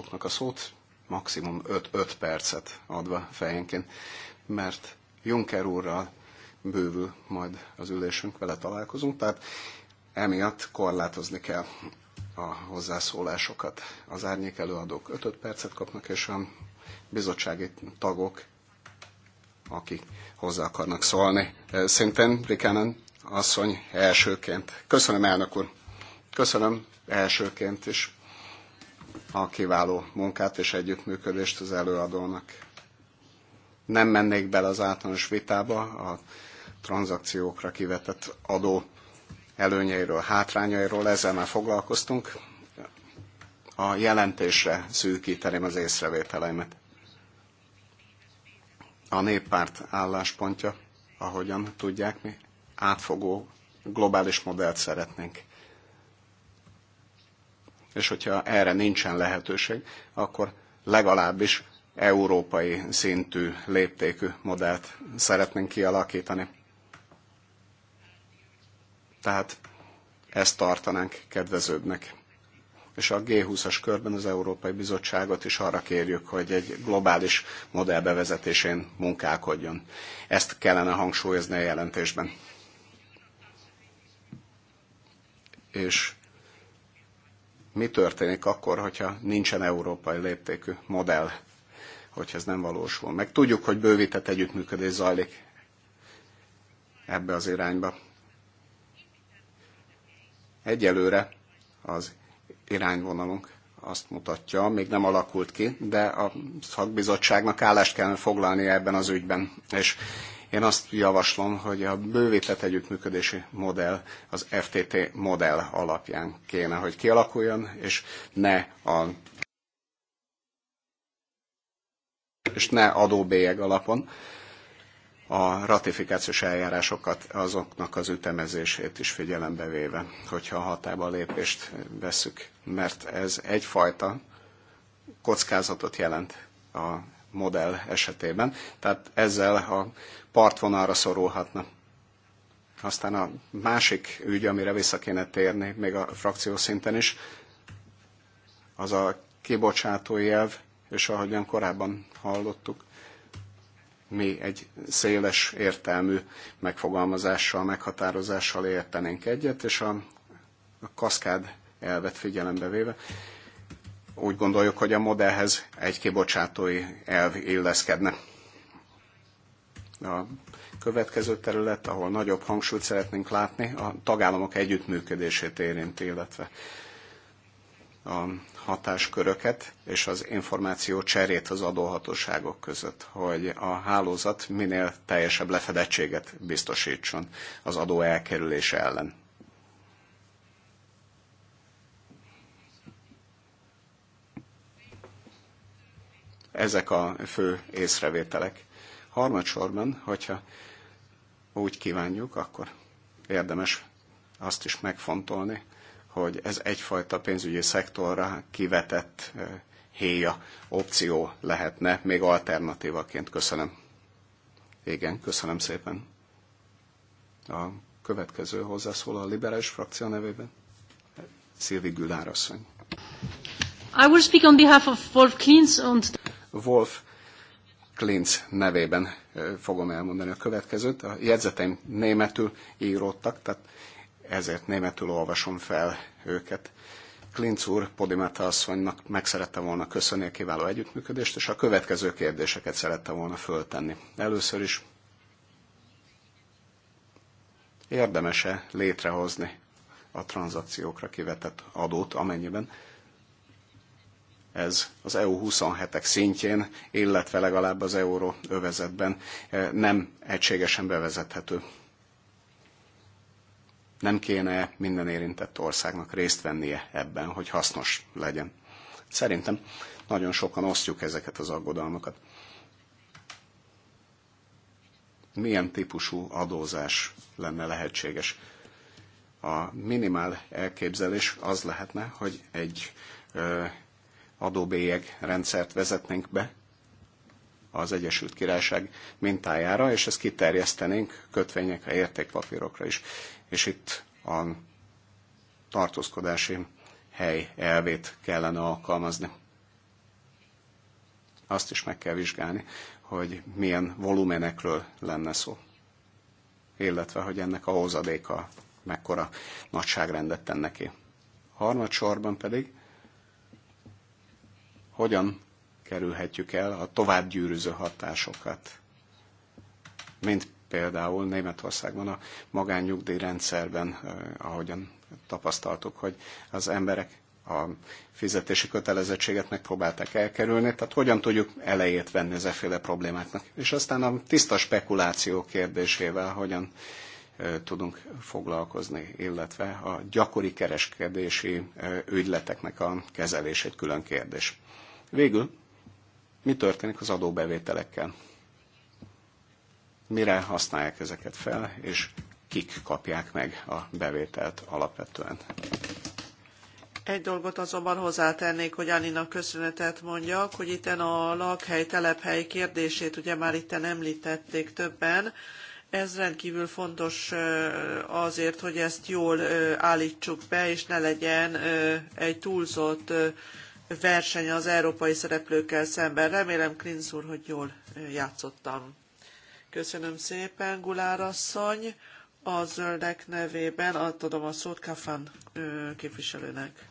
előadóknak a szót, maximum 5-5 percet adva fejenként, mert Juncker úrral bővül majd az ülésünk, vele találkozunk, tehát emiatt korlátozni kell a hozzászólásokat. Az árnyék előadók 5 percet kapnak, és a bizottsági tagok, akik hozzá akarnak szólni. Szintén Rikánen asszony elsőként. Köszönöm, elnök úr. Köszönöm elsőként is a kiváló munkát és együttműködést az előadónak. Nem mennék bele az általános vitába a tranzakciókra kivetett adó előnyeiről, hátrányairól, ezzel már foglalkoztunk. A jelentésre szűkíteném az észrevételeimet. A néppárt álláspontja, ahogyan tudják mi, átfogó globális modellt szeretnénk és hogyha erre nincsen lehetőség, akkor legalábbis európai szintű léptékű modellt szeretnénk kialakítani. Tehát ezt tartanánk kedvezőbbnek. És a G20-as körben az Európai Bizottságot is arra kérjük, hogy egy globális modell bevezetésén munkálkodjon. Ezt kellene hangsúlyozni a jelentésben. És mi történik akkor, hogyha nincsen európai léptékű modell, hogyha ez nem valósul meg. Tudjuk, hogy bővített együttműködés zajlik ebbe az irányba. Egyelőre az irányvonalunk azt mutatja, még nem alakult ki, de a szakbizottságnak állást kellene foglalnia ebben az ügyben, és én azt javaslom, hogy a bővített együttműködési modell az FTT modell alapján kéne, hogy kialakuljon, és ne a és ne adóbélyeg alapon a ratifikációs eljárásokat, azoknak az ütemezését is figyelembe véve, hogyha a hatába lépést veszük, mert ez egyfajta kockázatot jelent a modell esetében, tehát ezzel a partvonalra szorulhatna. Aztán a másik ügy, amire vissza kéne térni, még a frakció szinten is, az a kibocsátói elv, és ahogyan korábban hallottuk, mi egy széles értelmű megfogalmazással, meghatározással értenénk egyet, és a, a kaszkád elvet figyelembe véve úgy gondoljuk, hogy a modellhez egy kibocsátói elv illeszkedne. A következő terület, ahol nagyobb hangsúlyt szeretnénk látni, a tagállamok együttműködését érinti, illetve a hatásköröket és az információ cserét az adóhatóságok között, hogy a hálózat minél teljesebb lefedettséget biztosítson az adó elkerülése ellen. Ezek a fő észrevételek. Harmadsorban, hogyha úgy kívánjuk, akkor érdemes azt is megfontolni, hogy ez egyfajta pénzügyi szektorra kivetett héja, opció lehetne, még alternatívaként. Köszönöm. Igen, köszönöm szépen. A következő hozzászól a liberális frakció nevében. Szilvi Gülár asszony. I will speak on behalf of Wolf Klins and Wolf Klinz nevében fogom elmondani a következőt. A jegyzeteim németül íródtak, tehát ezért németül olvasom fel őket. Klinc úr Podimata asszonynak meg szerette volna köszönni a kiváló együttműködést, és a következő kérdéseket szerette volna föltenni. Először is érdemese létrehozni a tranzakciókra kivetett adót, amennyiben ez az EU27-ek szintjén, illetve legalább az euró övezetben e, nem egységesen bevezethető. Nem kéne minden érintett országnak részt vennie ebben, hogy hasznos legyen. Szerintem nagyon sokan osztjuk ezeket az aggodalmakat. Milyen típusú adózás lenne lehetséges? A minimál elképzelés az lehetne, hogy egy e, adóbélyeg rendszert vezetnénk be az Egyesült Királyság mintájára, és ezt kiterjesztenénk kötvényekre, értékpapírokra is. És itt a tartózkodási hely elvét kellene alkalmazni. Azt is meg kell vizsgálni, hogy milyen volumenekről lenne szó, illetve hogy ennek a hozadéka mekkora nagyságrendet tenne ki. Harmadsorban pedig hogyan kerülhetjük el a továbbgyűrűző hatásokat, mint például Németországban a magánnyugdíjrendszerben, eh, ahogyan tapasztaltuk, hogy az emberek a fizetési kötelezettséget megpróbálták elkerülni, tehát hogyan tudjuk elejét venni az efféle problémáknak. És aztán a tiszta spekuláció kérdésével hogyan eh, tudunk foglalkozni, illetve a gyakori kereskedési eh, ügyleteknek a kezelése egy külön kérdés. Végül, mi történik az adóbevételekkel? Mire használják ezeket fel, és kik kapják meg a bevételt alapvetően? Egy dolgot azonban hozzátennék, hogy Anninak köszönetet mondjak, hogy itt a lakhely, telephely kérdését ugye már itt említették többen. Ez rendkívül fontos azért, hogy ezt jól állítsuk be, és ne legyen egy túlzott verseny az európai szereplőkkel szemben. Remélem, Klinz úr, hogy jól játszottam. Köszönöm szépen, Gulár asszony. A zöldek nevében átadom a szót Kafan képviselőnek.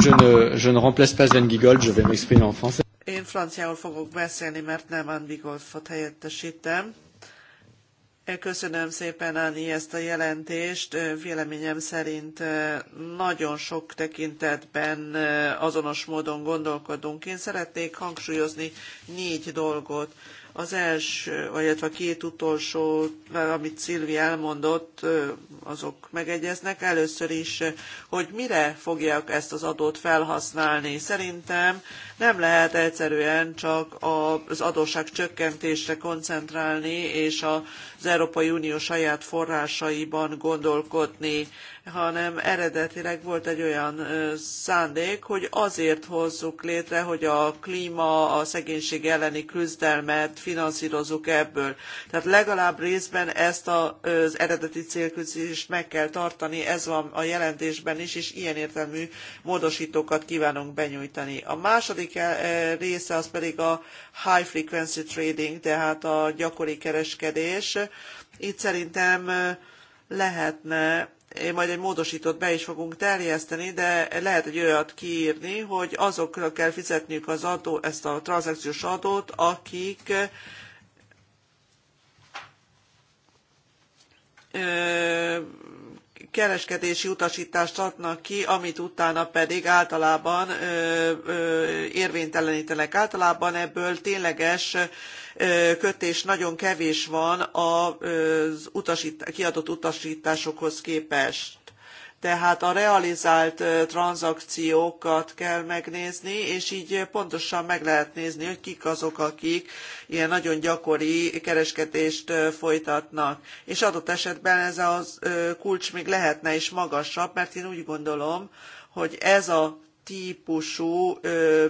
Je ne, je ne remplace pas je vais m'exprimer en français. Én franciául fogok beszélni, mert nem van Bigolfot helyettesítem. Köszönöm szépen, Áni, ezt a jelentést. Véleményem szerint nagyon sok tekintetben azonos módon gondolkodunk. Én szeretnék hangsúlyozni négy dolgot. Az első, vagy a két utolsó, amit Szilvi elmondott, azok megegyeznek. Először is, hogy mire fogják ezt az adót felhasználni. Szerintem nem lehet egyszerűen csak az adóság csökkentésre koncentrálni, és a az Európai Unió saját forrásaiban gondolkodni, hanem eredetileg volt egy olyan szándék, hogy azért hozzuk létre, hogy a klíma, a szegénység elleni küzdelmet finanszírozzuk ebből. Tehát legalább részben ezt az eredeti célküzdést meg kell tartani, ez van a jelentésben is, és ilyen értelmű módosítókat kívánunk benyújtani. A második e, e, része az pedig a high frequency trading, tehát a gyakori kereskedés, itt szerintem lehetne majd egy módosított be is fogunk terjeszteni, de lehet egy olyat kiírni, hogy azokra kell fizetniük az adó, ezt a tranzakciós adót, akik ö, kereskedési utasítást adnak ki, amit utána pedig általában ö, ö, érvénytelenítenek. Általában ebből tényleges kötés nagyon kevés van az kiadott utasításokhoz képest. Tehát a realizált tranzakciókat kell megnézni, és így pontosan meg lehet nézni, hogy kik azok, akik ilyen nagyon gyakori kereskedést folytatnak. És adott esetben ez a kulcs még lehetne is magasabb, mert én úgy gondolom, hogy ez a típusú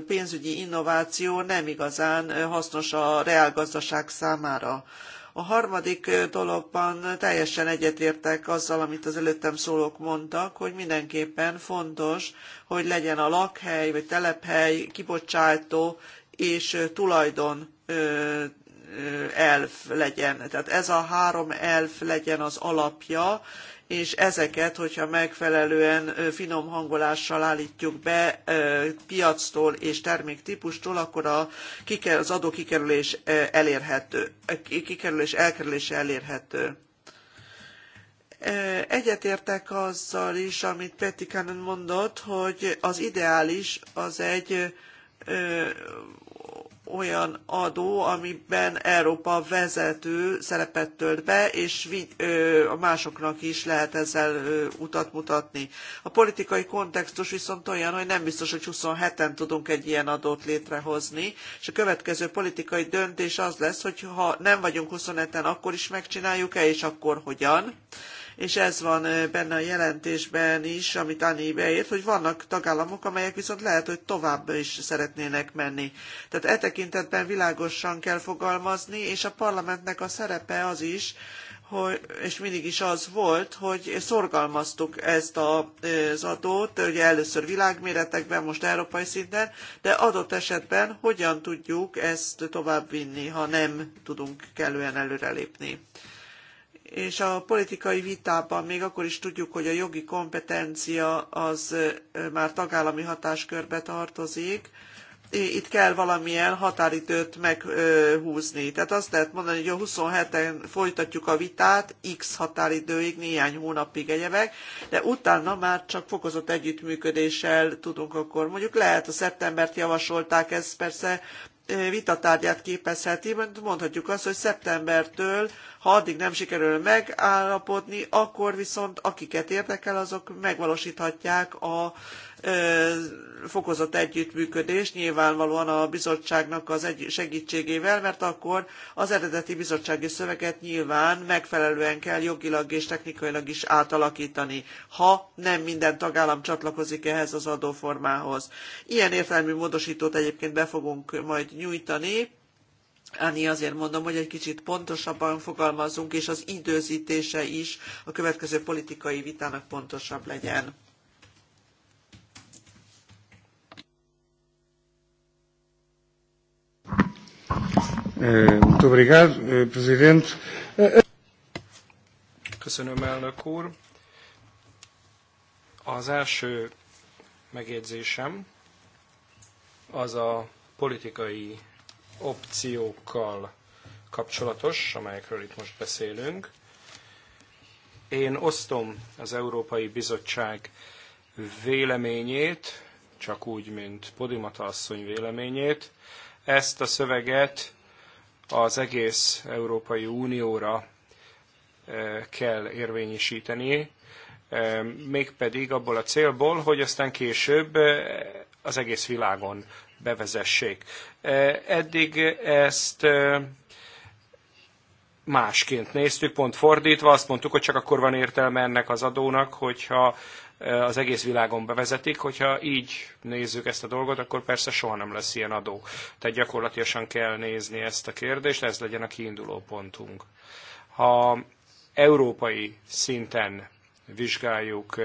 pénzügyi innováció nem igazán hasznos a reálgazdaság számára. A harmadik dologban teljesen egyetértek azzal, amit az előttem szólók mondtak, hogy mindenképpen fontos, hogy legyen a lakhely vagy telephely, kibocsátó és tulajdon elf legyen. Tehát ez a három elf legyen az alapja, és ezeket, hogyha megfelelően finom hangolással állítjuk be piactól és terméktípustól, akkor a, az adó kikerülés elérhető, kikerülés elkerülése elérhető. Egyetértek azzal is, amit Petikanen mondott, hogy az ideális az egy olyan adó, amiben Európa vezető szerepet tölt be, és a másoknak is lehet ezzel utat mutatni. A politikai kontextus viszont olyan, hogy nem biztos, hogy 27-en tudunk egy ilyen adót létrehozni, és a következő politikai döntés az lesz, hogy ha nem vagyunk 27-en, akkor is megcsináljuk-e, és akkor hogyan és ez van benne a jelentésben is, amit Ani beírt, hogy vannak tagállamok, amelyek viszont lehet, hogy tovább is szeretnének menni. Tehát e tekintetben világosan kell fogalmazni, és a parlamentnek a szerepe az is, hogy, és mindig is az volt, hogy szorgalmaztuk ezt a, az adót, ugye először világméretekben, most európai szinten, de adott esetben hogyan tudjuk ezt továbbvinni, ha nem tudunk kellően előrelépni és a politikai vitában még akkor is tudjuk, hogy a jogi kompetencia az már tagállami hatáskörbe tartozik, itt kell valamilyen határidőt meghúzni. Tehát azt lehet mondani, hogy a 27-en folytatjuk a vitát, x határidőig, néhány hónapig egyebek, de utána már csak fokozott együttműködéssel tudunk akkor. Mondjuk lehet, a szeptembert javasolták, ez persze vitatárgyát képezheti, mondhatjuk azt, hogy szeptembertől ha addig nem sikerül megállapodni, akkor viszont akiket érdekel, azok megvalósíthatják a fokozott együttműködés, nyilvánvalóan a bizottságnak az egy segítségével, mert akkor az eredeti bizottsági szöveget nyilván megfelelően kell jogilag és technikailag is átalakítani, ha nem minden tagállam csatlakozik ehhez az adóformához. Ilyen értelmű módosítót egyébként be fogunk majd nyújtani, Ani, azért mondom, hogy egy kicsit pontosabban fogalmazzunk, és az időzítése is a következő politikai vitának pontosabb legyen. Eh, eh, eh, Köszönöm, elnök úr. Az első megjegyzésem az a politikai opciókkal kapcsolatos, amelyekről itt most beszélünk. Én osztom az Európai Bizottság véleményét, csak úgy, mint Podimata asszony véleményét. Ezt a szöveget az egész Európai Unióra eh, kell érvényesíteni, eh, mégpedig abból a célból, hogy aztán később eh, az egész világon bevezessék. Eddig ezt másként néztük, pont fordítva, azt mondtuk, hogy csak akkor van értelme ennek az adónak, hogyha az egész világon bevezetik, hogyha így nézzük ezt a dolgot, akkor persze soha nem lesz ilyen adó. Tehát gyakorlatilag kell nézni ezt a kérdést, ez legyen a kiinduló pontunk. Ha európai szinten vizsgáljuk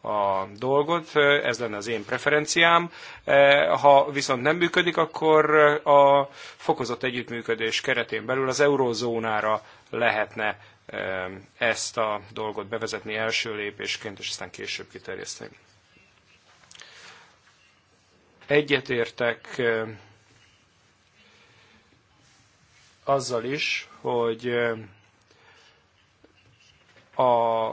a dolgot, ez lenne az én preferenciám. E, ha viszont nem működik, akkor a fokozott együttműködés keretén belül az eurozónára lehetne e, ezt a dolgot bevezetni első lépésként, és aztán később kiterjeszteni. Egyetértek e, azzal is, hogy a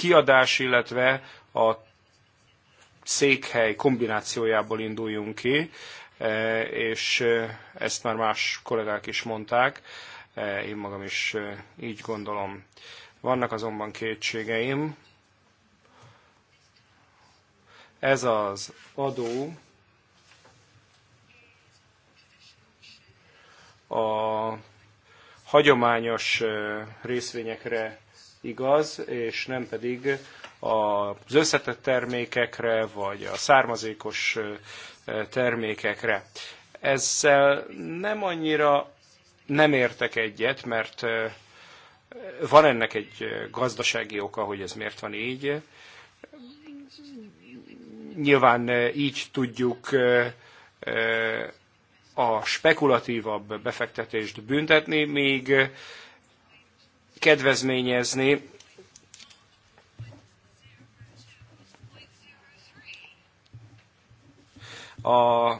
kiadás, illetve a székhely kombinációjából induljunk ki, eh, és eh, ezt már más kollégák is mondták, eh, én magam is így gondolom. Vannak azonban kétségeim. Ez az adó a hagyományos részvényekre igaz, és nem pedig az összetett termékekre, vagy a származékos termékekre. Ezzel nem annyira nem értek egyet, mert van ennek egy gazdasági oka, hogy ez miért van így. Nyilván így tudjuk a spekulatívabb befektetést büntetni, még kedvezményezni a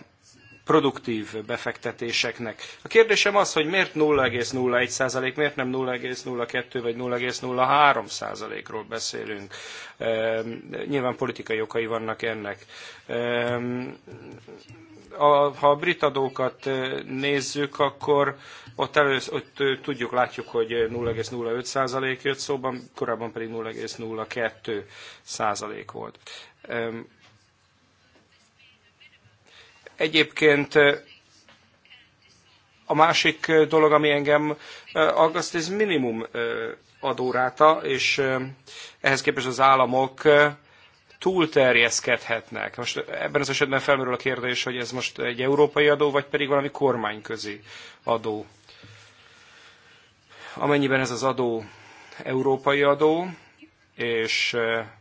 produktív befektetéseknek. A kérdésem az, hogy miért 0,01%, miért nem 0,02 vagy 0,03%-ról beszélünk. Ehm, nyilván politikai okai vannak ennek. Ehm, a, ha a brit adókat nézzük, akkor ott, elősz, ott tudjuk, látjuk, hogy 0,05 százalék jött szóban, korábban pedig 0,02 százalék volt. Egyébként a másik dolog, ami engem aggaszt, ez minimum adóráta, és ehhez képest az államok túlterjeszkedhetnek. Most ebben az esetben felmerül a kérdés, hogy ez most egy európai adó, vagy pedig valami kormányközi adó. Amennyiben ez az adó európai adó, és e,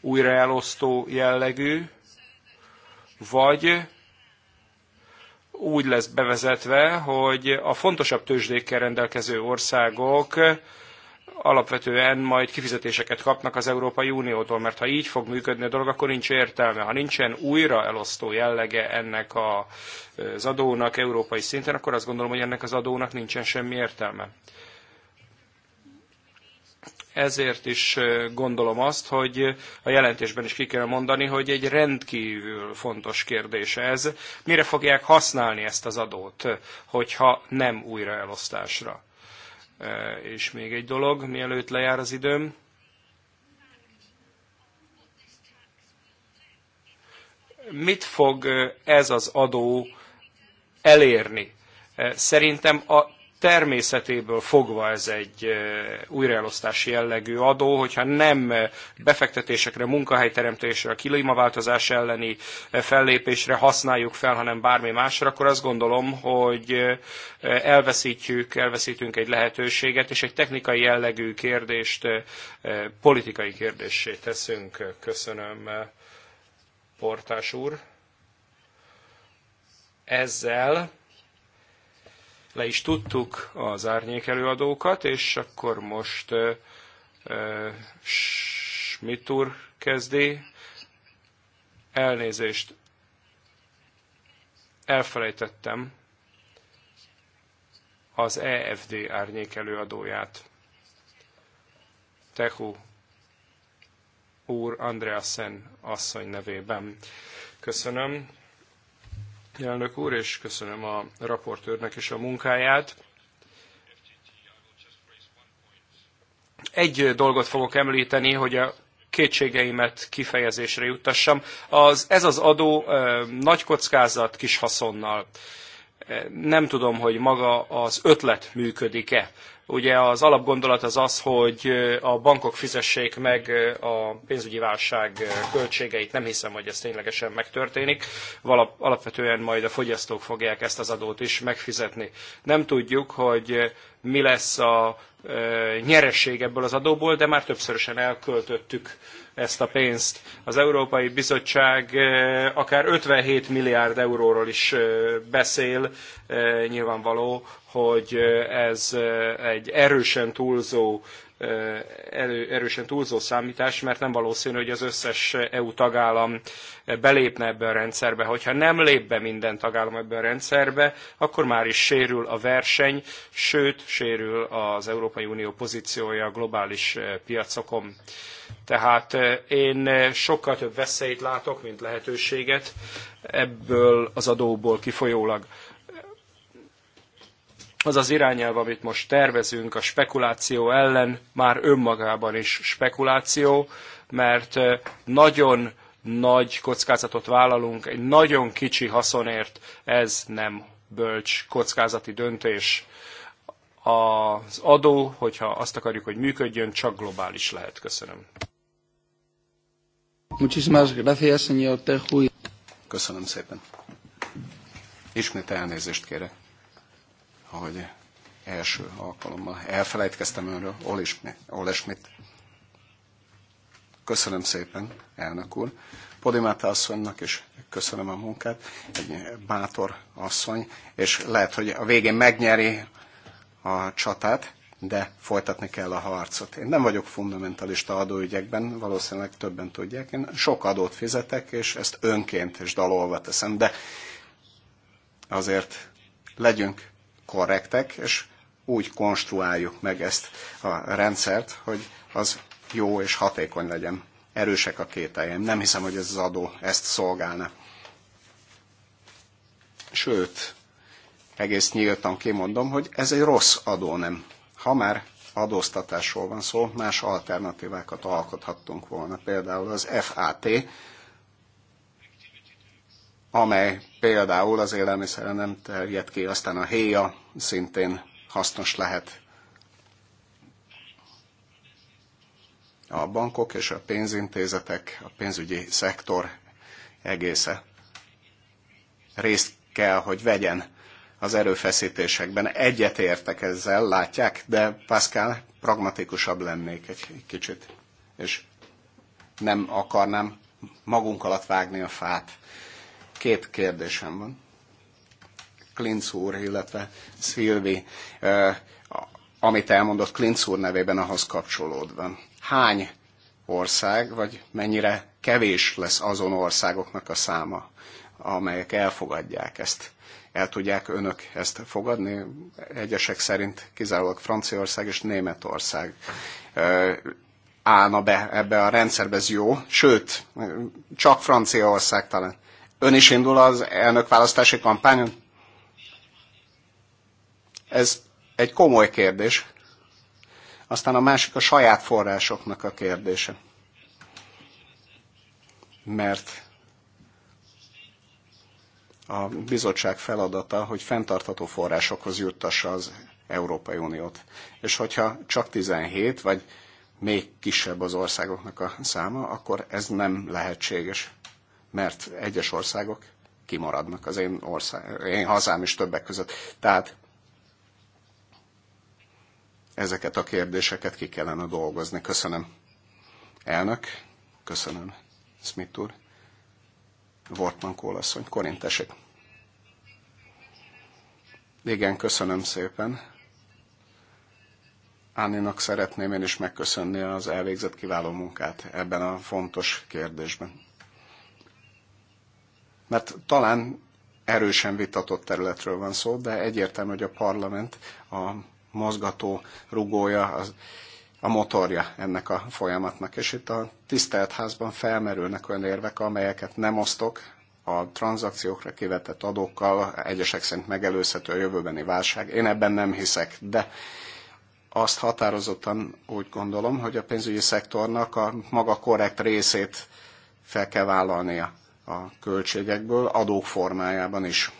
újraelosztó jellegű, vagy úgy lesz bevezetve, hogy a fontosabb tőzsdékkel rendelkező országok alapvetően majd kifizetéseket kapnak az Európai Uniótól, mert ha így fog működni a dolog, akkor nincs értelme. Ha nincsen újra elosztó jellege ennek a, az adónak európai szinten, akkor azt gondolom, hogy ennek az adónak nincsen semmi értelme. Ezért is gondolom azt, hogy a jelentésben is ki kell mondani, hogy egy rendkívül fontos kérdés ez. Mire fogják használni ezt az adót, hogyha nem újraelosztásra? És még egy dolog, mielőtt lejár az időm. Mit fog ez az adó elérni? Szerintem a természetéből fogva ez egy újraelosztási jellegű adó, hogyha nem befektetésekre, munkahelyteremtésre, a klímaváltozás elleni fellépésre használjuk fel, hanem bármi másra, akkor azt gondolom, hogy elveszítjük, elveszítünk egy lehetőséget, és egy technikai jellegű kérdést politikai kérdéssé teszünk. Köszönöm, Portás úr. Ezzel le is tudtuk az árnyék előadókat, és akkor most uh, uh, Schmidt úr kezdi. Elnézést, elfelejtettem az EFD árnyék előadóját. Tehu úr Andreasen asszony nevében. Köszönöm elnök úr, és köszönöm a raportőrnek is a munkáját. Egy dolgot fogok említeni, hogy a kétségeimet kifejezésre juttassam. Az, ez az adó nagy kockázat, kis haszonnal. Nem tudom, hogy maga az ötlet működik-e. Ugye az alapgondolat az az, hogy a bankok fizessék meg a pénzügyi válság költségeit. Nem hiszem, hogy ez ténylegesen megtörténik. Valap, alapvetően majd a fogyasztók fogják ezt az adót is megfizetni. Nem tudjuk, hogy mi lesz a nyeresség ebből az adóból, de már többszörösen elköltöttük ezt a pénzt. Az Európai Bizottság eh, akár 57 milliárd euróról is eh, beszél, eh, nyilvánvaló, hogy ez egy erősen túlzó elő, erősen túlzó számítás, mert nem valószínű, hogy az összes EU tagállam belépne ebbe a rendszerbe. Hogyha nem lép be minden tagállam ebbe a rendszerbe, akkor már is sérül a verseny, sőt, sérül az Európai Unió pozíciója a globális piacokon. Tehát én sokkal több veszélyt látok, mint lehetőséget ebből az adóból kifolyólag az az irányelv, amit most tervezünk a spekuláció ellen, már önmagában is spekuláció, mert nagyon nagy kockázatot vállalunk, egy nagyon kicsi haszonért, ez nem bölcs kockázati döntés. Az adó, hogyha azt akarjuk, hogy működjön, csak globális lehet. Köszönöm. Köszönöm szépen. Ismét elnézést kérek hogy első alkalommal elfelejtkeztem önről, Ole Schmidt. Köszönöm szépen, elnök úr. Podimáta asszonynak is köszönöm a munkát, egy bátor asszony, és lehet, hogy a végén megnyeri a csatát, de folytatni kell a harcot. Én nem vagyok fundamentalista adóügyekben, valószínűleg többen tudják. Én sok adót fizetek, és ezt önként és dalolva teszem, de azért legyünk korrektek, és úgy konstruáljuk meg ezt a rendszert, hogy az jó és hatékony legyen. Erősek a kételjeim. Nem hiszem, hogy ez az adó ezt szolgálna. Sőt, egész nyíltan kimondom, hogy ez egy rossz adó nem. Ha már adóztatásról van szó, más alternatívákat alkothattunk volna. Például az FAT, amely például az élelmiszerre nem terjed ki, aztán a héja szintén hasznos lehet. A bankok és a pénzintézetek, a pénzügyi szektor egésze részt kell, hogy vegyen az erőfeszítésekben. Egyet ezzel, látják, de Pascal, pragmatikusabb lennék egy kicsit, és nem akarnám magunk alatt vágni a fát Két kérdésem van. Klinc úr, illetve Szilvi, amit elmondott Klinc úr nevében, ahhoz kapcsolódva. Hány ország, vagy mennyire kevés lesz azon országoknak a száma, amelyek elfogadják ezt? El tudják önök ezt fogadni? Egyesek szerint kizárólag Franciaország és Németország állna be ebbe a rendszerbe, ez jó. Sőt, csak Franciaország talán Ön is indul az elnök választási kampányon? Ez egy komoly kérdés. Aztán a másik a saját forrásoknak a kérdése. Mert a bizottság feladata, hogy fenntartható forrásokhoz juttassa az Európai Uniót. És hogyha csak 17, vagy még kisebb az országoknak a száma, akkor ez nem lehetséges mert egyes országok kimaradnak az én, ország, én hazám is többek között. Tehát ezeket a kérdéseket ki kellene dolgozni. Köszönöm. Elnök, köszönöm. Smith úr, Wortman kólaszony, korintesek. Igen, köszönöm szépen. Áninak szeretném én is megköszönni az elvégzett kiváló munkát ebben a fontos kérdésben mert talán erősen vitatott területről van szó, de egyértelmű, hogy a parlament a mozgató rugója, az, a motorja ennek a folyamatnak. És itt a tisztelt házban felmerülnek olyan érvek, amelyeket nem osztok, a tranzakciókra kivetett adókkal egyesek szerint megelőzhető a jövőbeni válság. Én ebben nem hiszek, de azt határozottan úgy gondolom, hogy a pénzügyi szektornak a maga korrekt részét fel kell vállalnia a költségekből adók formájában is.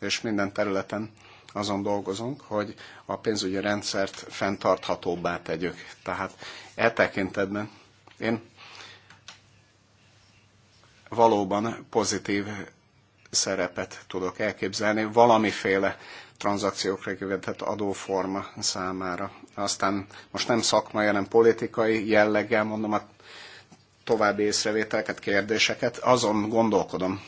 És minden területen azon dolgozunk, hogy a pénzügyi rendszert fenntarthatóbbá tegyük. Tehát e tekintetben én valóban pozitív szerepet tudok elképzelni valamiféle tranzakciókra kivetett adóforma számára. Aztán most nem szakmai, hanem politikai jelleggel mondom, a hát további észrevételeket, kérdéseket, azon gondolkodom,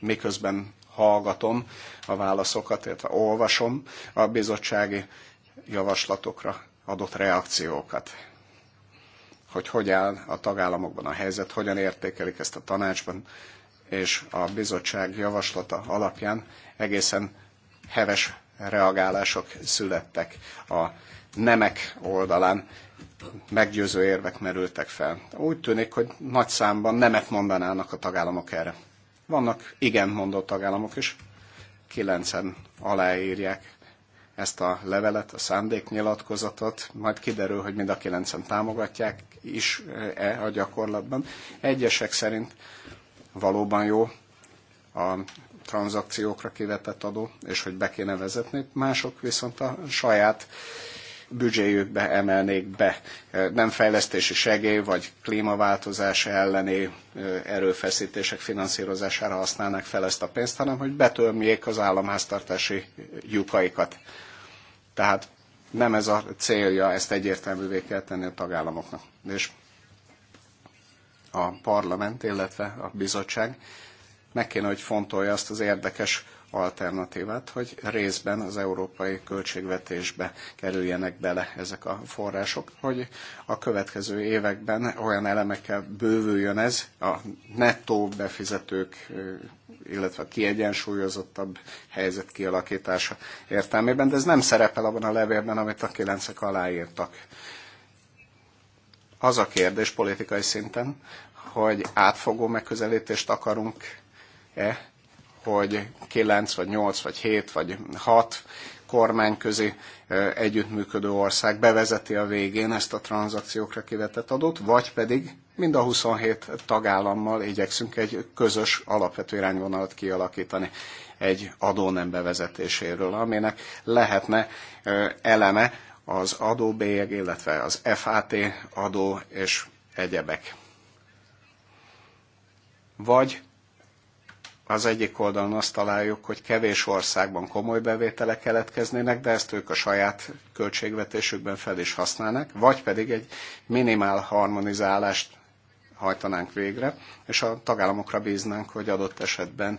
miközben hallgatom a válaszokat, illetve olvasom a bizottsági javaslatokra adott reakciókat hogy hogy áll a tagállamokban a helyzet, hogyan értékelik ezt a tanácsban, és a bizottság javaslata alapján egészen heves reagálások születtek a nemek oldalán meggyőző érvek merültek fel. Úgy tűnik, hogy nagy számban nemet mondanának a tagállamok erre. Vannak igen mondó tagállamok is, kilencen aláírják ezt a levelet, a szándéknyilatkozatot, majd kiderül, hogy mind a kilencen támogatják is-e a gyakorlatban. Egyesek szerint valóban jó a tranzakciókra kivetett adó, és hogy be kéne vezetni, mások viszont a saját büdzséjükbe emelnék be, nem fejlesztési segély vagy klímaváltozás elleni erőfeszítések finanszírozására használnák fel ezt a pénzt, hanem hogy betölmjék az államháztartási lyukaikat. Tehát nem ez a célja, ezt egyértelművé kell tenni a tagállamoknak. És a parlament, illetve a bizottság meg kéne, hogy fontolja azt az érdekes alternatívát, hogy részben az európai költségvetésbe kerüljenek bele ezek a források, hogy a következő években olyan elemekkel bővüljön ez a nettó befizetők, illetve a kiegyensúlyozottabb helyzet kialakítása értelmében, de ez nem szerepel abban a levélben, amit a kilencek aláírtak. Az a kérdés politikai szinten, hogy átfogó megközelítést akarunk-e hogy 9 vagy 8 vagy 7 vagy 6 kormányközi együttműködő ország bevezeti a végén ezt a tranzakciókra kivetett adót, vagy pedig mind a 27 tagállammal igyekszünk egy közös alapvető irányvonalat kialakítani egy adó nem bevezetéséről, aminek lehetne eleme az adóbélyeg, illetve az FAT adó és egyebek. Vagy az egyik oldalon azt találjuk, hogy kevés országban komoly bevételek keletkeznének, de ezt ők a saját költségvetésükben fel is használnak, vagy pedig egy minimál harmonizálást hajtanánk végre, és a tagállamokra bíznánk, hogy adott esetben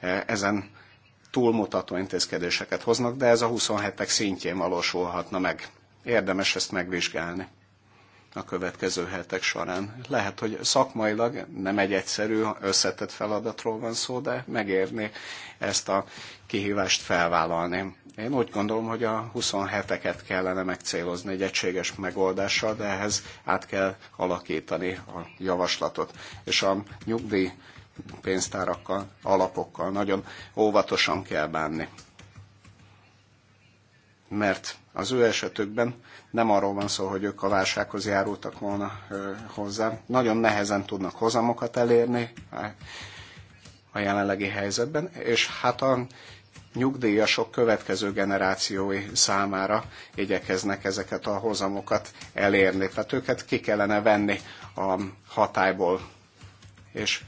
e, ezen túlmutató intézkedéseket hoznak, de ez a 27-ek szintjén valósulhatna meg. Érdemes ezt megvizsgálni a következő hetek során. Lehet, hogy szakmailag nem egy egyszerű, összetett feladatról van szó, de megérni ezt a kihívást felvállalni. Én úgy gondolom, hogy a 27-eket kellene megcélozni egy egységes megoldással, de ehhez át kell alakítani a javaslatot. És a nyugdíj pénztárakkal, alapokkal nagyon óvatosan kell bánni. Mert az ő esetükben nem arról van szó, hogy ők a válsághoz járultak volna hozzá. Nagyon nehezen tudnak hozamokat elérni a jelenlegi helyzetben, és hát a nyugdíjasok következő generációi számára igyekeznek ezeket a hozamokat elérni. Tehát őket ki kellene venni a hatályból, és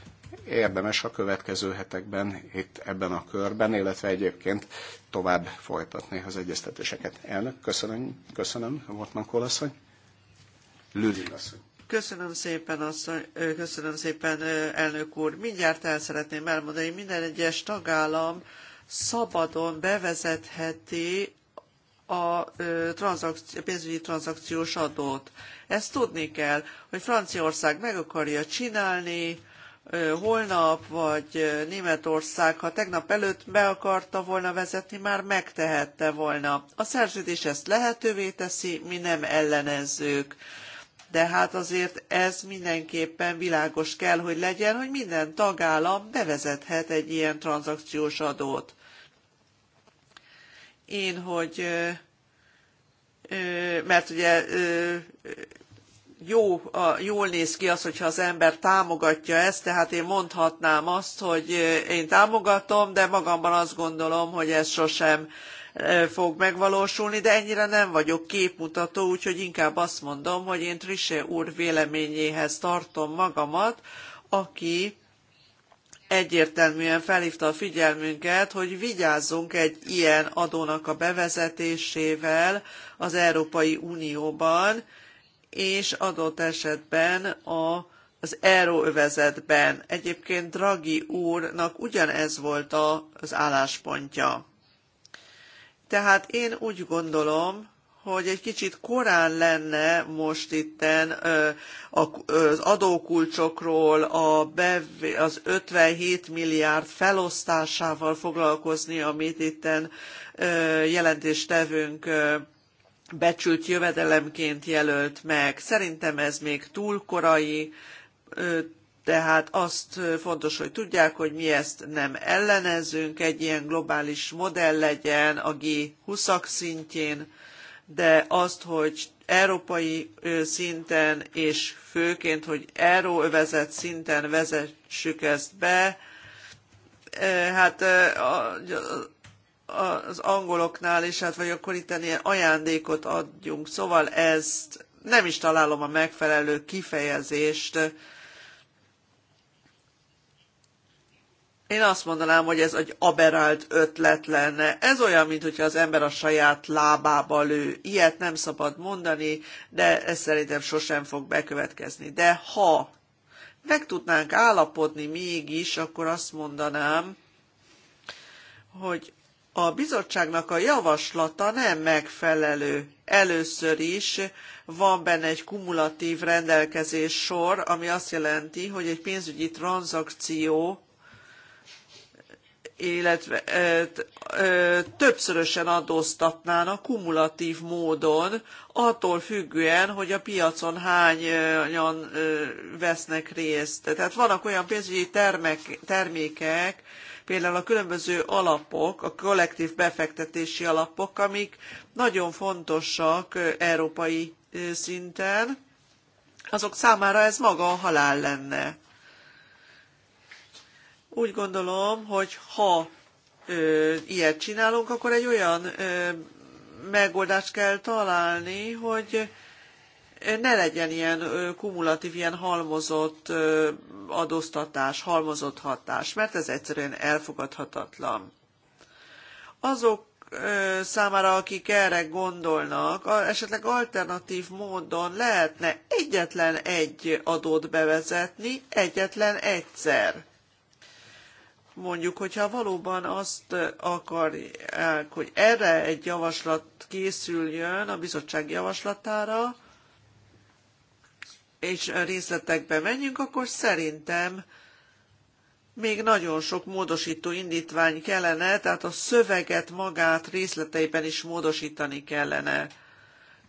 érdemes a következő hetekben itt ebben a körben, illetve egyébként tovább folytatni az egyeztetéseket. Elnök, köszönöm, köszönöm, Wortmann Kólasszony. Lüding asszony. Köszönöm szépen, asszony, köszönöm szépen, elnök úr. Mindjárt el szeretném elmondani, minden egyes tagállam szabadon bevezetheti a transzakció, pénzügyi tranzakciós adót. Ezt tudni kell, hogy Franciaország meg akarja csinálni, holnap, vagy Németország, ha tegnap előtt be akarta volna vezetni, már megtehette volna. A szerződés ezt lehetővé teszi, mi nem ellenezzük. De hát azért ez mindenképpen világos kell, hogy legyen, hogy minden tagállam bevezethet egy ilyen tranzakciós adót. Én, hogy mert ugye jó, jól néz ki az, hogyha az ember támogatja ezt, tehát én mondhatnám azt, hogy én támogatom, de magamban azt gondolom, hogy ez sosem fog megvalósulni, de ennyire nem vagyok képmutató, úgyhogy inkább azt mondom, hogy én Trise úr véleményéhez tartom magamat, aki egyértelműen felhívta a figyelmünket, hogy vigyázzunk egy ilyen adónak a bevezetésével az Európai Unióban, és adott esetben a az euróövezetben. Egyébként Draghi úrnak ugyanez volt a az álláspontja. Tehát én úgy gondolom, hogy egy kicsit korán lenne most itten az adókulcsokról, a bev- az 57 milliárd felosztásával foglalkozni, amit itten jelentéstevőnk becsült jövedelemként jelölt meg. Szerintem ez még túl korai, tehát azt fontos, hogy tudják, hogy mi ezt nem ellenezünk, egy ilyen globális modell legyen a G20-ak szintjén, de azt, hogy európai szinten és főként, hogy euróövezet szinten vezessük ezt be, hát az angoloknál is, hát vagy akkor itt ilyen ajándékot adjunk. Szóval ezt nem is találom a megfelelő kifejezést. Én azt mondanám, hogy ez egy aberált ötlet lenne. Ez olyan, mint az ember a saját lábába lő. Ilyet nem szabad mondani, de ez szerintem sosem fog bekövetkezni. De ha meg tudnánk állapodni mégis, akkor azt mondanám, hogy a bizottságnak a javaslata nem megfelelő. Először is van benne egy kumulatív rendelkezés sor, ami azt jelenti, hogy egy pénzügyi tranzakció illetve ö, ö, többszörösen adóztatnának kumulatív módon, attól függően, hogy a piacon hányan vesznek részt. Tehát vannak olyan pénzügyi termek, termékek, például a különböző alapok, a kollektív befektetési alapok, amik nagyon fontosak európai szinten, azok számára ez maga a halál lenne. Úgy gondolom, hogy ha ö, ilyet csinálunk, akkor egy olyan ö, megoldást kell találni, hogy ne legyen ilyen kumulatív, ilyen halmozott adóztatás, halmozott hatás, mert ez egyszerűen elfogadhatatlan. Azok számára, akik erre gondolnak, esetleg alternatív módon lehetne egyetlen egy adót bevezetni, egyetlen egyszer. Mondjuk, hogyha valóban azt akarják, hogy erre egy javaslat készüljön a bizottság javaslatára, és részletekbe menjünk, akkor szerintem még nagyon sok módosító indítvány kellene, tehát a szöveget magát részleteiben is módosítani kellene.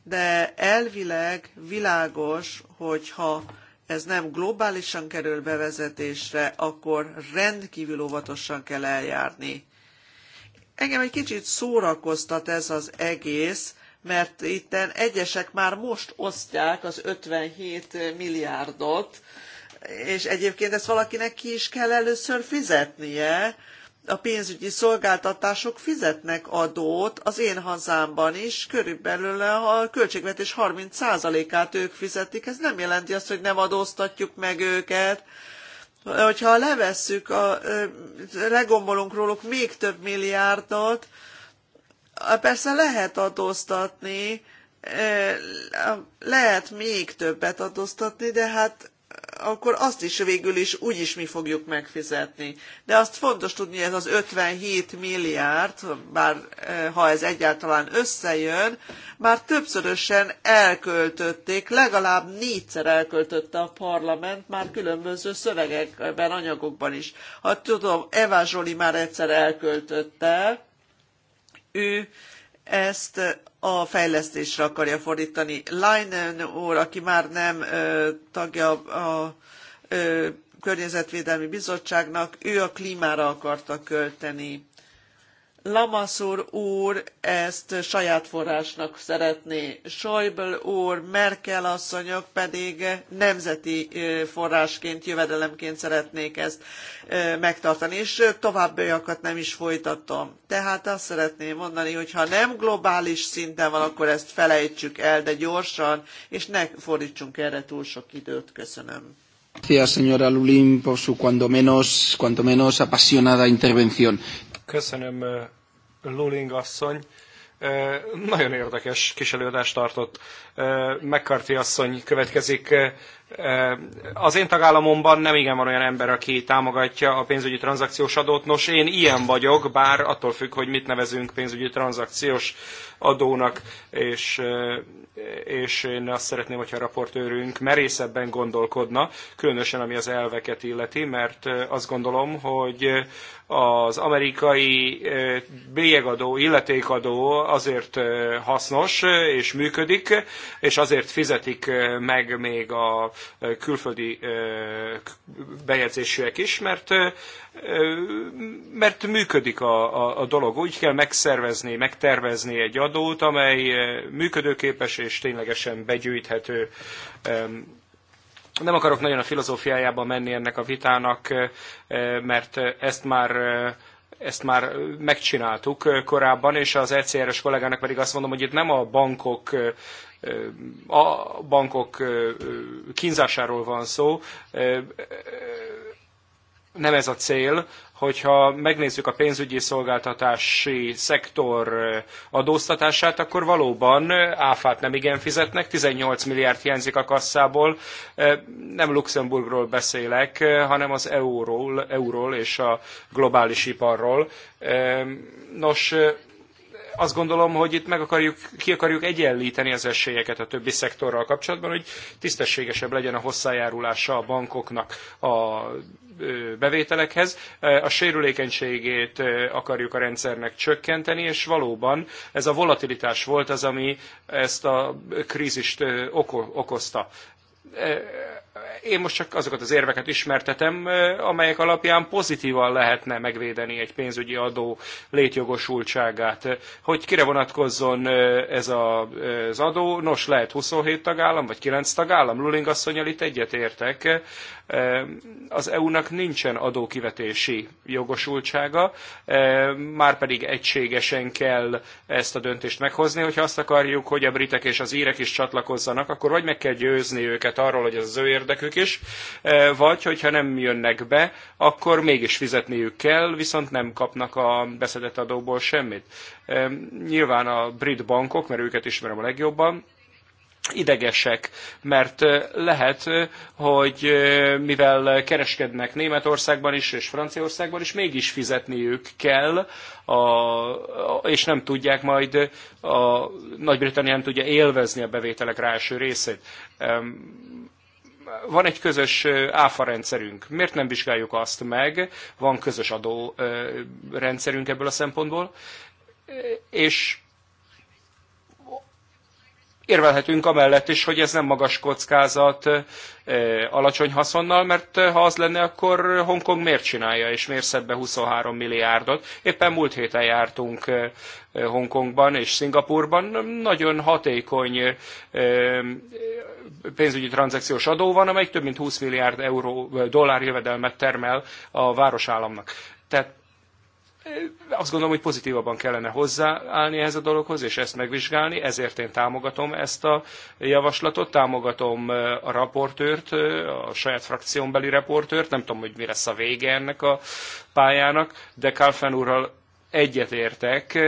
De elvileg világos, hogyha ez nem globálisan kerül bevezetésre, akkor rendkívül óvatosan kell eljárni. Engem egy kicsit szórakoztat ez az egész, mert itten egyesek már most osztják az 57 milliárdot, és egyébként ezt valakinek ki is kell először fizetnie, a pénzügyi szolgáltatások fizetnek adót, az én hazámban is körülbelül a költségvetés 30%-át ők fizetik, ez nem jelenti azt, hogy nem adóztatjuk meg őket, hogyha levesszük, a, legombolunk róluk még több milliárdot, Persze lehet adóztatni, lehet még többet adóztatni, de hát akkor azt is végül is úgyis mi fogjuk megfizetni. De azt fontos tudni, ez az 57 milliárd, bár ha ez egyáltalán összejön, már többszörösen elköltötték, legalább négyszer elköltötte a parlament már különböző szövegekben, anyagokban is. Ha tudom, Eva Zsoli már egyszer elköltötte, ő ezt a fejlesztésre akarja fordítani. Leinen úr, aki már nem tagja a Környezetvédelmi Bizottságnak, ő a klímára akarta költeni. Lamassur úr ezt saját forrásnak szeretné, Schäuble úr, Merkel asszonyok pedig nemzeti forrásként, jövedelemként szeretnék ezt megtartani, és továbbiakat nem is folytatom. Tehát azt szeretném mondani, hogy ha nem globális szinten van, akkor ezt felejtsük el, de gyorsan, és ne fordítsunk erre túl sok időt. Köszönöm. Gracias, señora Lulín, por su cuando menos, cuanto menos apasionada intervención. Köszönöm, Luling asszony. Nagyon érdekes kis előadást tartott. McCarthy asszony következik az én tagállamomban nem igen van olyan ember, aki támogatja a pénzügyi tranzakciós adót. Nos, én ilyen vagyok, bár attól függ, hogy mit nevezünk pénzügyi tranzakciós adónak, és, és én azt szeretném, hogyha a raportőrünk merészebben gondolkodna, különösen ami az elveket illeti, mert azt gondolom, hogy az amerikai eh, bélyegadó, illetékadó azért eh, hasznos és működik, és azért fizetik eh, meg még a külföldi bejegyzésűek is, mert, mert működik a, a, a dolog. Úgy kell megszervezni, megtervezni egy adót, amely működőképes és ténylegesen begyűjthető nem akarok nagyon a filozófiájába menni ennek a vitának, mert ezt már ezt már megcsináltuk korábban, és az ECR-es kollégának pedig azt mondom, hogy itt nem a bankok a bankok kínzásáról van szó. Nem ez a cél, hogyha megnézzük a pénzügyi szolgáltatási szektor adóztatását, akkor valóban áfát nem igen fizetnek, 18 milliárd hiányzik a kasszából. Nem Luxemburgról beszélek, hanem az euróról, euróról és a globális iparról. Nos, azt gondolom, hogy itt meg akarjuk, ki akarjuk egyenlíteni az esélyeket a többi szektorral kapcsolatban, hogy tisztességesebb legyen a hozzájárulása a bankoknak a bevételekhez. A sérülékenységét akarjuk a rendszernek csökkenteni, és valóban ez a volatilitás volt az, ami ezt a krízist okozta én most csak azokat az érveket ismertetem, amelyek alapján pozitívan lehetne megvédeni egy pénzügyi adó létjogosultságát. Hogy kire vonatkozzon ez az adó? Nos, lehet 27 tagállam, vagy 9 tagállam. Luling asszonyal itt egyetértek. Az EU-nak nincsen adókivetési jogosultsága, már pedig egységesen kell ezt a döntést meghozni. Hogyha azt akarjuk, hogy a britek és az írek is csatlakozzanak, akkor vagy meg kell győzni őket arról, hogy ez az ő érdekük is, e, vagy hogyha nem jönnek be, akkor mégis fizetniük kell, viszont nem kapnak a beszedett adóból semmit. E, nyilván a brit bankok, mert őket ismerem a legjobban, idegesek, mert e, lehet, hogy mivel kereskednek Németországban is és Franciaországban is, mégis fizetniük kell, a, és nem tudják majd, a Nagy-Britannia nem tudja élvezni a bevételek ráeső részét van egy közös áfa rendszerünk. Miért nem vizsgáljuk azt meg? Van közös adó rendszerünk ebből a szempontból, és érvelhetünk amellett is, hogy ez nem magas kockázat alacsony haszonnal, mert ha az lenne, akkor Hongkong miért csinálja, és miért szed be 23 milliárdot? Éppen múlt héten jártunk Hongkongban és Szingapurban, nagyon hatékony pénzügyi tranzakciós adó van, amely több mint 20 milliárd euró dollár jövedelmet termel a városállamnak. Tehát azt gondolom, hogy pozitívabban kellene hozzáállni ehhez a dologhoz, és ezt megvizsgálni, ezért én támogatom ezt a javaslatot, támogatom a raportőrt, a saját frakción beli raportőrt, nem tudom, hogy mi lesz a vége ennek a pályának, de Kalfen úrral egyetértek,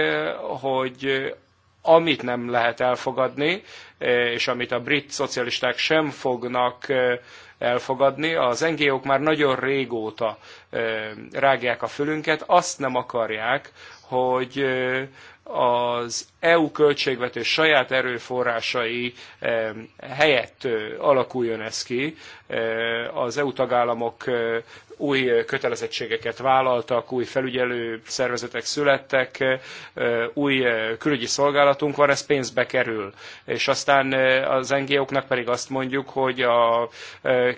hogy amit nem lehet elfogadni, és amit a brit szocialisták sem fognak elfogadni. Az NGO-k már nagyon régóta rágják a fülünket, azt nem akarják, hogy az EU költségvetés saját erőforrásai eh, helyett eh, alakuljon ez ki. Eh, az EU tagállamok új kötelezettségeket vállaltak, új felügyelő szervezetek születtek, új külügyi szolgálatunk van, ez pénzbe kerül. És aztán az NGO-knak pedig azt mondjuk, hogy a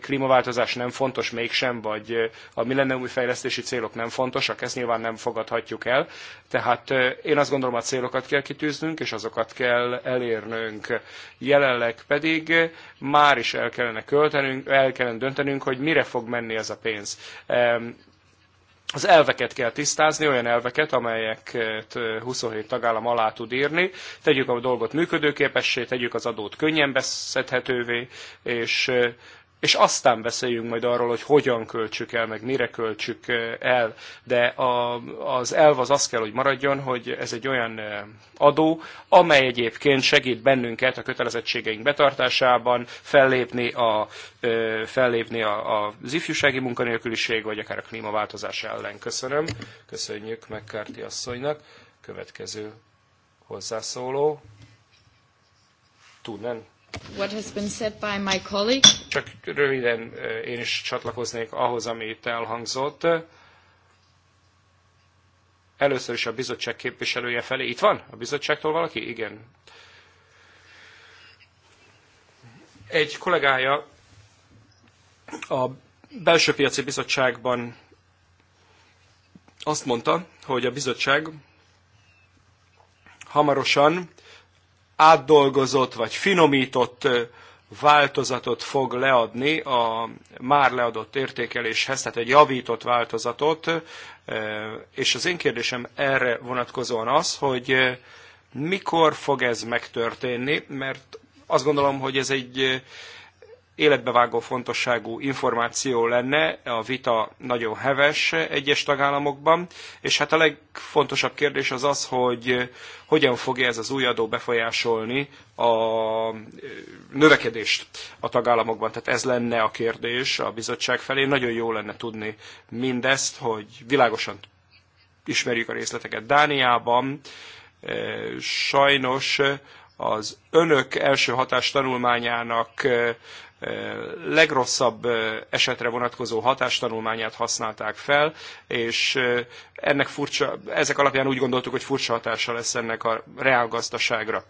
klímaváltozás nem fontos mégsem, vagy a millenniumi fejlesztési célok nem fontosak, ezt nyilván nem fogadhatjuk el. Tehát én azt gondolom, a célokat kell kitűznünk, és azokat kell elérnünk. Jelenleg pedig már is el kellene költenünk, el kellene döntenünk, hogy mire fog menni ez a pénz. Az elveket kell tisztázni, olyan elveket, amelyeket 27 eh, tagállam alá tud írni. Tegyük a dolgot működőképessé, tegyük az adót könnyen beszedhetővé, és eh, és aztán beszéljünk majd arról, hogy hogyan költsük el, meg mire költsük eh, el. De a, az elv az az kell, hogy maradjon, hogy ez egy olyan eh, adó, amely egyébként segít bennünket a kötelezettségeink betartásában fellépni, a, eh, fellépni a, az ifjúsági munkanélküliség, vagy akár a klímaváltozás ellen. Köszönöm. Köszönjük McCarthy asszonynak. Következő hozzászóló. Tudnen what has been said by my colleague. Csak röviden eh, én is csatlakoznék ahhoz, ami itt elhangzott. Először is a bizottság képviselője felé. Itt van a bizottságtól valaki? Igen. Egy kollégája a belső piaci bizottságban azt mondta, hogy a bizottság hamarosan átdolgozott vagy finomított változatot fog leadni a már leadott értékeléshez, tehát egy javított változatot, és az én kérdésem erre vonatkozóan az, hogy mikor fog ez megtörténni, mert azt gondolom, hogy ez egy életbevágó fontosságú információ lenne, a vita nagyon heves egyes tagállamokban, és hát a legfontosabb kérdés az az, hogy hogyan fogja ez az új adó befolyásolni a növekedést a tagállamokban. Tehát ez lenne a kérdés a bizottság felé. Nagyon jó lenne tudni mindezt, hogy világosan ismerjük a részleteket. Dániában sajnos az önök első hatás tanulmányának legrosszabb esetre vonatkozó hatástanulmányát használták fel, és ennek furcsa, ezek alapján úgy gondoltuk, hogy furcsa hatása lesz ennek a reálgazdaságra.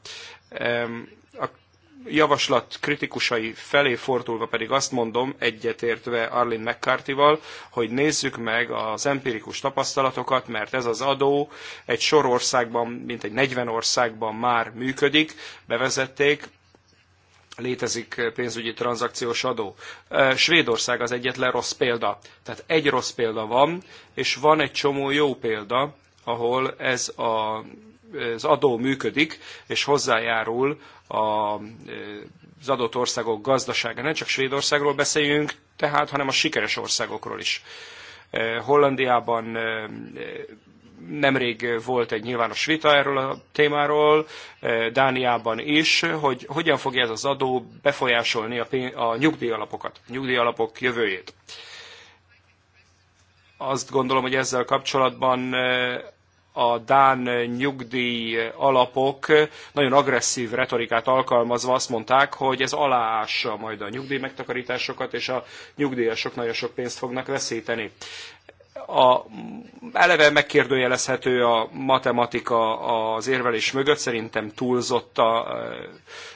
A javaslat kritikusai felé fordulva pedig azt mondom, egyetértve Arlin mccarthy hogy nézzük meg az empirikus tapasztalatokat, mert ez az adó egy sor országban, mint egy 40 országban már működik, bevezették, létezik pénzügyi tranzakciós adó. E, Svédország az egyetlen rossz példa. Tehát egy rossz példa van, és van egy csomó jó példa, ahol ez a, az adó működik, és hozzájárul a, e, az adott országok gazdasága. Nem csak Svédországról beszéljünk, tehát, hanem a sikeres országokról is. E, Hollandiában Nemrég volt egy nyilvános vita erről a témáról, eh, Dániában is, hogy hogyan fogja ez az adó befolyásolni a, a nyugdíjalapokat, a nyugdíjalapok jövőjét. Azt gondolom, hogy ezzel kapcsolatban eh, a Dán nyugdíj alapok nagyon agresszív retorikát alkalmazva azt mondták, hogy ez aláássa majd a nyugdíj megtakarításokat, és a nyugdíjasok nagyon sok pénzt fognak veszíteni a, eleve megkérdőjelezhető a matematika az érvelés mögött, szerintem túlzott a e,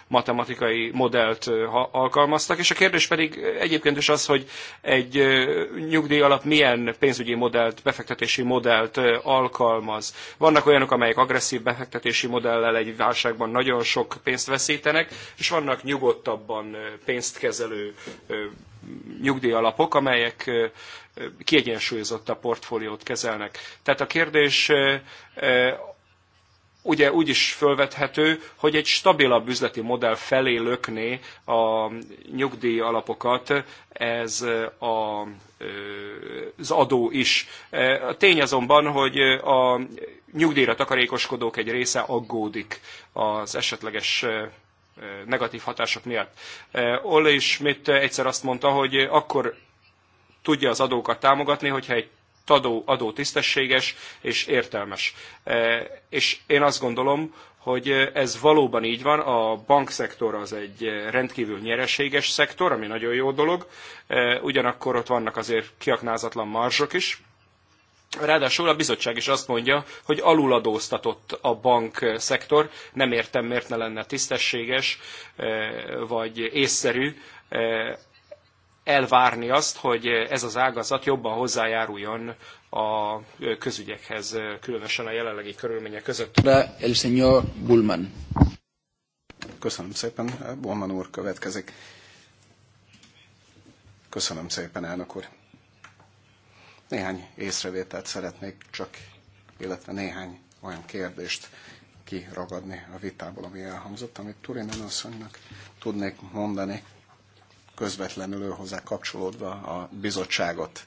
matematikai modellt e, alkalmaztak, és a kérdés pedig egyébként is az, hogy egy e, nyugdíj alap milyen pénzügyi modellt, befektetési modellt alkalmaz. Vannak olyanok, amelyek agresszív befektetési modellel egy válságban nagyon sok pénzt veszítenek, és vannak nyugodtabban pénzt kezelő nyugdíjalapok, amelyek kiegyensúlyozott a portfóliót kezelnek. Tehát a kérdés ugye úgy is fölvethető, hogy egy stabilabb üzleti modell felé lökné a nyugdíj alapokat ez a, az adó is. A tény azonban, hogy a nyugdíjra takarékoskodók egy része aggódik az esetleges negatív hatások miatt. is mit egyszer azt mondta, hogy akkor tudja az adókat támogatni, hogyha egy adó, adó tisztességes és értelmes. És én azt gondolom, hogy ez valóban így van, a bankszektor az egy rendkívül nyereséges szektor, ami nagyon jó dolog, ugyanakkor ott vannak azért kiaknázatlan marzsok is, Ráadásul a bizottság is azt mondja, hogy aluladóztatott a bankszektor. Nem értem, miért ne lenne tisztességes eh, vagy észszerű eh, elvárni azt, hogy ez az ágazat jobban hozzájáruljon a közügyekhez, különösen a jelenlegi körülmények között. Köszönöm szépen. Bulman úr következik. Köszönöm szépen, elnök úr. Néhány észrevételt szeretnék csak, illetve néhány olyan kérdést kiragadni a vitából, ami elhangzott, amit Turinen asszonynak tudnék mondani, közvetlenül hozzá kapcsolódva a bizottságot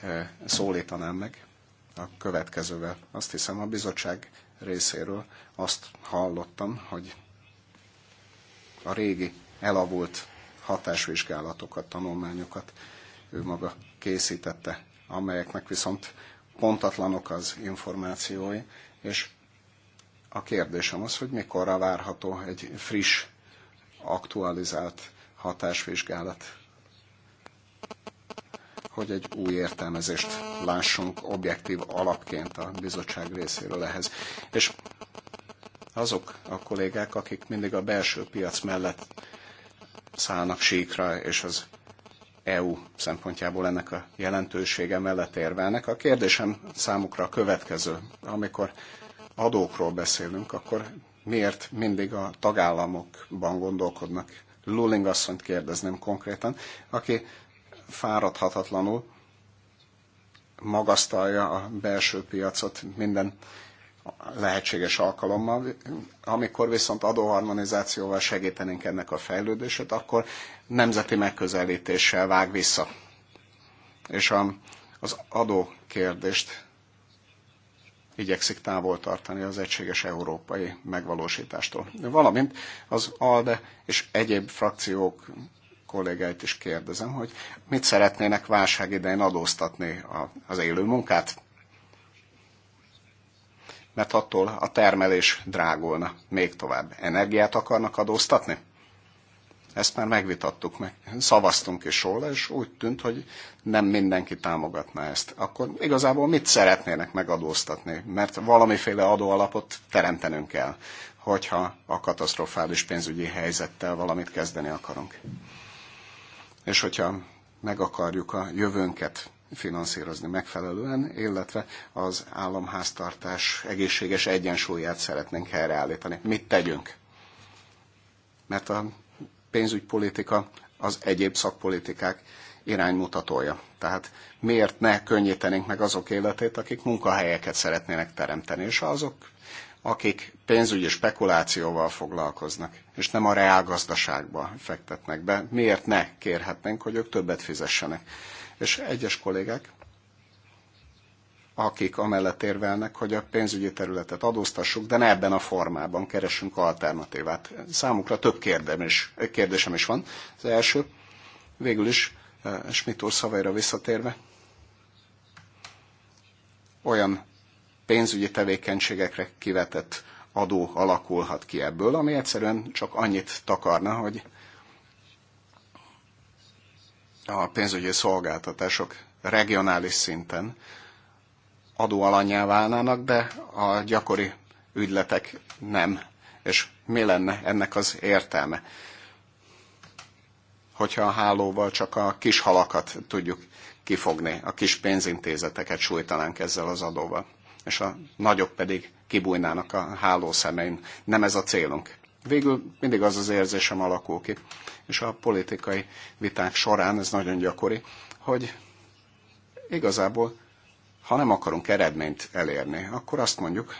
eh, szólítanám meg a következővel. Azt hiszem a bizottság részéről azt hallottam, hogy a régi elavult hatásvizsgálatokat, tanulmányokat ő maga készítette amelyeknek viszont pontatlanok az információi, és a kérdésem az, hogy mikorra várható egy friss, aktualizált hatásvizsgálat, hogy egy új értelmezést lássunk objektív alapként a bizottság részéről ehhez. És azok a kollégák, akik mindig a belső piac mellett szállnak síkra, és az EU szempontjából ennek a jelentősége mellett érvelnek. A kérdésem számukra a következő. Amikor adókról beszélünk, akkor miért mindig a tagállamokban gondolkodnak? Luling asszonyt kérdezném konkrétan, aki fáradhatatlanul magasztalja a belső piacot minden lehetséges alkalommal. Amikor viszont adóharmonizációval segítenénk ennek a fejlődését, akkor nemzeti megközelítéssel vág vissza. És a, az adókérdést igyekszik távol tartani az egységes európai megvalósítástól. Valamint az ALDE és egyéb frakciók kollégáit is kérdezem, hogy mit szeretnének válság idején adóztatni az élő munkát, mert attól a termelés drágulna még tovább. Energiát akarnak adóztatni? Ezt már megvitattuk meg, szavaztunk is róla, és úgy tűnt, hogy nem mindenki támogatná ezt. Akkor igazából mit szeretnének megadóztatni? Mert valamiféle adóalapot teremtenünk kell, hogyha a katasztrofális pénzügyi helyzettel valamit kezdeni akarunk. És hogyha meg akarjuk a jövőnket finanszírozni megfelelően, illetve az államháztartás egészséges egyensúlyát szeretnénk helyreállítani. Mit tegyünk? Mert a pénzügypolitika az egyéb szakpolitikák iránymutatója. Tehát miért ne könnyítenénk meg azok életét, akik munkahelyeket szeretnének teremteni, és azok, akik pénzügyi spekulációval foglalkoznak, és nem a reálgazdaságba fektetnek be, miért ne kérhetnénk, hogy ők többet fizessenek és egyes kollégek, akik amellett érvelnek, hogy a pénzügyi területet adóztassuk, de ne ebben a formában keresünk alternatívát. Számukra több kérdem is, kérdésem is van. Az első, végül is eh, Schmidt úr szavaira visszatérve, olyan pénzügyi tevékenységekre kivetett adó alakulhat ki ebből, ami egyszerűen csak annyit takarna, hogy a pénzügyi szolgáltatások regionális szinten adóalanyjá válnának, de a gyakori ügyletek nem. És mi lenne ennek az értelme? Hogyha a hálóval csak a kis halakat tudjuk kifogni, a kis pénzintézeteket sújtanánk ezzel az adóval, és a nagyok pedig kibújnának a háló szemein. Nem ez a célunk. Végül mindig az az érzésem alakul ki, és a politikai viták során ez nagyon gyakori, hogy igazából, ha nem akarunk eredményt elérni, akkor azt mondjuk,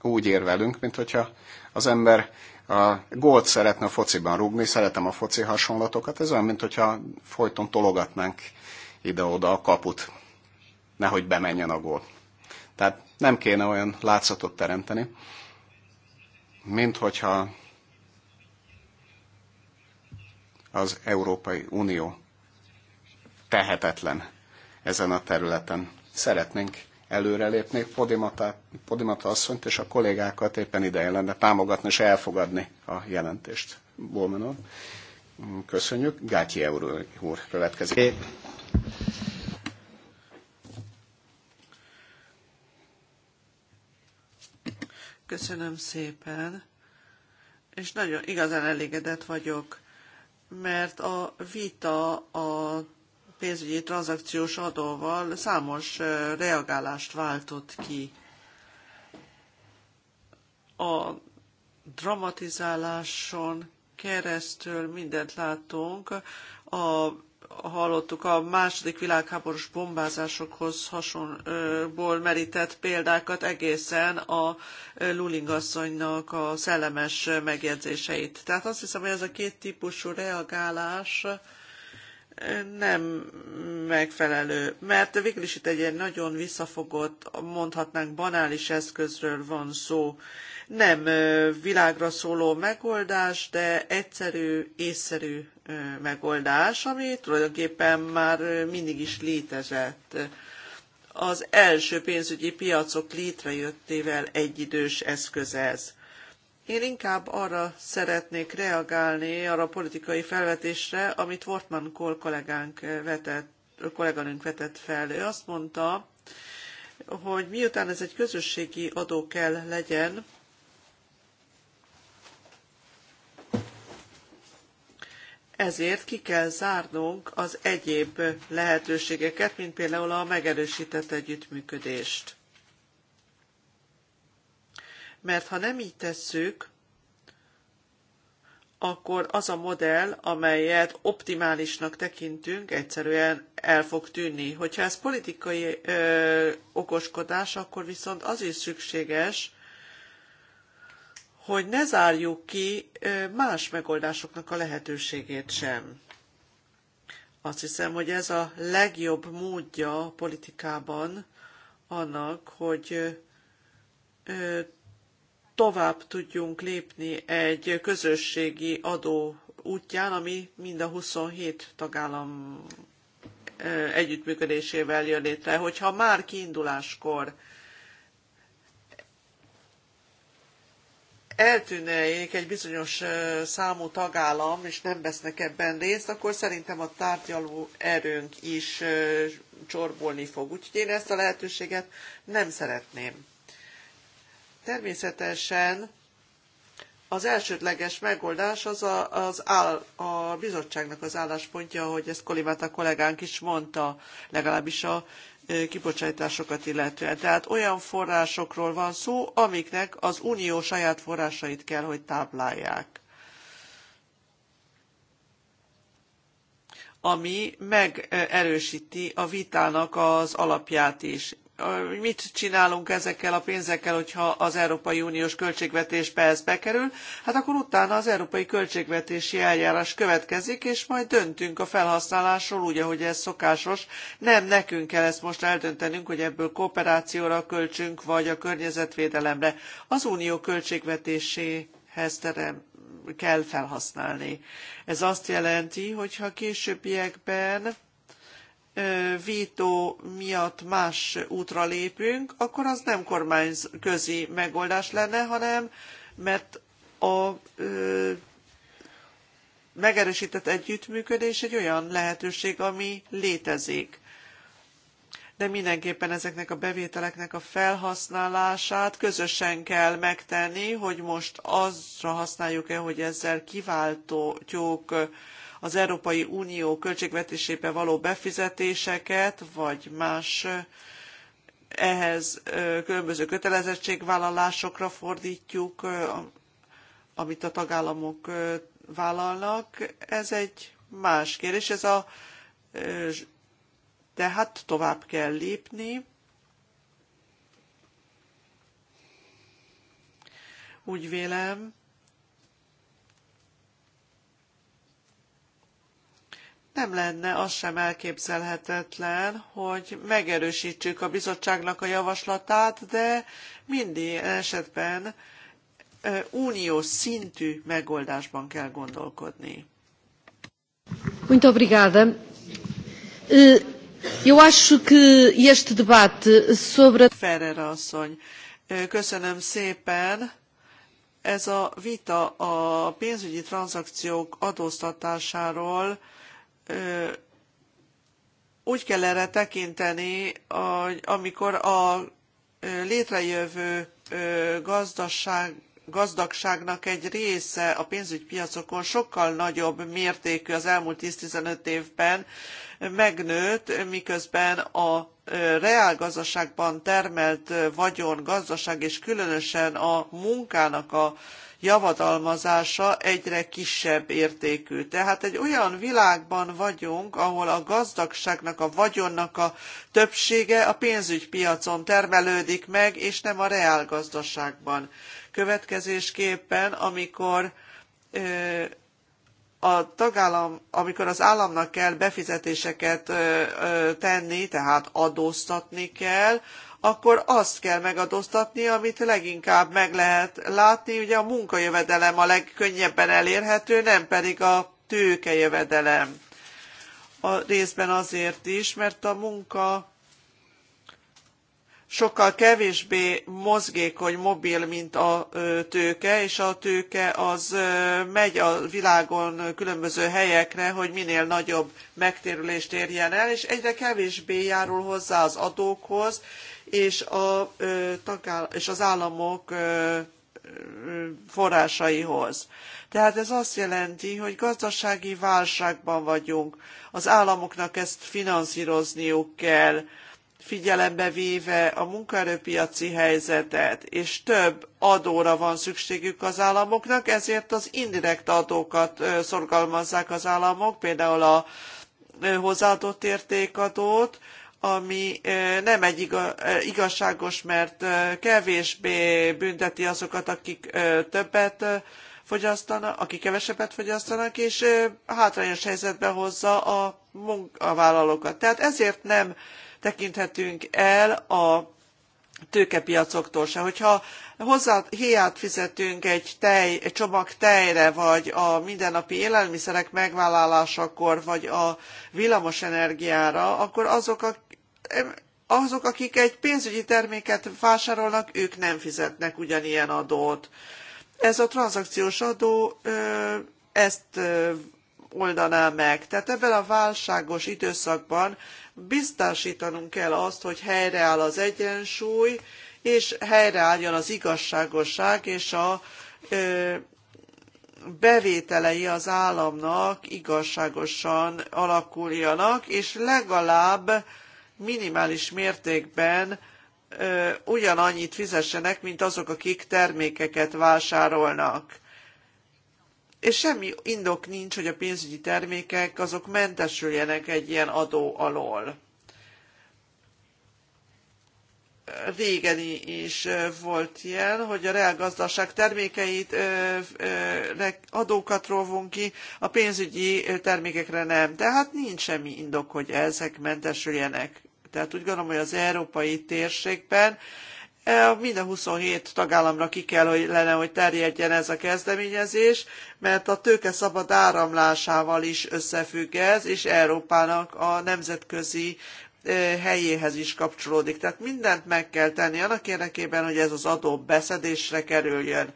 úgy érvelünk, mint hogyha az ember a gólt szeretne a fociban rúgni, szeretem a foci hasonlatokat, ez olyan, mint hogyha folyton tologatnánk ide-oda a kaput, nehogy bemenjen a gól. Tehát nem kéne olyan látszatot teremteni, mint hogyha az Európai Unió tehetetlen ezen a területen. Szeretnénk előrelépni Podimata, Podimata asszonyt és a kollégákat éppen ideje lenne támogatni és elfogadni a jelentést. Bolmenon. Köszönjük. Gátyi Euró úr következik. Köszönöm szépen, és nagyon igazán elégedett vagyok, mert a vita a pénzügyi tranzakciós adóval számos reagálást váltott ki. A dramatizáláson keresztül mindent látunk, a hallottuk a második világháborús bombázásokhoz hasonlóból merített példákat egészen a Luling asszonynak a szellemes megjegyzéseit. Tehát azt hiszem, hogy ez a két típusú reagálás nem megfelelő, mert végül is itt egy, ilyen nagyon visszafogott, mondhatnánk banális eszközről van szó. Nem világra szóló megoldás, de egyszerű, észszerű megoldás, ami tulajdonképpen már mindig is létezett. Az első pénzügyi piacok létrejöttével egyidős eszköz ez. Én inkább arra szeretnék reagálni, arra a politikai felvetésre, amit Wortmann Kohl kollégánk vetett, kolléganünk vetett fel. Ő azt mondta, hogy miután ez egy közösségi adó kell legyen, ezért ki kell zárnunk az egyéb lehetőségeket, mint például a megerősített együttműködést. Mert ha nem így tesszük, akkor az a modell, amelyet optimálisnak tekintünk, egyszerűen el fog tűnni. Hogyha ez politikai ö, okoskodás, akkor viszont az is szükséges, hogy ne zárjuk ki más megoldásoknak a lehetőségét sem. Azt hiszem, hogy ez a legjobb módja a politikában annak, hogy tovább tudjunk lépni egy közösségi adó útján, ami mind a 27 tagállam együttműködésével jön létre, hogyha már kiinduláskor eltűnnék egy bizonyos számú tagállam, és nem vesznek ebben részt, akkor szerintem a tárgyaló erőnk is csorbolni fog. Úgyhogy én ezt a lehetőséget nem szeretném. Természetesen az elsődleges megoldás az a, az áll, a bizottságnak az álláspontja, hogy ezt Kolimát a kollégánk is mondta, legalábbis a kibocsátásokat illetően. Tehát olyan forrásokról van szó, amiknek az unió saját forrásait kell, hogy táplálják. ami megerősíti a vitának az alapját is mit csinálunk ezekkel a pénzekkel, hogyha az Európai Uniós költségvetésbe ez bekerül, hát akkor utána az európai költségvetési eljárás következik, és majd döntünk a felhasználásról, úgy, ahogy ez szokásos. Nem nekünk kell ezt most eldöntenünk, hogy ebből kooperációra költsünk, vagy a környezetvédelemre. Az unió költségvetéséhez terem kell felhasználni. Ez azt jelenti, hogy ha későbbiekben vító miatt más útra lépünk, akkor az nem kormányközi megoldás lenne, hanem mert a ö, megerősített együttműködés egy olyan lehetőség, ami létezik. De mindenképpen ezeknek a bevételeknek a felhasználását közösen kell megtenni, hogy most azra használjuk-e, hogy ezzel kiváltjuk az Európai Unió költségvetésébe való befizetéseket, vagy más ehhez különböző kötelezettségvállalásokra fordítjuk, amit a tagállamok vállalnak. Ez egy más kérdés, ez a tehát tovább kell lépni. Úgy vélem, nem lenne az sem elképzelhetetlen, hogy megerősítsük a bizottságnak a javaslatát, de mindig esetben uniós szintű megoldásban kell gondolkodni. Muito obrigada. Eu acho que este debate sobre... asszony, köszönöm szépen. Ez a vita a pénzügyi tranzakciók adóztatásáról úgy kell erre tekinteni, amikor a létrejövő gazdaság, gazdagságnak egy része a pénzügypiacokon sokkal nagyobb mértékű az elmúlt 10-15 évben megnőtt, miközben a reálgazdaságban termelt vagyon, gazdaság és különösen a munkának a javadalmazása egyre kisebb értékű. Tehát egy olyan világban vagyunk, ahol a gazdagságnak, a vagyonnak a többsége a pénzügypiacon termelődik meg, és nem a reálgazdaságban. Következésképpen, amikor ö, a tagállam, amikor az államnak kell befizetéseket tenni, tehát adóztatni kell, akkor azt kell megadóztatni, amit leginkább meg lehet látni. Ugye a munkajövedelem a legkönnyebben elérhető, nem pedig a tőkejövedelem. A részben azért is, mert a munka sokkal kevésbé mozgékony, mobil, mint a tőke, és a tőke az megy a világon különböző helyekre, hogy minél nagyobb megtérülést érjen el, és egyre kevésbé járul hozzá az adókhoz, és, a, és az államok forrásaihoz. Tehát ez azt jelenti, hogy gazdasági válságban vagyunk. Az államoknak ezt finanszírozniuk kell, figyelembe véve a munkaerőpiaci helyzetet, és több adóra van szükségük az államoknak, ezért az indirekt adókat szorgalmazzák az államok, például a hozzáadott értékadót, ami nem egy igazságos, mert kevésbé bünteti azokat, akik többet fogyasztanak, akik kevesebbet fogyasztanak, és hátrányos helyzetbe hozza a munkavállalókat. Tehát ezért nem tekinthetünk el a tőkepiacoktól se. Hogyha hozzá hiát fizetünk egy, tej, egy csomag tejre, vagy a mindennapi élelmiszerek megvállalásakor, vagy a villamosenergiára, akkor azok a azok, akik egy pénzügyi terméket vásárolnak, ők nem fizetnek ugyanilyen adót. Ez a tranzakciós adó ezt oldaná meg. Tehát ebben a válságos időszakban biztosítanunk kell azt, hogy helyreáll az egyensúly, és helyreálljon az igazságosság, és a bevételei az államnak igazságosan alakuljanak, és legalább minimális mértékben ugyanannyit fizessenek, mint azok, akik termékeket vásárolnak. És semmi indok nincs, hogy a pénzügyi termékek azok mentesüljenek egy ilyen adó alól. Régen is volt ilyen, hogy a reálgazdaság termékeit adókat róvunk ki, a pénzügyi termékekre nem. Tehát nincs semmi indok, hogy ezek mentesüljenek tehát úgy gondolom, hogy az európai térségben e, mind a 27 tagállamra ki kell, hogy lenne, hogy terjedjen ez a kezdeményezés, mert a tőke szabad áramlásával is összefügg ez, és Európának a nemzetközi e, helyéhez is kapcsolódik. Tehát mindent meg kell tenni annak érdekében, hogy ez az adó beszedésre kerüljön.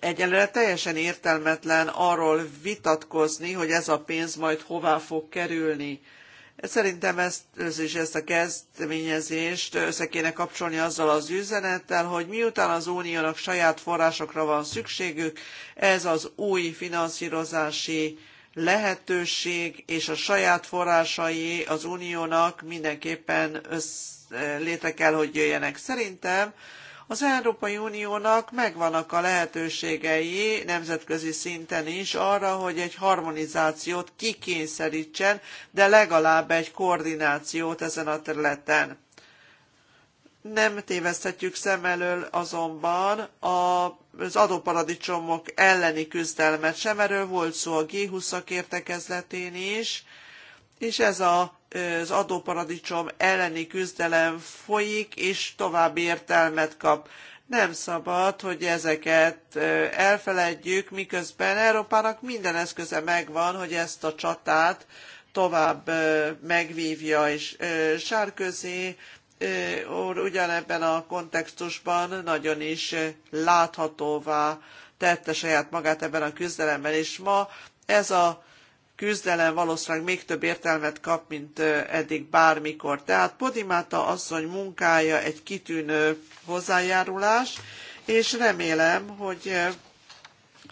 Egyelőre teljesen értelmetlen arról vitatkozni, hogy ez a pénz majd hová fog kerülni Szerintem ezt, ez is ezt a kezdeményezést össze kéne kapcsolni azzal az üzenettel, hogy miután az uniónak saját forrásokra van szükségük, ez az új finanszírozási lehetőség és a saját forrásai az uniónak mindenképpen össz, létre kell, hogy jöjjenek. Szerintem az Európai Uniónak megvannak a lehetőségei nemzetközi szinten is arra, hogy egy harmonizációt kikényszerítsen, de legalább egy koordinációt ezen a területen. Nem téveszthetjük szem elől azonban a az adóparadicsomok elleni küzdelmet sem, erről volt szó a G20-ak értekezletén is, és ez a az adóparadicsom elleni küzdelem folyik, és további értelmet kap. Nem szabad, hogy ezeket elfeledjük, miközben Európának minden eszköze megvan, hogy ezt a csatát tovább megvívja, és Sárközi úr ugyanebben a kontextusban nagyon is láthatóvá tette saját magát ebben a küzdelemben, és ma ez a küzdelem valószínűleg még több értelmet kap, mint eddig bármikor. Tehát Podimáta asszony munkája egy kitűnő hozzájárulás, és remélem, hogy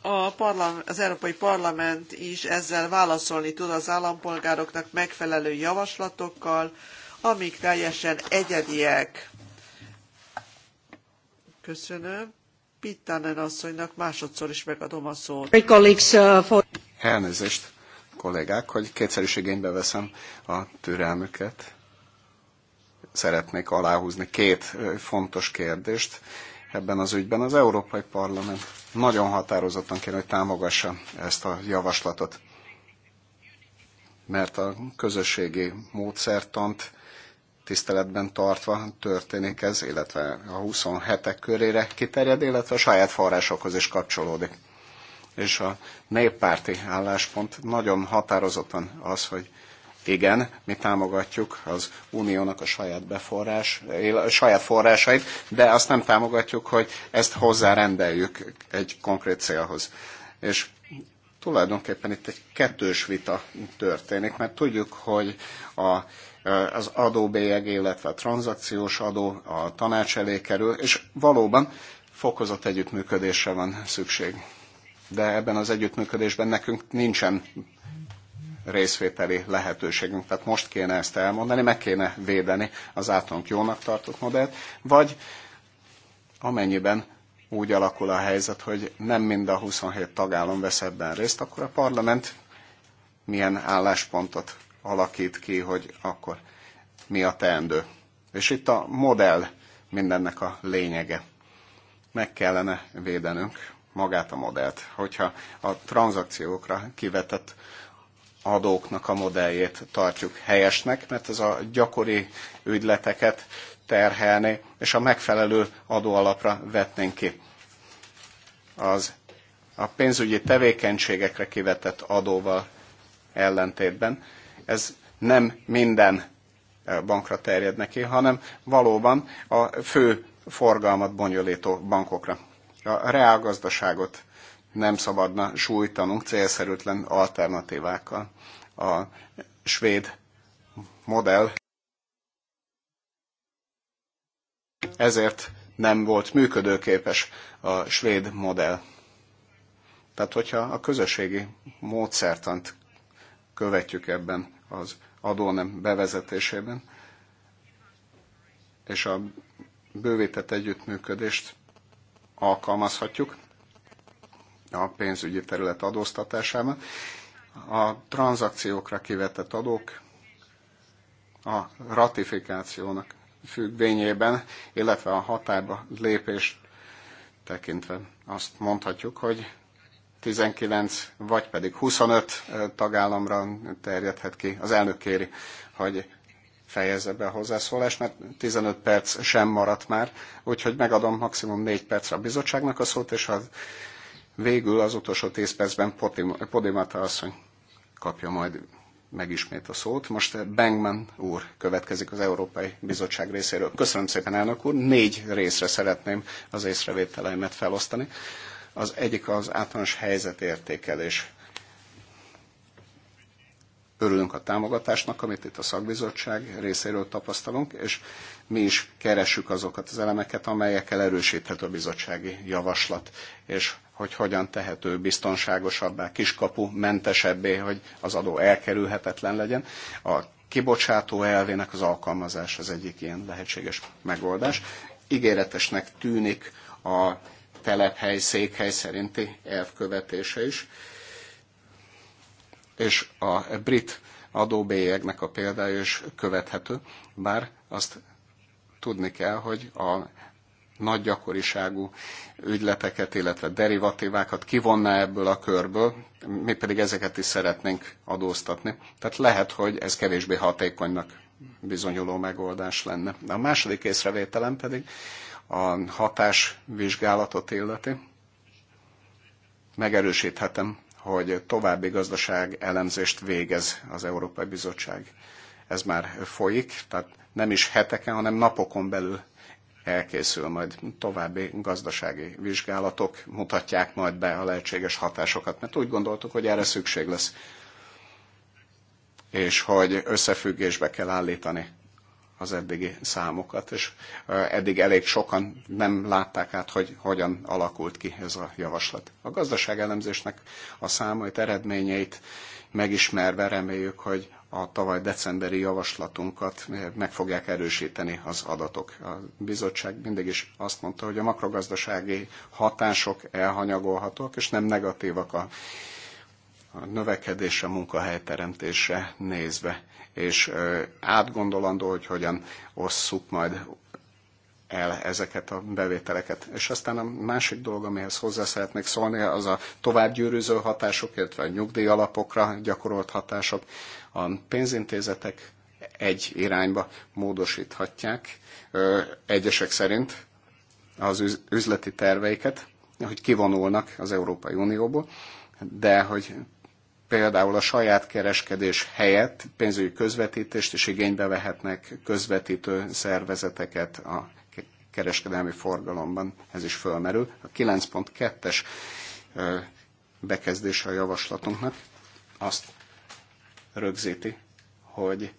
a parlament, az Európai Parlament is ezzel válaszolni tud az állampolgároknak megfelelő javaslatokkal, amik teljesen egyediek. Köszönöm. Pittanen asszonynak másodszor is megadom a szót. Uh, Elnézést kollégák, hogy kétszer is igénybe veszem a türelmüket. Szeretnék aláhúzni két fontos kérdést ebben az ügyben. Az Európai Parlament nagyon határozottan kér hogy támogassa ezt a javaslatot, mert a közösségi módszertant tiszteletben tartva történik ez, illetve a 27 körére kiterjed, illetve a saját forrásokhoz is kapcsolódik és a néppárti álláspont nagyon határozottan az, hogy igen, mi támogatjuk az uniónak a saját, beforrás, a saját forrásait, de azt nem támogatjuk, hogy ezt hozzárendeljük egy konkrét célhoz. És tulajdonképpen itt egy kettős vita történik, mert tudjuk, hogy a, az adóbélyeg, illetve a tranzakciós adó a tanács elé kerül, és valóban fokozott együttműködésre van szükség de ebben az együttműködésben nekünk nincsen részvételi lehetőségünk. Tehát most kéne ezt elmondani, meg kéne védeni az általunk jónak tartott modellt, vagy amennyiben úgy alakul a helyzet, hogy nem mind a 27 tagállam vesz ebben részt, akkor a parlament milyen álláspontot alakít ki, hogy akkor mi a teendő. És itt a modell mindennek a lényege. Meg kellene védenünk magát a modellt. Hogyha a tranzakciókra kivetett adóknak a modelljét tartjuk helyesnek, mert ez a gyakori ügyleteket terhelni, és a megfelelő adóalapra vetnénk ki. Az a pénzügyi tevékenységekre kivetett adóval ellentétben ez nem minden bankra terjed neki, hanem valóban a fő forgalmat bonyolító bankokra. A reálgazdaságot nem szabadna sújtanunk célszerűtlen alternatívákkal. A svéd modell ezért nem volt működőképes a svéd modell. Tehát, hogyha a közösségi módszertant követjük ebben az adónem bevezetésében, és a bővített együttműködést alkalmazhatjuk a pénzügyi terület adóztatásában. A tranzakciókra kivetett adók a ratifikációnak függvényében, illetve a hatályba lépést tekintve azt mondhatjuk, hogy 19 vagy pedig 25 tagállamra terjedhet ki. Az elnök kéri, hogy fejezze be a hozzászólást, mert 15 perc sem maradt már, úgyhogy megadom maximum 4 percre a bizottságnak a szót, és az végül az utolsó 10 percben Podimata asszony kapja majd megismét a szót. Most Bengman úr következik az Európai Bizottság részéről. Köszönöm szépen, elnök úr. Négy részre szeretném az észrevételeimet felosztani. Az egyik az általános helyzetértékelés örülünk a támogatásnak, amit itt a szakbizottság részéről tapasztalunk, és mi is keressük azokat az elemeket, amelyekkel erősíthet a bizottsági javaslat, és hogy hogyan tehető biztonságosabbá, kiskapu mentesebbé, hogy az adó elkerülhetetlen legyen. A kibocsátó elvének az alkalmazás az egyik ilyen lehetséges megoldás. Ígéretesnek tűnik a telephely, székhely szerinti elvkövetése is és a brit adóbélyegnek a példája is követhető, bár azt tudni kell, hogy a nagy gyakoriságú ügyleteket, illetve derivatívákat kivonna ebből a körből, mi pedig ezeket is szeretnénk adóztatni. Tehát lehet, hogy ez kevésbé hatékonynak bizonyuló megoldás lenne. A második észrevételem pedig a hatásvizsgálatot illeti. Megerősíthetem hogy további gazdaság elemzést végez az Európai Bizottság. Ez már folyik, tehát nem is heteken, hanem napokon belül elkészül majd további gazdasági vizsgálatok, mutatják majd be a lehetséges hatásokat, mert úgy gondoltuk, hogy erre szükség lesz, és hogy összefüggésbe kell állítani az eddigi számokat, és eddig elég sokan nem látták át, hogy hogyan alakult ki ez a javaslat. A gazdaságelemzésnek a számait, eredményeit megismerve reméljük, hogy a tavaly decemberi javaslatunkat meg fogják erősíteni az adatok. A bizottság mindig is azt mondta, hogy a makrogazdasági hatások elhanyagolhatók, és nem negatívak a, a növekedésre, munkahelyteremtésre nézve és átgondolandó, hogy hogyan osszuk majd el ezeket a bevételeket. És aztán a másik dolog, amihez hozzá szeretnék szólni, az a továbbgyűrűző hatások, illetve a nyugdíjalapokra gyakorolt hatások. A pénzintézetek egy irányba módosíthatják, egyesek szerint az üzleti terveiket, hogy kivonulnak az Európai Unióból, de hogy például a saját kereskedés helyett pénzügyi közvetítést is igénybe vehetnek közvetítő szervezeteket a kereskedelmi forgalomban, ez is fölmerül. A 9.2-es bekezdése a javaslatunknak azt rögzíti, hogy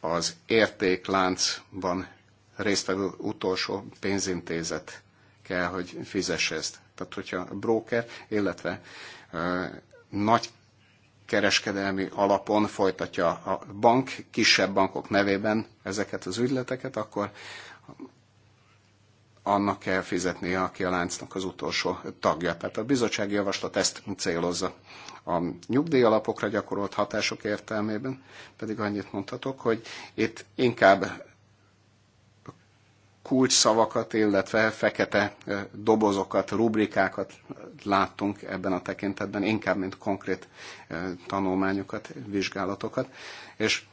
az értékláncban résztvevő utolsó pénzintézet kell, hogy fizesse ezt. Tehát, hogyha a broker, illetve nagy kereskedelmi alapon folytatja a bank kisebb bankok nevében ezeket az ügyleteket, akkor annak kell fizetnie, aki a láncnak az utolsó tagja. Tehát a bizottsági javaslat ezt célozza. A nyugdíjalapokra gyakorolt hatások értelmében pedig annyit mondhatok, hogy itt inkább kulcsszavakat, illetve fekete dobozokat, rubrikákat láttunk ebben a tekintetben, inkább, mint konkrét tanulmányokat, vizsgálatokat. És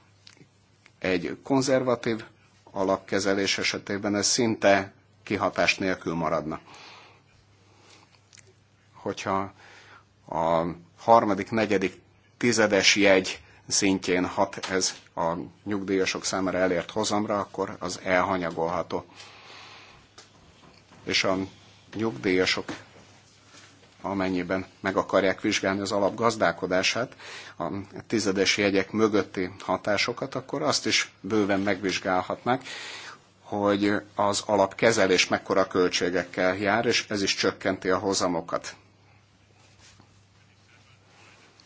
egy konzervatív alapkezelés esetében ez szinte kihatás nélkül maradna. Hogyha a harmadik, negyedik tizedes jegy szintjén hat ez a nyugdíjasok számára elért hozamra, akkor az elhanyagolható. És a nyugdíjasok amennyiben meg akarják vizsgálni az alapgazdálkodását, a tizedes jegyek mögötti hatásokat, akkor azt is bőven megvizsgálhatnák, hogy az alapkezelés mekkora költségekkel jár, és ez is csökkenti a hozamokat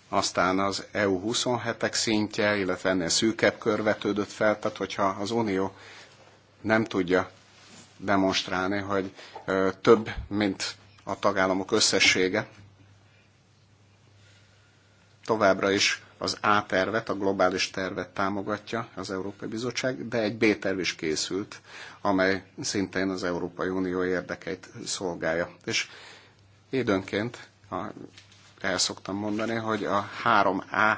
aztán az EU 27-ek szintje, illetve ennél szűkebb kör vetődött fel, tehát hogyha az Unió nem tudja demonstrálni, hogy több, mint a tagállamok összessége, továbbra is az A tervet, a globális tervet támogatja az Európai Bizottság, de egy B terv is készült, amely szintén az Európai Unió érdekeit szolgálja. És időnként a el szoktam mondani, hogy a 3A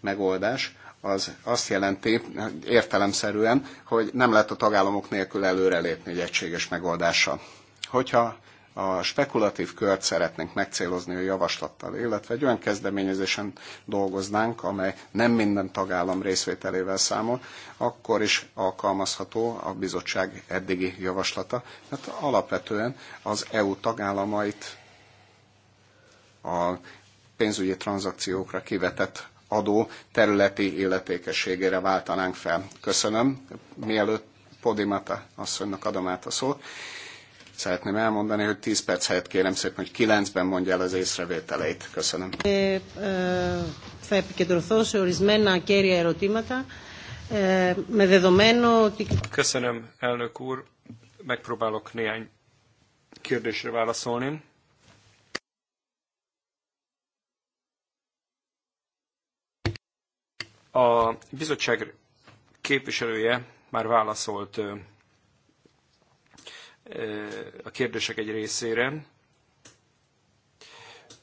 megoldás az azt jelenti értelemszerűen, hogy nem lehet a tagállamok nélkül előrelépni egy egységes megoldással. Hogyha a spekulatív kört szeretnénk megcélozni a javaslattal, illetve egy olyan kezdeményezésen dolgoznánk, amely nem minden tagállam részvételével számol, akkor is alkalmazható a bizottság eddigi javaslata. Mert hát alapvetően az EU tagállamait a pénzügyi tranzakciókra kivetett adó területi illetékességére váltanánk fel. Köszönöm. Mielőtt Podimata asszonynak adom át a szót, szeretném elmondani, hogy 10 perc helyett kérem szépen, hogy 9-ben mondja el az észrevételeit. Köszönöm. Θα επικεντρωθώ σε ορισμένα κέρια ερωτήματα με δεδομένο ότι... Köszönöm, elnök úr. Megpróbálok néhány kérdésre válaszolni. A bizottság képviselője már válaszolt a kérdések egy részére.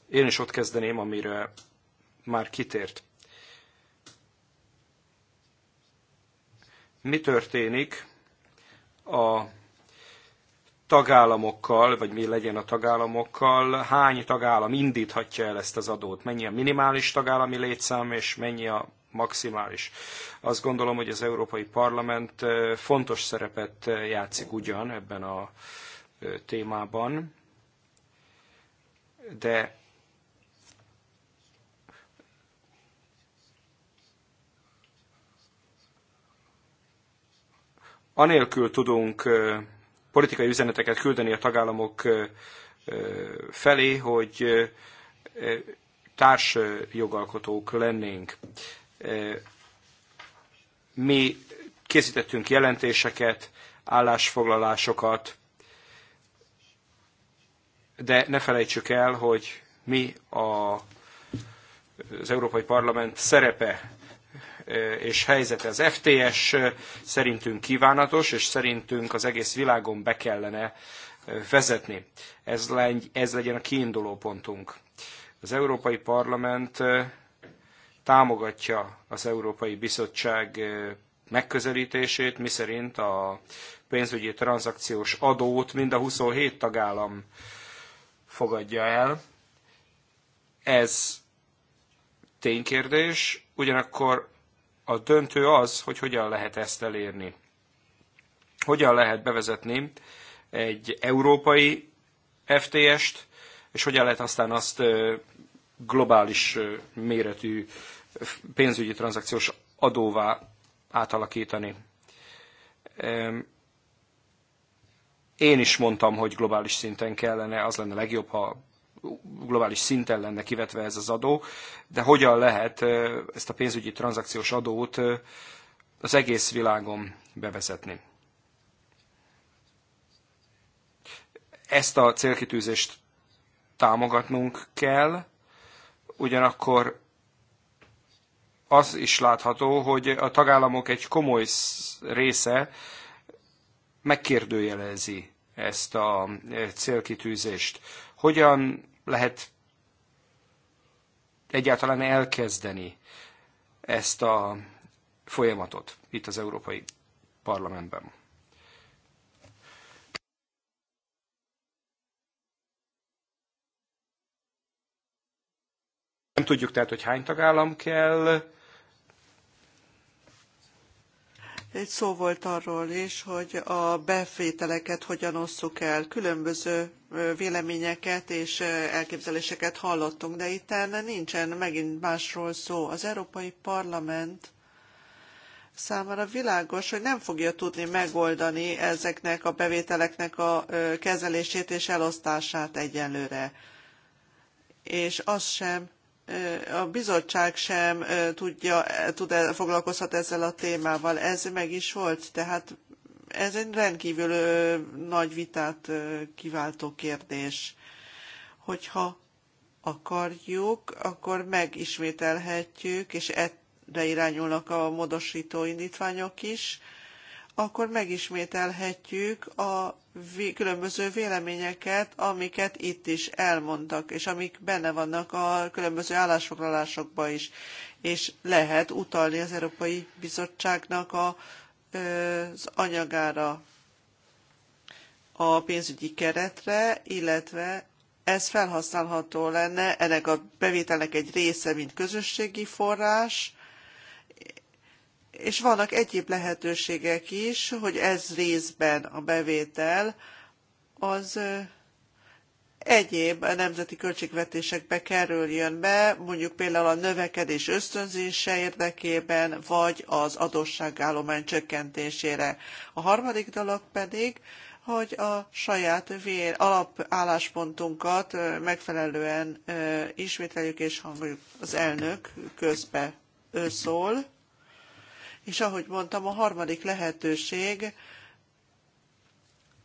Én is ott kezdeném, amire már kitért. Mi történik a tagállamokkal, vagy mi legyen a tagállamokkal, hány tagállam indíthatja el ezt az adót, mennyi a minimális tagállami létszám, és mennyi a maximális. Azt gondolom, hogy az Európai Parlament fontos szerepet játszik ugyan ebben a témában, de anélkül tudunk politikai üzeneteket küldeni a tagállamok felé, hogy társ jogalkotók lennénk. Mi készítettünk jelentéseket, állásfoglalásokat, de ne felejtsük el, hogy mi a, az Európai Parlament szerepe e, és helyzete. Az FTS szerintünk kívánatos, és szerintünk az egész világon be kellene e, vezetni. Ez, legy, ez legyen a kiinduló pontunk. Az Európai Parlament e, támogatja az Európai Bizottság megközelítését, miszerint a pénzügyi tranzakciós adót mind a 27 tagállam fogadja el. Ez ténykérdés, ugyanakkor a döntő az, hogy hogyan lehet ezt elérni. Hogyan lehet bevezetni egy európai FTS-t, és hogyan lehet aztán azt globális méretű pénzügyi tranzakciós adóvá átalakítani. Én is mondtam, hogy globális szinten kellene, az lenne legjobb, ha globális szinten lenne kivetve ez az adó, de hogyan lehet ezt a pénzügyi tranzakciós adót az egész világon bevezetni. Ezt a célkitűzést támogatnunk kell, Ugyanakkor az is látható, hogy a tagállamok egy komoly része megkérdőjelezi ezt a e, célkitűzést. Hogyan lehet egyáltalán elkezdeni ezt a folyamatot itt az Európai Parlamentben? Nem tudjuk tehát, hogy hány tagállam kell. Egy szó volt arról is, hogy a bevételeket hogyan osszuk el. Különböző véleményeket és elképzeléseket hallottunk, de itt nincsen megint másról szó. Az Európai Parlament számára világos, hogy nem fogja tudni megoldani ezeknek a bevételeknek a kezelését és elosztását egyenlőre, És az sem a bizottság sem tudja, tud foglalkozhat ezzel a témával. Ez meg is volt, tehát ez egy rendkívül nagy vitát kiváltó kérdés. Hogyha akarjuk, akkor megismételhetjük, és erre irányulnak a módosító indítványok is, akkor megismételhetjük a különböző véleményeket, amiket itt is elmondtak, és amik benne vannak a különböző állásfoglalásokban is, és lehet utalni az Európai Bizottságnak a, az anyagára, a pénzügyi keretre, illetve ez felhasználható lenne, ennek a bevételnek egy része, mint közösségi forrás, és vannak egyéb lehetőségek is, hogy ez részben a bevétel az egyéb nemzeti költségvetésekbe kerüljön be, mondjuk például a növekedés ösztönzése érdekében, vagy az adósságállomány csökkentésére. A harmadik dolog pedig, hogy a saját vér, alapálláspontunkat megfelelően ismételjük és hangoljuk. Az elnök közbe szól. És ahogy mondtam, a harmadik lehetőség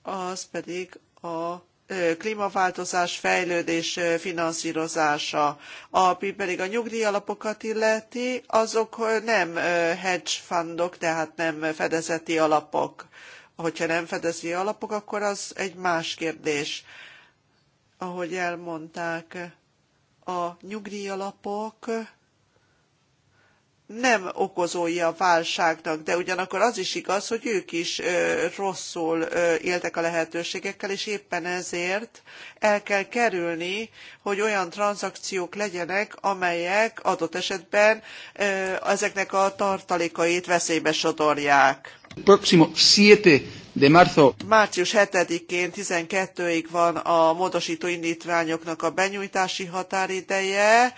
az pedig a klímaváltozás, fejlődés finanszírozása. Ami pedig a nyugdíjalapokat illeti, azok nem hedge fundok, tehát nem fedezeti alapok. Hogyha nem fedezi alapok, akkor az egy más kérdés. Ahogy elmondták, a nyugdíjalapok alapok nem okozói a válságnak, de ugyanakkor az is igaz, hogy ők is rosszul éltek a lehetőségekkel, és éppen ezért el kell kerülni, hogy olyan tranzakciók legyenek, amelyek adott esetben ezeknek a tartalékait veszélybe sodorják. Próximo 7 de marzo. Március 7-én 12-ig van a módosító indítványoknak a benyújtási határideje,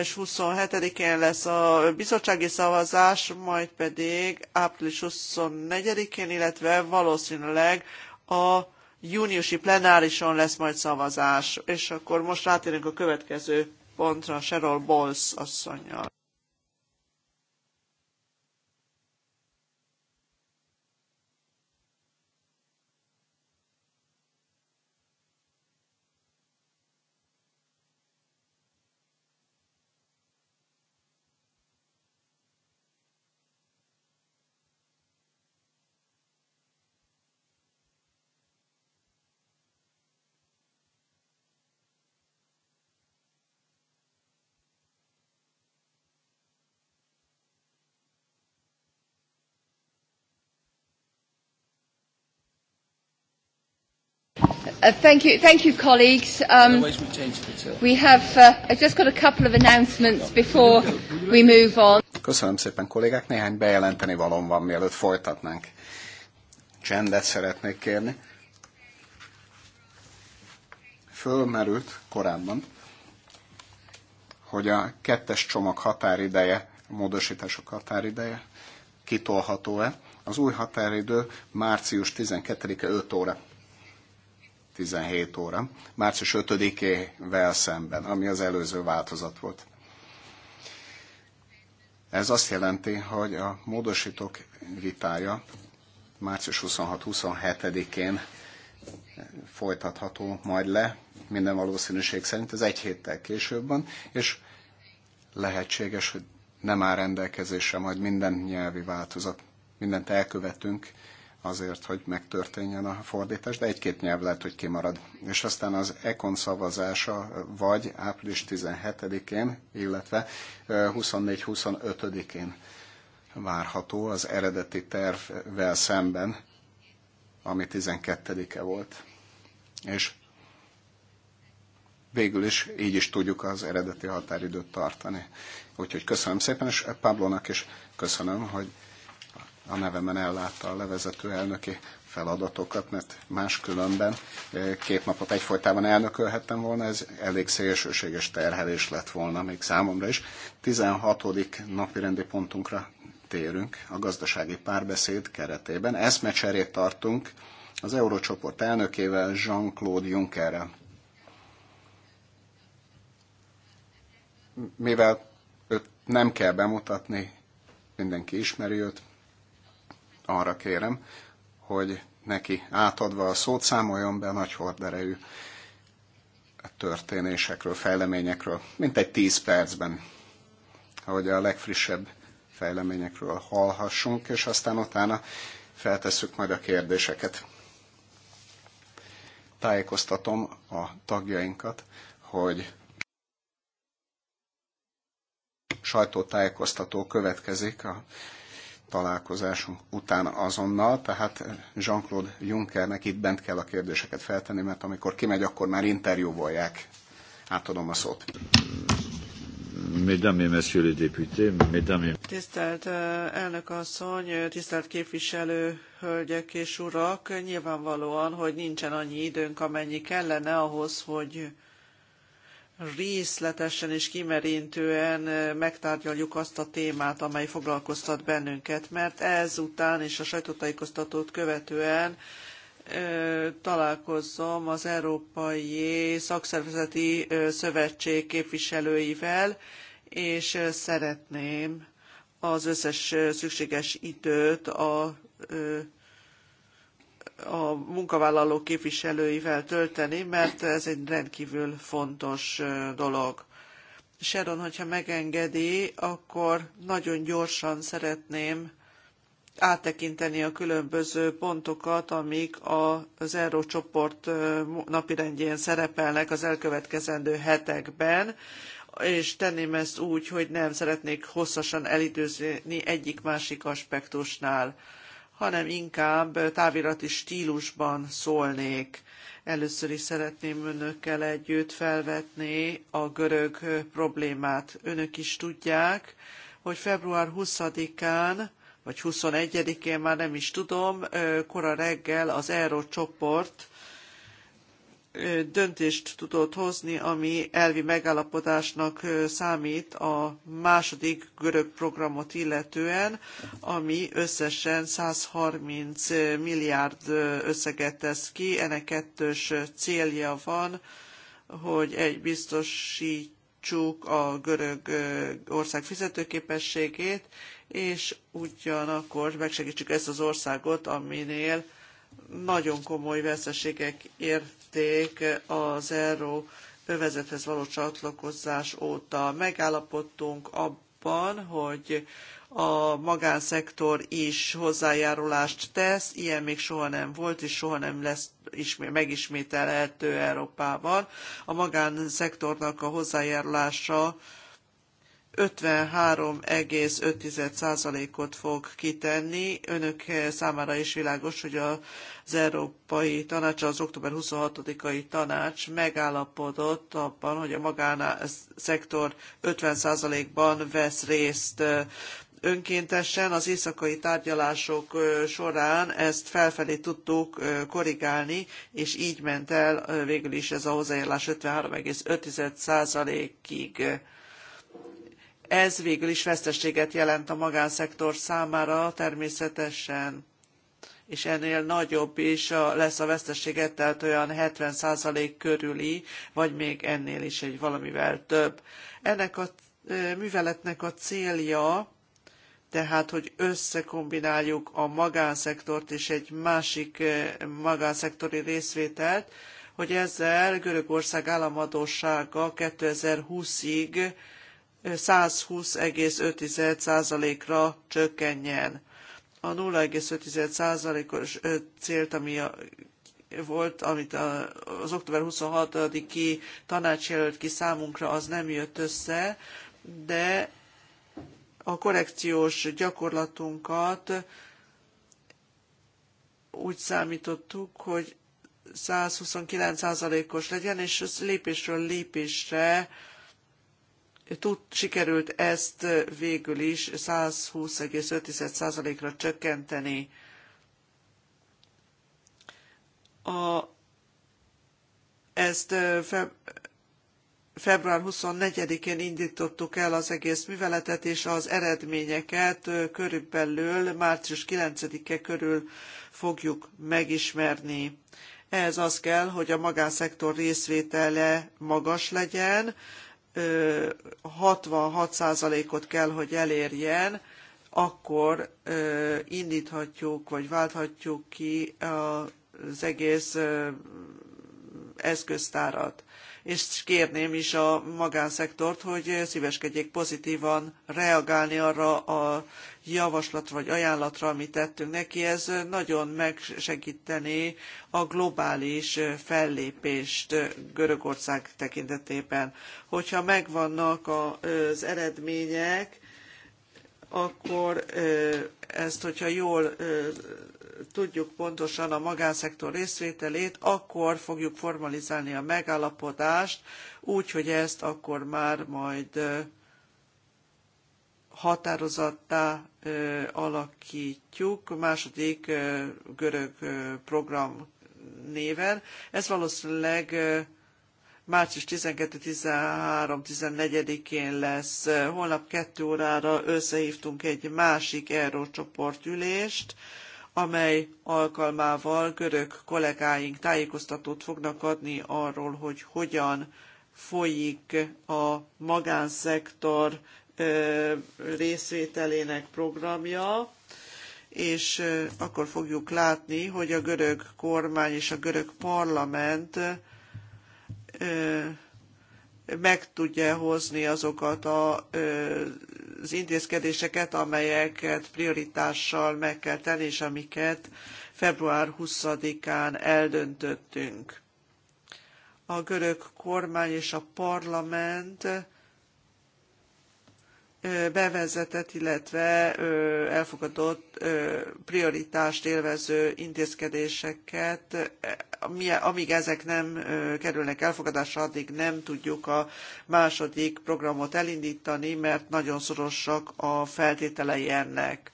és 27-én lesz a bizottsági szavazás, majd pedig április 24-én, illetve valószínűleg a júniusi plenárison lesz majd szavazás. És akkor most rátérünk a következő pontra Cheryl Bowles asszonynal. Uh, thank you, thank you, colleagues. Um, we have. Uh, I've just got a couple of announcements before we move on. Köszönöm szépen, kollégák. Néhány bejelenteni valom van, mielőtt folytatnánk. Csendet szeretnék kérni. Fölmerült korábban, hogy a kettes csomag határideje, a módosítások határideje kitolható-e. Az új határidő március 12-e 5 óra 17 óra, március 5-ével szemben, ami az előző változat volt. Ez azt jelenti, hogy a módosítók vitája március 26-27-én folytatható majd le, minden valószínűség szerint ez egy héttel később van, és lehetséges, hogy nem áll rendelkezésre majd minden nyelvi változat, mindent elkövetünk, azért, hogy megtörténjen a fordítás, de egy-két nyelv lehet, hogy kimarad. És aztán az ECON szavazása vagy április 17-én, illetve 24-25-én várható az eredeti tervvel szemben, ami 12-e volt. És végül is így is tudjuk az eredeti határidőt tartani. Úgyhogy köszönöm szépen, és Pablónak is köszönöm, hogy a nevemen ellátta a levezető elnöki feladatokat, mert máskülönben eh, két napot egyfolytában elnökölhettem volna, ez elég szélsőséges terhelés lett volna még számomra is. 16. napi rendi pontunkra térünk a gazdasági párbeszéd keretében. Eszmecserét tartunk az Eurócsoport elnökével, Jean-Claude Junckerrel. Mivel őt nem kell bemutatni, mindenki ismeri őt, arra kérem, hogy neki átadva a szót számoljon be a nagy horderejű történésekről, fejleményekről, mint egy tíz percben, hogy a legfrissebb fejleményekről hallhassunk, és aztán utána feltesszük majd a kérdéseket. Tájékoztatom a tagjainkat, hogy sajtótájékoztató következik a találkozásunk után azonnal, tehát Jean-Claude Junckernek itt bent kell a kérdéseket feltenni, mert amikor kimegy, akkor már interjúvolják. Átadom a szót. Mesdames et messieurs les députés, mesdames et... Tisztelt elnök asszony, tisztelt képviselő hölgyek és urak, nyilvánvalóan, hogy nincsen annyi időnk, amennyi kellene ahhoz, hogy részletesen és kimerintően megtárgyaljuk azt a témát, amely foglalkoztat bennünket, mert ezután és a sajtótájékoztatót követően találkozom az Európai Szakszervezeti Szövetség képviselőivel, és szeretném az összes szükséges időt a a munkavállalók képviselőivel tölteni, mert ez egy rendkívül fontos dolog. Sharon, hogyha megengedi, akkor nagyon gyorsan szeretném áttekinteni a különböző pontokat, amik az Euró csoport napirendjén szerepelnek az elkövetkezendő hetekben, és tenném ezt úgy, hogy nem szeretnék hosszasan elidőzni egyik-másik aspektusnál hanem inkább távirati stílusban szólnék. Először is szeretném önökkel együtt felvetni a görög problémát. Önök is tudják, hogy február 20-án, vagy 21-én már nem is tudom, kora reggel az Euró csoport döntést tudott hozni, ami elvi megállapodásnak számít a második görög programot illetően, ami összesen 130 milliárd összeget tesz ki. Ennek kettős célja van, hogy egy biztosítsuk a görög ország fizetőképességét, és ugyanakkor megsegítsük ezt az országot, aminél nagyon komoly veszteségek ért kezdték az euró övezethez való csatlakozás óta. Megállapodtunk abban, hogy a magánszektor is hozzájárulást tesz, ilyen még soha nem volt, és soha nem lesz ismét, megismételhető Európában. A magánszektornak a hozzájárulása 53,5%-ot fog kitenni. Önök számára is világos, hogy az Európai Tanács, az október 26-ai tanács megállapodott abban, hogy a magánszektor 50%-ban vesz részt önkéntesen az éjszakai tárgyalások során ezt felfelé tudtuk korrigálni, és így ment el végül is ez a hozzájárlás 53,5%-ig ez végül is veszteséget jelent a magánszektor számára természetesen és ennél nagyobb is a, lesz a veszteséget, tehát olyan 70% körüli, vagy még ennél is egy valamivel több. Ennek a műveletnek a célja, tehát, hogy összekombináljuk a magánszektort és egy másik magánszektori részvételt, hogy ezzel Görögország államadósága 2020-ig 120,5%-ra csökkenjen. A 0,5%-os célt, ami a volt, amit az október 26-i tanács jelölt ki számunkra, az nem jött össze, de a korrekciós gyakorlatunkat úgy számítottuk, hogy 129%-os legyen, és ez lépésről lépésre tud, sikerült ezt végül is 120,5%-ra csökkenteni. A, ezt feb, február 24-én indítottuk el az egész műveletet, és az eredményeket körülbelül március 9-e körül fogjuk megismerni. Ehhez az kell, hogy a magánszektor részvétele magas legyen, 66%-ot kell, hogy elérjen, akkor indíthatjuk, vagy válthatjuk ki az egész eszköztárat. És kérném is a magánszektort, hogy szíveskedjék pozitívan reagálni arra a javaslatra vagy ajánlatra, amit tettünk neki, ez nagyon megsegítené a globális fellépést Görögország tekintetében. Hogyha megvannak az eredmények, akkor ezt, hogyha jól tudjuk pontosan a magánszektor részvételét, akkor fogjuk formalizálni a megállapodást, úgy, hogy ezt akkor már majd határozattá alakítjuk második görög program néven. Ez valószínűleg március 12-13-14-én lesz. Holnap 2 órára összehívtunk egy másik csoportülést amely alkalmával görög kollégáink tájékoztatót fognak adni arról, hogy hogyan folyik a magánszektor részvételének programja, és akkor fogjuk látni, hogy a görög kormány és a görög parlament meg tudja hozni azokat a, az intézkedéseket, amelyeket prioritással meg kell tenni, és amiket február 20-án eldöntöttünk. A görög kormány és a parlament bevezetett, illetve elfogadott prioritást élvező intézkedéseket, e, amíg ezek nem kerülnek elfogadásra, addig nem tudjuk a második programot elindítani, mert nagyon szorosak a feltételei ennek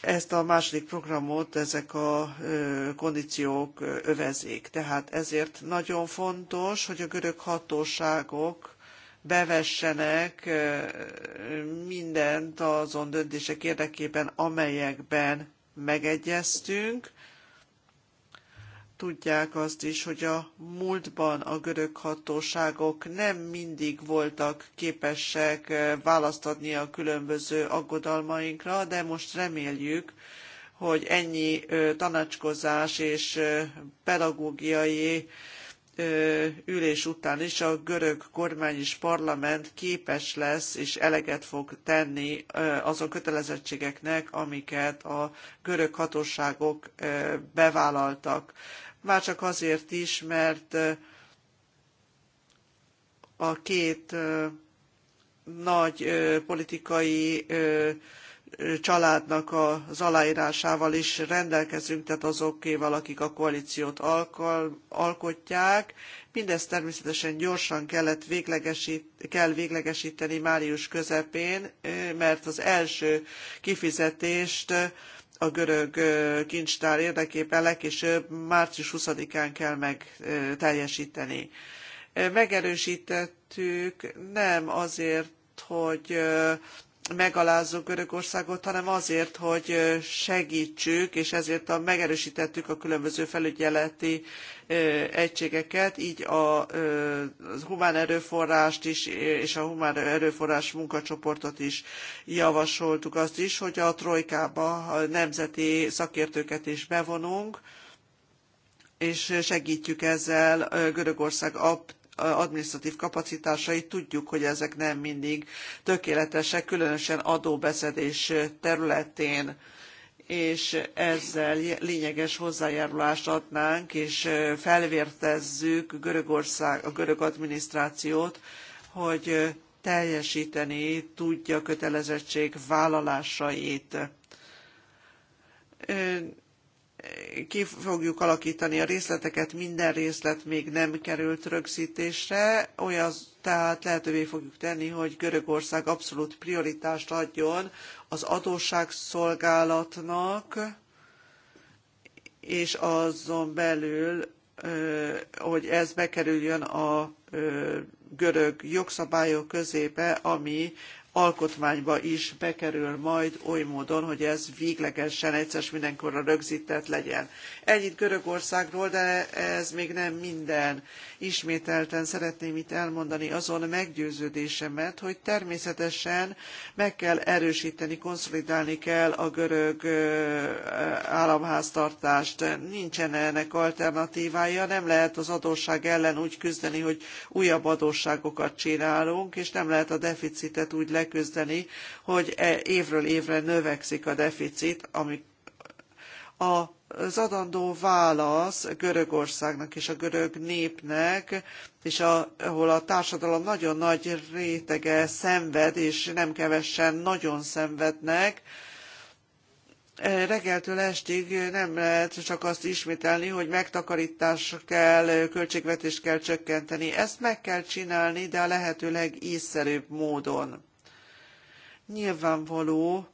ezt a második programot ezek a kondíciók övezik. Tehát ezért nagyon fontos, hogy a görög hatóságok bevessenek mindent azon döntések érdekében, amelyekben megegyeztünk. Tudják azt is, hogy a múltban a görög hatóságok nem mindig voltak képesek választ adni a különböző aggodalmainkra, de most reméljük, hogy ennyi tanácskozás és pedagógiai ülés után is a görög kormány és parlament képes lesz és eleget fog tenni azon kötelezettségeknek, amiket a görög hatóságok bevállaltak. Már csak azért is, mert a két nagy politikai családnak az aláírásával is rendelkezünk, tehát azokéval, akik a koalíciót alkal, alkotják. Mindezt természetesen gyorsan kellett véglegesít, kell véglegesíteni márius közepén, mert az első kifizetést a görög kincstár érdekében legkésőbb március 20-án kell megteljesíteni. Megerősítettük nem azért, hogy megalázzuk Görögországot, hanem azért, hogy segítsük, és ezért a, megerősítettük a különböző felügyeleti egységeket, így a, a humán erőforrást is, és a humán erőforrás munkacsoportot is javasoltuk azt is, hogy a trojkába a nemzeti szakértőket is bevonunk, és segítjük ezzel Görögország administratív kapacitásait, tudjuk, hogy ezek nem mindig tökéletesek, különösen adóbeszedés területén és ezzel lényeges hozzájárulást adnánk, és felvértezzük Görögország, a görög adminisztrációt, hogy teljesíteni tudja kötelezettség vállalásait ki fogjuk alakítani a részleteket, minden részlet még nem került rögzítésre, olyan tehát lehetővé fogjuk tenni, hogy Görögország abszolút prioritást adjon az adósságszolgálatnak, és azon belül, hogy ez bekerüljön a görög jogszabályok közébe, ami alkotmányba is bekerül majd oly módon, hogy ez véglegesen egyszer mindenkorra rögzített legyen. Ennyit Görögországról, de ez még nem minden. Ismételten szeretném itt elmondani azon meggyőződésemet, hogy természetesen meg kell erősíteni, konszolidálni kell a görög államháztartást. Nincsen ennek alternatívája, nem lehet az adósság ellen úgy küzdeni, hogy újabb adósságokat csinálunk, és nem lehet a deficitet úgy le leküzdeni, hogy e évről évre növekszik a deficit, ami a az adandó válasz Görögországnak és a görög népnek, és a, ahol a társadalom nagyon nagy rétege szenved, és nem kevesen nagyon szenvednek, e, reggeltől estig nem lehet csak azt ismételni, hogy megtakarítás kell, költségvetést kell csökkenteni. Ezt meg kell csinálni, de a lehető legészszerűbb módon nyilvánvaló,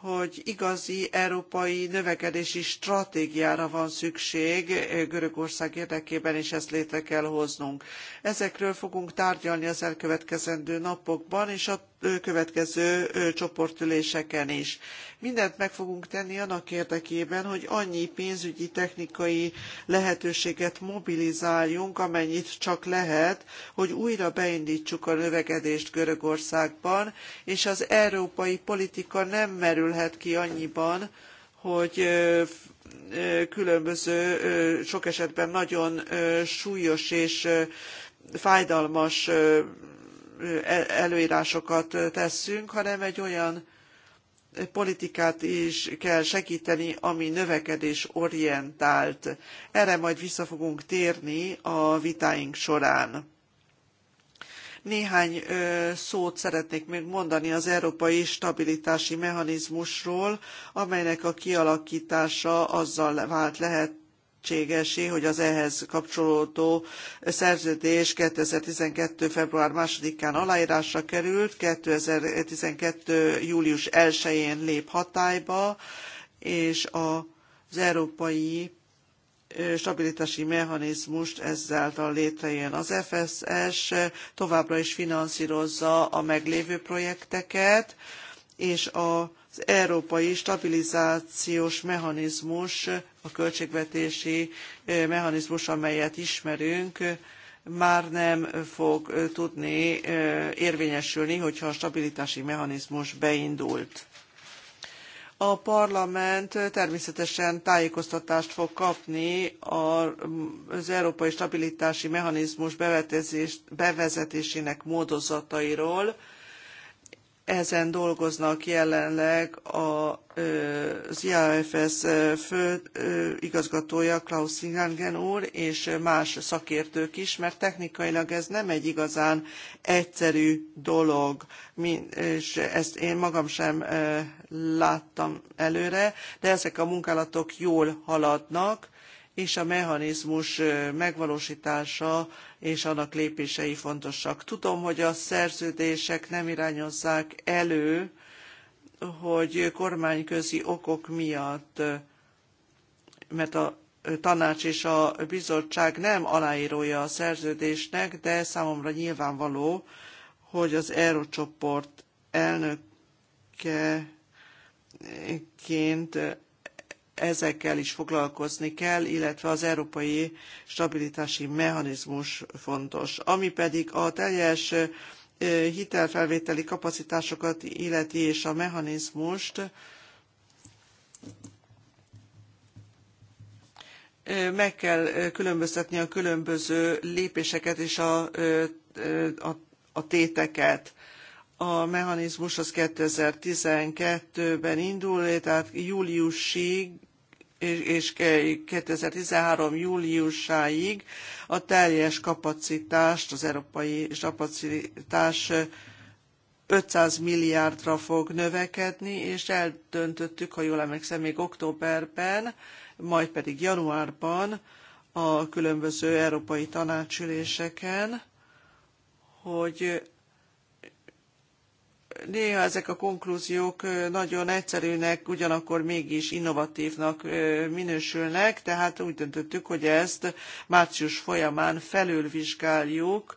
hogy igazi európai növekedési stratégiára van szükség eh, Görögország érdekében, és ezt létre kell hoznunk. Ezekről fogunk tárgyalni az elkövetkezendő napokban, és a következő csoportüléseken is. Mindent meg fogunk tenni annak érdekében, hogy annyi pénzügyi technikai lehetőséget mobilizáljunk, amennyit csak lehet, hogy újra beindítsuk a növekedést Görögországban, és az európai politika nem merülhet ki annyiban, hogy különböző, sok esetben nagyon súlyos és fájdalmas előírásokat tesszünk, hanem egy olyan politikát is kell segíteni, ami növekedés orientált. Erre majd vissza fogunk térni a vitáink során. Néhány szót szeretnék még mondani az európai stabilitási mechanizmusról, amelynek a kialakítása azzal vált lehet lehetségesé, hogy az ehhez kapcsolódó szerződés 2012. február 2-án aláírásra került, 2012. július 1-én lép hatályba, és az európai stabilitási mechanizmust ezáltal létrejön. Az FSS továbbra is finanszírozza a meglévő projekteket, és az európai stabilizációs mechanizmus a költségvetési mechanizmus, amelyet ismerünk, már nem fog tudni érvényesülni, hogyha a stabilitási mechanizmus beindult. A parlament természetesen tájékoztatást fog kapni az Európai Stabilitási Mechanizmus bevezetésének módozatairól, ezen dolgoznak jelenleg az IAFS fő igazgatója Klaus Singangen úr és más szakértők is, mert technikailag ez nem egy igazán egyszerű dolog, és ezt én magam sem láttam előre, de ezek a munkálatok jól haladnak, és a mechanizmus megvalósítása és annak lépései fontosak. Tudom, hogy a szerződések nem irányozzák elő, hogy kormányközi okok miatt, mert a tanács és a bizottság nem aláírója a szerződésnek, de számomra nyilvánvaló, hogy az Eurocsoport elnökeként ezekkel is foglalkozni kell, illetve az európai stabilitási mechanizmus fontos. Ami pedig a teljes hitelfelvételi kapacitásokat illeti és a mechanizmust, meg kell különböztetni a különböző lépéseket és a, a, a téteket. A mechanizmus az 2012-ben indul, tehát júliusig és 2013. júliusáig a teljes kapacitást, az európai kapacitás 500 milliárdra fog növekedni, és eldöntöttük, ha jól emlékszem, még októberben, majd pedig januárban a különböző európai tanácsüléseken, hogy néha ezek a konklúziók nagyon egyszerűnek, ugyanakkor mégis innovatívnak minősülnek, tehát úgy döntöttük, hogy ezt március folyamán felülvizsgáljuk,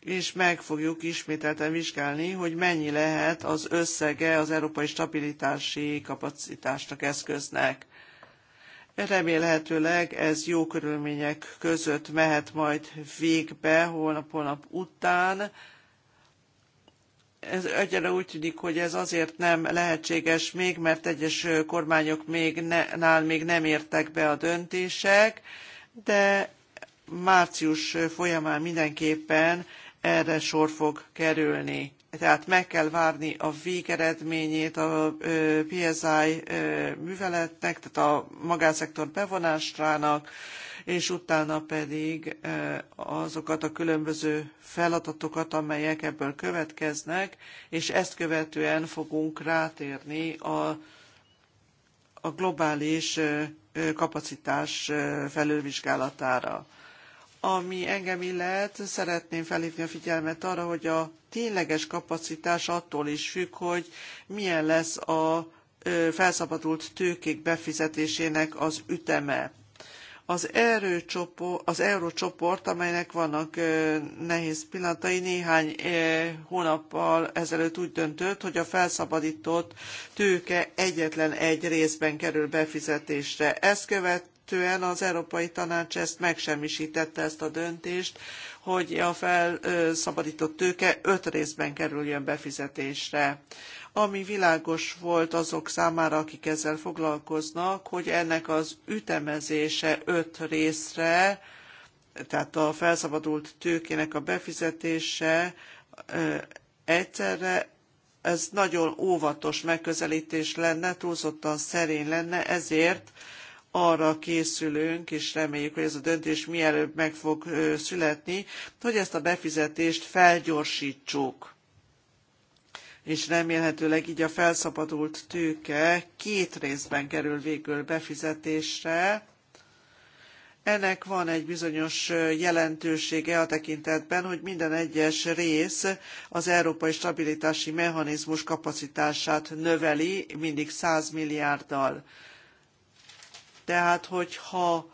és meg fogjuk ismételten vizsgálni, hogy mennyi lehet az összege az európai stabilitási kapacitásnak, eszköznek. Remélhetőleg ez jó körülmények között mehet majd végbe holnap-holnap után. Ez egyre úgy tűnik, hogy ez azért nem lehetséges még, mert egyes kormányok még ne, nál még nem értek be a döntések, de március folyamán mindenképpen erre sor fog kerülni tehát meg kell várni a végeredményét a PSI műveletnek, tehát a magánszektor bevonásának, és utána pedig azokat a különböző feladatokat, amelyek ebből következnek, és ezt követően fogunk rátérni a, a globális kapacitás felülvizsgálatára. Ami engem illet, szeretném felhívni a figyelmet arra, hogy a tényleges kapacitás attól is függ, hogy milyen lesz a felszabadult tőkék befizetésének az üteme. Az, az eurócsoport, amelynek vannak nehéz pillanatai, néhány hónappal ezelőtt úgy döntött, hogy a felszabadított tőke egyetlen egy részben kerül befizetésre. Ezt követ illetően az Európai Tanács ezt megsemmisítette, ezt a döntést, hogy a felszabadított tőke öt részben kerüljön befizetésre. Ami világos volt azok számára, akik ezzel foglalkoznak, hogy ennek az ütemezése öt részre, tehát a felszabadult tőkének a befizetése egyszerre ez nagyon óvatos megközelítés lenne, túlzottan szerény lenne, ezért arra készülünk, és reméljük, hogy ez a döntés mielőbb meg fog születni, hogy ezt a befizetést felgyorsítsuk. És remélhetőleg így a felszabadult tőke két részben kerül végül befizetésre. Ennek van egy bizonyos jelentősége a tekintetben, hogy minden egyes rész az európai stabilitási mechanizmus kapacitását növeli mindig 100 milliárddal. Tehát, hogyha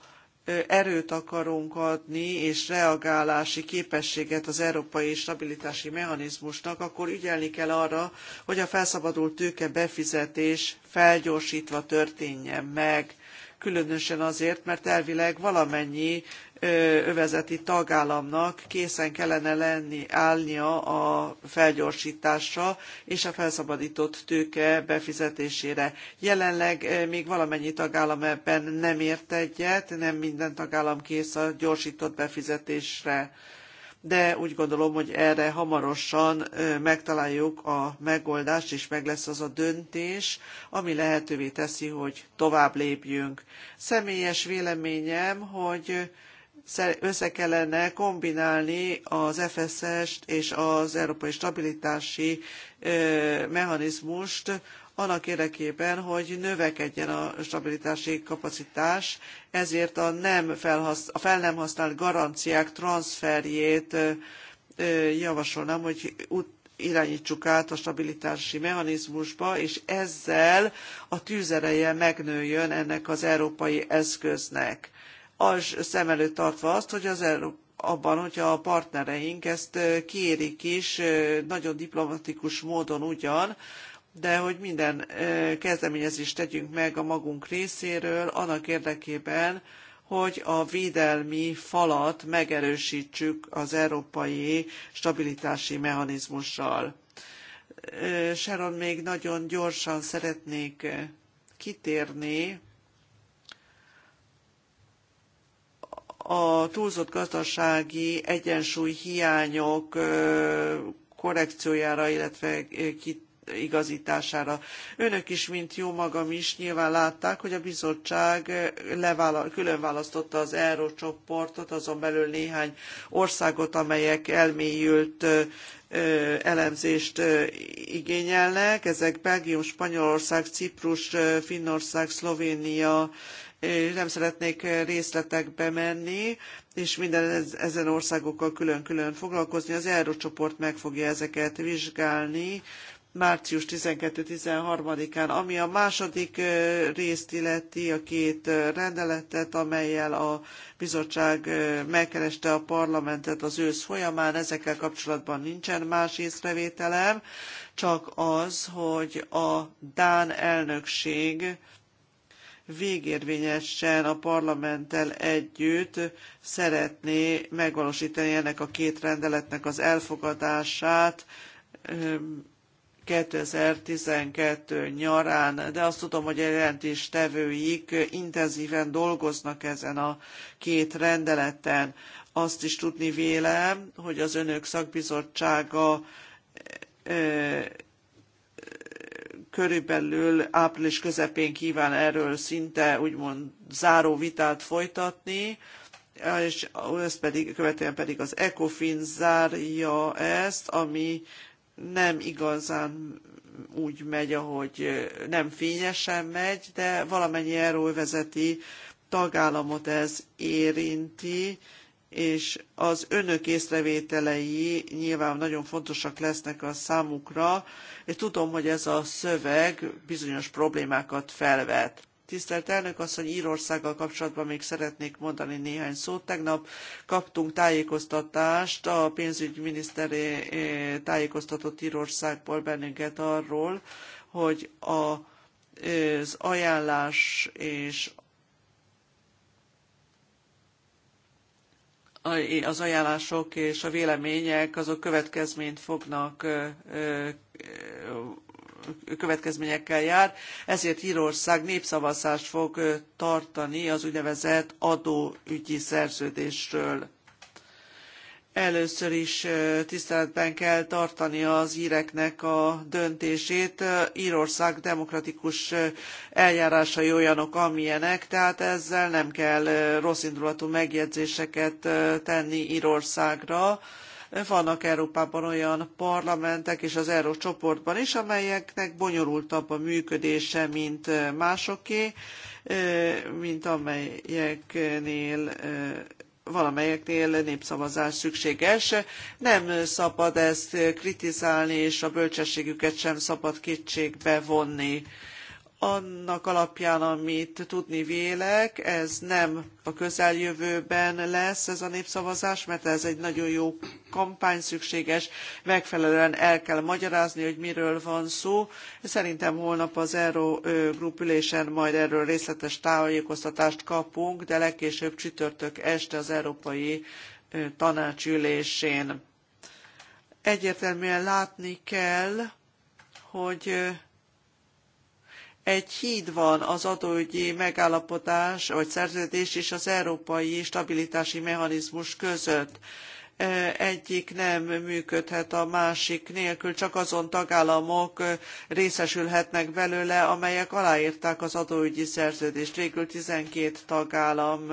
erőt akarunk adni, és reagálási képességet az európai stabilitási mechanizmusnak, akkor ügyelni kell arra, hogy a felszabadult tőke befizetés felgyorsítva történjen meg. Különösen azért, mert elvileg valamennyi övezeti tagállamnak készen kellene lenni állnia a felgyorsításra és a felszabadított tőke befizetésére. Jelenleg még valamennyi tagállam ebben nem ért egyet, nem minden tagállam kész a gyorsított befizetésre de úgy gondolom, hogy erre hamarosan megtaláljuk a megoldást, és meg lesz az a döntés, ami lehetővé teszi, hogy tovább lépjünk. Személyes véleményem, hogy össze kellene kombinálni az FSS-t és az Európai Stabilitási Mechanizmust annak érdekében, hogy növekedjen a stabilitási kapacitás, ezért a, nem felhasz, a fel nem használt garanciák transferjét javasolnám, hogy ut- irányítsuk át a stabilitási mechanizmusba, és ezzel a tűzereje megnőjön ennek az európai eszköznek az szem előtt tartva azt, hogy az Európa abban, hogyha a partnereink ezt kérik is, nagyon diplomatikus módon ugyan, de hogy minden kezdeményezést tegyünk meg a magunk részéről, annak érdekében, hogy a védelmi falat megerősítsük az európai stabilitási mechanizmussal. Sharon, még nagyon gyorsan szeretnék kitérni a túlzott gazdasági egyensúly hiányok korrekciójára, illetve igazítására. Önök is, mint jó magam is, nyilván látták, hogy a bizottság levála, külön választotta az eurócsoportot, azon belül néhány országot, amelyek elmélyült elemzést igényelnek. Ezek Belgium, Spanyolország, Ciprus, Finnország, Szlovénia, nem szeretnék részletekbe menni, és minden ezen országokkal külön-külön foglalkozni. Az Eurocsoport meg fogja ezeket vizsgálni március 12-13-án, ami a második részt illeti a két rendeletet, amelyel a bizottság megkereste a parlamentet az ősz folyamán. Ezekkel kapcsolatban nincsen más észrevételem, csak az, hogy a Dán elnökség végérvényesen a parlamenttel együtt szeretné megvalósítani ennek a két rendeletnek az elfogadását 2012 nyarán, de azt tudom, hogy a jelentéstevőik intenzíven dolgoznak ezen a két rendeleten. Azt is tudni vélem, hogy az önök szakbizottsága körülbelül április közepén kíván erről szinte úgymond záró vitát folytatni, és ez pedig, követően pedig az ECOFIN zárja ezt, ami nem igazán úgy megy, ahogy nem fényesen megy, de valamennyi vezeti tagállamot ez érinti, és az önök észrevételei nyilván nagyon fontosak lesznek a számukra, és tudom, hogy ez a szöveg bizonyos problémákat felvet. Tisztelt elnök asszony, Írországgal kapcsolatban még szeretnék mondani néhány szót. Tegnap kaptunk tájékoztatást, a pénzügyminiszter eh, tájékoztatott Írországból bennünket arról, hogy a, eh, az ajánlás és az ajánlások és a vélemények azok következményt fognak következményekkel jár, ezért Írország népszavazást fog tartani az úgynevezett adóügyi szerződésről először is tiszteletben kell tartani az íreknek a döntését. Írország demokratikus eljárásai olyanok, amilyenek, tehát ezzel nem kell rosszindulatú megjegyzéseket tenni Írországra. Vannak Európában olyan parlamentek és az Euró csoportban is, amelyeknek bonyolultabb a működése, mint másoké, mint amelyeknél valamelyeknél népszavazás szükséges. Nem szabad ezt kritizálni, és a bölcsességüket sem szabad kétségbe vonni annak alapján, amit tudni vélek, ez nem a közeljövőben lesz ez a népszavazás, mert ez egy nagyon jó kampány szükséges, megfelelően el kell magyarázni, hogy miről van szó. Szerintem holnap az Eurogroup ülésen majd erről részletes tájékoztatást kapunk, de legkésőbb csütörtök este az Európai Tanács ülésén. Egyértelműen látni kell, hogy egy híd van az adóügyi megállapodás vagy szerződés és az európai stabilitási mechanizmus között egyik nem működhet a másik nélkül, csak azon tagállamok részesülhetnek belőle, amelyek aláírták az adóügyi szerződést. Végül 12 tagállam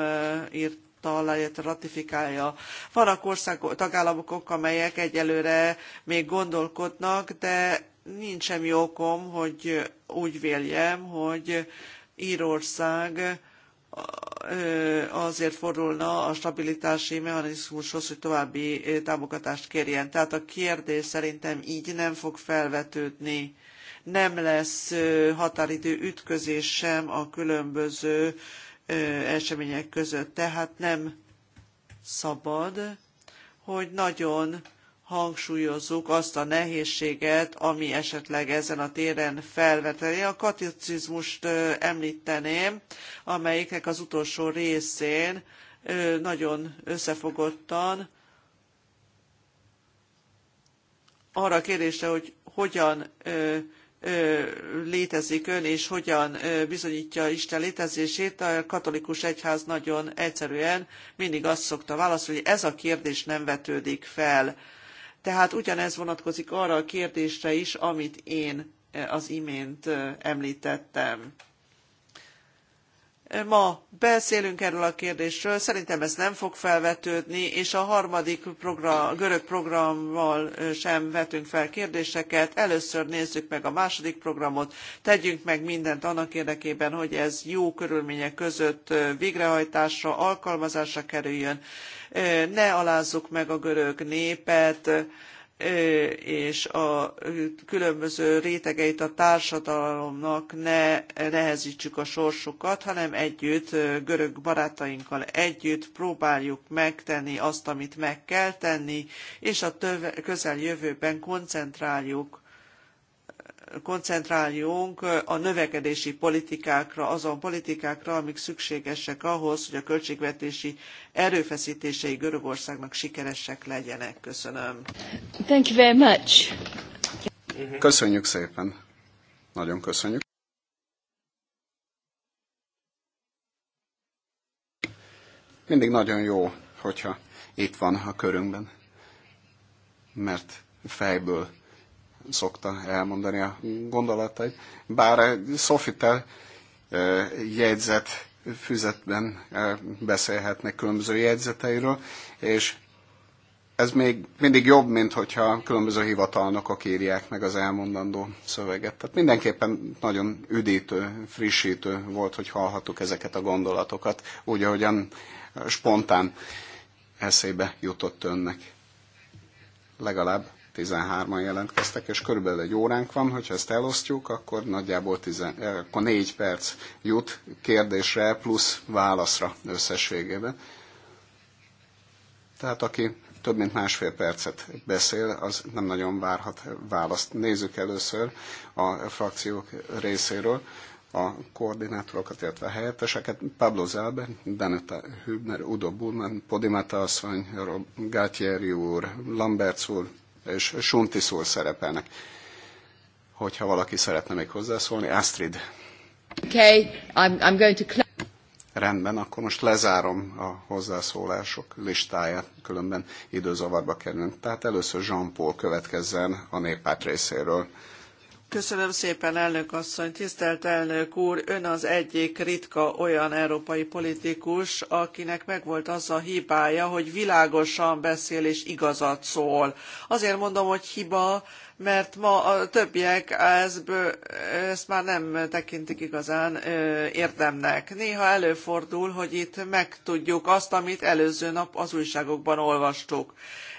írt aláírta, ratifikálja. Vannak ország, tagállamok, amelyek egyelőre még gondolkodnak, de nincs semmi okom, hogy úgy véljem, hogy Írország azért fordulna a stabilitási mechanizmushoz, hogy további támogatást kérjen. Tehát a kérdés szerintem így nem fog felvetődni. Nem lesz határidő ütközés sem a különböző események között. Tehát nem szabad, hogy nagyon hangsúlyozzuk azt a nehézséget, ami esetleg ezen a téren felveteli. A katicizmust említeném, amelyiknek az utolsó részén nagyon összefogottan arra kérdésre, hogy hogyan létezik ön, és hogyan bizonyítja Isten létezését, a katolikus egyház nagyon egyszerűen mindig azt szokta válaszolni, hogy ez a kérdés nem vetődik fel tehát ugyanez vonatkozik arra a kérdésre is, amit én eh, az imént eh, említettem. Ma beszélünk erről a kérdésről, szerintem ez nem fog felvetődni, és a harmadik program, görög programmal sem vetünk fel kérdéseket. Először nézzük meg a második programot, tegyünk meg mindent annak érdekében, hogy ez jó körülmények között végrehajtásra, alkalmazásra kerüljön. Ne alázzuk meg a görög népet, és a különböző rétegeit a társadalomnak ne nehezítsük a sorsukat, hanem együtt, görög barátainkkal együtt próbáljuk megtenni azt, amit meg kell tenni, és a közeljövőben koncentráljuk koncentráljunk a növekedési politikákra, azon politikákra, amik szükségesek ahhoz, hogy a költségvetési erőfeszítései Görögországnak sikeresek legyenek. Köszönöm. Thank you very much. Köszönjük szépen. Nagyon köszönjük. Mindig nagyon jó, hogyha itt van a körünkben, mert fejből szokta elmondani a gondolatait. Bár Sofitel jegyzet füzetben beszélhetnek különböző jegyzeteiről, és ez még mindig jobb, mint hogyha különböző hivatalnokok írják meg az elmondandó szöveget. Tehát mindenképpen nagyon üdítő, frissítő volt, hogy hallhattuk ezeket a gondolatokat, úgy, ahogyan spontán eszébe jutott önnek. Legalább 13-an jelentkeztek, és körülbelül egy óránk van, hogyha ezt elosztjuk, akkor nagyjából 10, eh, akkor 4 perc jut kérdésre plusz válaszra összességében. Tehát aki több mint másfél percet beszél, az nem nagyon várhat választ. Nézzük először a frakciók részéről a koordinátorokat, illetve a helyetteseket. Pablo Zelbe, Danuta Hübner, Udo Bullman, Podimata asszony, Gátyeri úr, Lamberts úr, és Sunti szól szerepelnek. Hogyha valaki szeretne még hozzászólni, Astrid. Okay, I'm, I'm going to Rendben, akkor most lezárom a hozzászólások listáját, különben időzavarba kerülünk. Tehát először Jean-Paul következzen a néppárt részéről. Köszönöm szépen, elnök asszony. Tisztelt elnök úr, ön az egyik ritka olyan európai politikus, akinek megvolt az a hibája, hogy világosan beszél és igazat szól. Azért mondom, hogy hiba, mert ma a többiek ezt, ezt már nem tekintik igazán érdemnek. Néha előfordul, hogy itt megtudjuk azt, amit előző nap az újságokban olvastuk.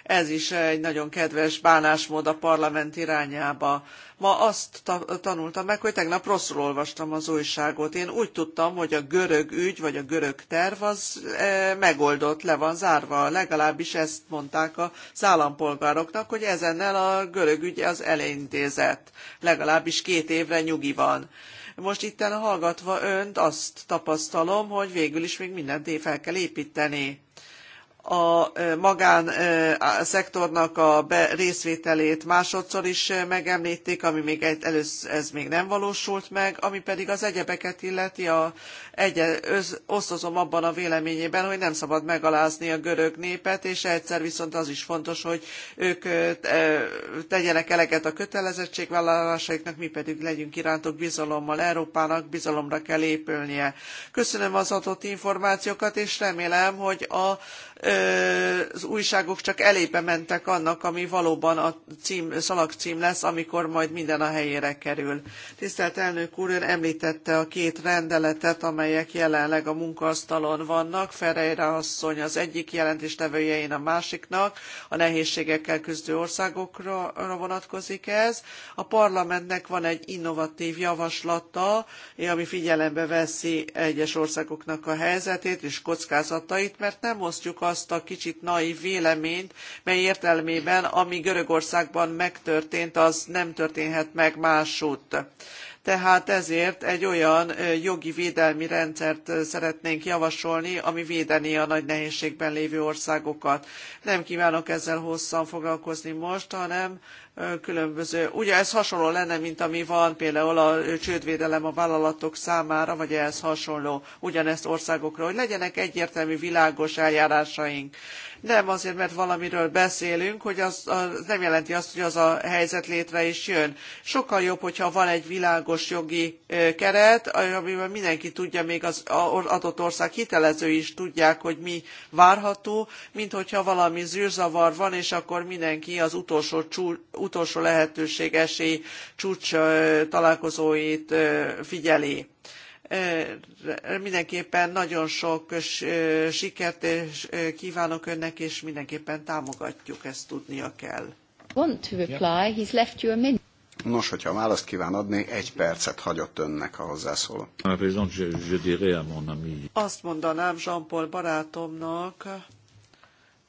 Ez is egy nagyon kedves bánásmód a parlament irányába. Ma azt ta- tanultam meg, hogy tegnap rosszul olvastam az újságot. Én úgy tudtam, hogy a görög ügy, vagy a görög terv az e, megoldott, le van zárva. Legalábbis ezt mondták az állampolgároknak, hogy ezennel a görög ügy az elintézett. Legalábbis két évre nyugi van. Most itten hallgatva önt azt tapasztalom, hogy végül is még mindent fel kell építeni a magánszektornak a be, részvételét másodszor is megemlítik, ami még először ez még nem valósult meg, ami pedig az egyebeket illeti a egy, osztozom abban a véleményében, hogy nem szabad megalázni a görög népet, és egyszer viszont az is fontos, hogy ők tegyenek eleget a kötelezettségvállalásaiknak, mi pedig legyünk irántuk bizalommal. Európának bizalomra kell épülnie. Köszönöm az adott információkat, és remélem, hogy a, az újságok csak elébe mentek annak, ami valóban a cím, szalagcím lesz, amikor majd minden a helyére kerül. Tisztelt elnök úr, ön említette a két rendeletet, amely amelyek jelenleg a munkaasztalon vannak. Ferreira asszony az egyik jelentéstevője, én a másiknak. A nehézségekkel küzdő országokra vonatkozik ez. A parlamentnek van egy innovatív javaslata, ami figyelembe veszi egyes országoknak a helyzetét és kockázatait, mert nem osztjuk azt a kicsit naív véleményt, mely értelmében ami Görögországban megtörtént, az nem történhet meg másutt tehát ezért egy olyan jogi védelmi rendszert szeretnénk javasolni, ami védené a nagy nehézségben lévő országokat. Nem kívánok ezzel hosszan foglalkozni most, hanem különböző. Ugye ez hasonló lenne, mint ami van például a csődvédelem a vállalatok számára, vagy ehhez hasonló ugyanezt országokra, hogy legyenek egyértelmű, világos eljárásaink. Nem azért, mert valamiről beszélünk, hogy az, az nem jelenti azt, hogy az a helyzet létre is jön. Sokkal jobb, hogyha van egy világos jogi keret, amiben mindenki tudja, még az adott ország hitelező is tudják, hogy mi várható, mint hogyha valami zűrzavar van, és akkor mindenki az utolsó csúcs, utolsó lehetőség esély csúcs találkozóit figyeli mindenképpen nagyon sok sikert és kívánok önnek, és mindenképpen támogatjuk, ezt tudnia kell. Want to reply, he's left you a minute. Nos, hogyha választ kíván adni, egy percet hagyott önnek a hozzászóló. Azt mondanám Jean-Paul barátomnak,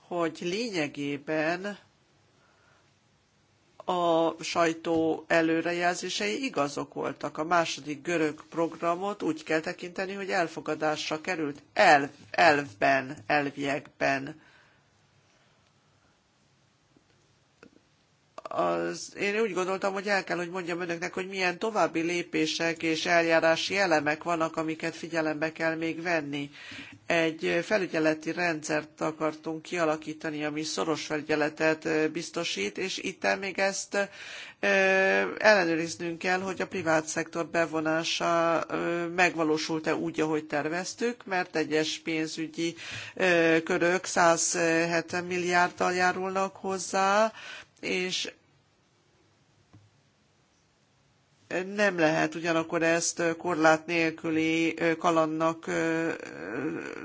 hogy lényegében a sajtó előrejelzései igazok voltak. A második görög programot úgy kell tekinteni, hogy elfogadásra került elv, elvben, elviekben. az, én úgy gondoltam, hogy el kell, hogy mondjam önöknek, hogy milyen további lépések és eljárási elemek vannak, amiket figyelembe kell még venni egy felügyeleti rendszert akartunk kialakítani, ami szoros felügyeletet biztosít, és itt még ezt ellenőriznünk kell, hogy a privát szektor bevonása megvalósult-e úgy, ahogy terveztük, mert egyes pénzügyi körök 170 milliárddal járulnak hozzá, és nem lehet ugyanakkor ezt korlát nélküli kalannak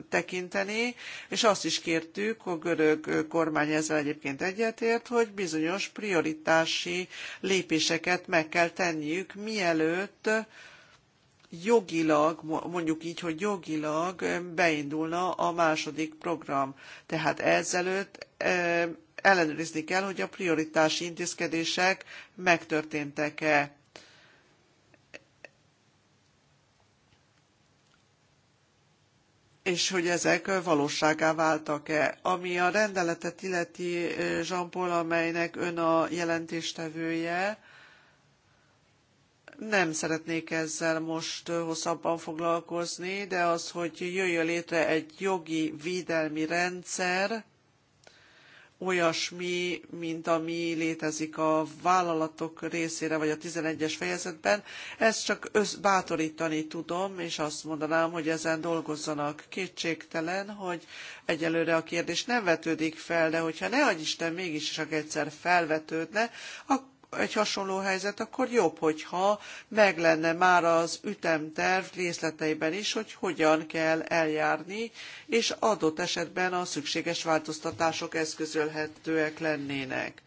tekinteni, és azt is kértük, a görög kormány ezzel egyébként egyetért, hogy bizonyos prioritási lépéseket meg kell tenniük, mielőtt jogilag, mondjuk így, hogy jogilag beindulna a második program. Tehát ezelőtt ellenőrizni kell, hogy a prioritási intézkedések megtörténtek-e és hogy ezek valóságá váltak-e. Ami a rendeletet illeti eh, Jean-Paul, amelynek ön a jelentéstevője, nem szeretnék ezzel most eh, hosszabban foglalkozni, de az, hogy jöjjön létre egy jogi védelmi rendszer, olyasmi, mint ami létezik a vállalatok részére, vagy a 11-es fejezetben. Ezt csak össz, bátorítani tudom, és azt mondanám, hogy ezen dolgozzanak. Kétségtelen, hogy egyelőre a kérdés nem vetődik fel, de hogyha ne adj Isten mégis csak egyszer felvetődne, akkor egy hasonló helyzet, akkor jobb, hogyha meg lenne már az ütemterv részleteiben is, hogy hogyan kell eljárni, és adott esetben a szükséges változtatások eszközölhetőek lennének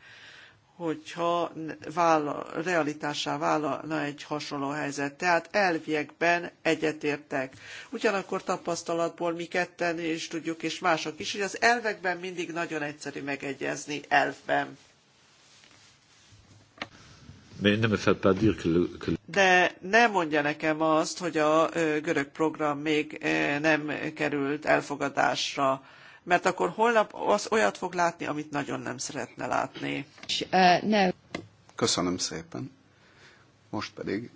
hogyha vála, realitássá válna egy hasonló helyzet. Tehát elviekben egyetértek. Ugyanakkor tapasztalatból mi ketten is tudjuk, és mások is, hogy az elvekben mindig nagyon egyszerű megegyezni elfben. De ne mondja nekem azt, hogy a görög program még nem került elfogadásra, mert akkor holnap az olyat fog látni, amit nagyon nem szeretne látni. Köszönöm szépen. Most pedig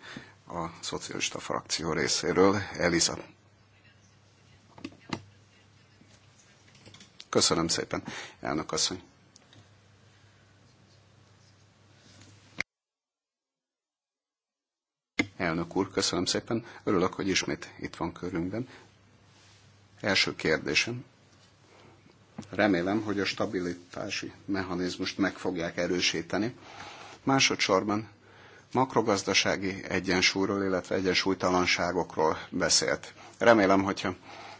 a szocialista frakció részéről Eliza. Köszönöm szépen, elnök asszony. Elnök úr, köszönöm szépen. Örülök, hogy ismét itt van körünkben. Első kérdésem. Remélem, hogy a stabilitási mechanizmust meg fogják erősíteni. Másodszorban makrogazdasági egyensúlyról, illetve egyensúlytalanságokról beszélt. Remélem, hogyha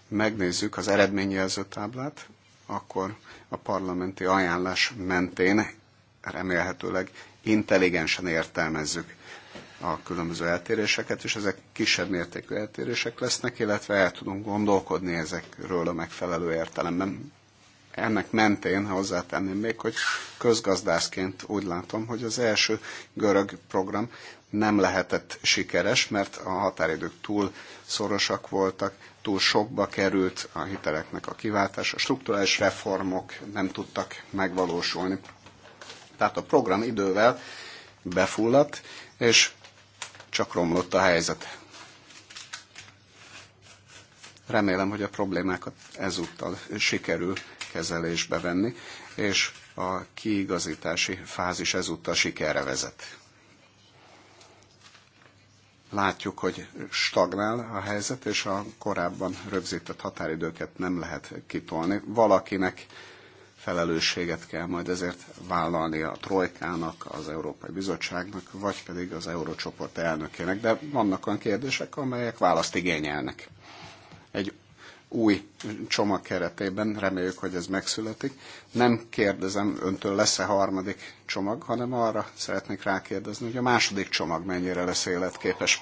megnézzük az eredményjelző táblát, akkor a parlamenti ajánlás mentén remélhetőleg intelligensen értelmezzük a különböző eltéréseket, és ezek kisebb mértékű eltérések lesznek, illetve el tudunk gondolkodni ezekről a megfelelő értelemben. Ennek mentén hozzátenném még, hogy közgazdászként úgy látom, hogy az első görög program nem lehetett sikeres, mert a határidők túl szorosak voltak, túl sokba került a hiteleknek a kiváltása, a strukturális reformok nem tudtak megvalósulni. Tehát a program idővel befulladt, és csak romlott a helyzet. Remélem, hogy a problémákat ezúttal sikerül kezelésbe venni, és a kiigazítási fázis ezúttal sikerre vezet. Látjuk, hogy stagnál a helyzet, és a korábban rögzített határidőket nem lehet kitolni. Valakinek felelősséget kell majd ezért vállalni a Trojkának, az Európai Bizottságnak, vagy pedig az Eurócsoport elnökének. De vannak olyan kérdések, amelyek választ igényelnek. Egy új csomag keretében, reméljük, hogy ez megszületik. Nem kérdezem öntől lesz-e harmadik csomag, hanem arra szeretnék rákérdezni, hogy a második csomag mennyire lesz életképes.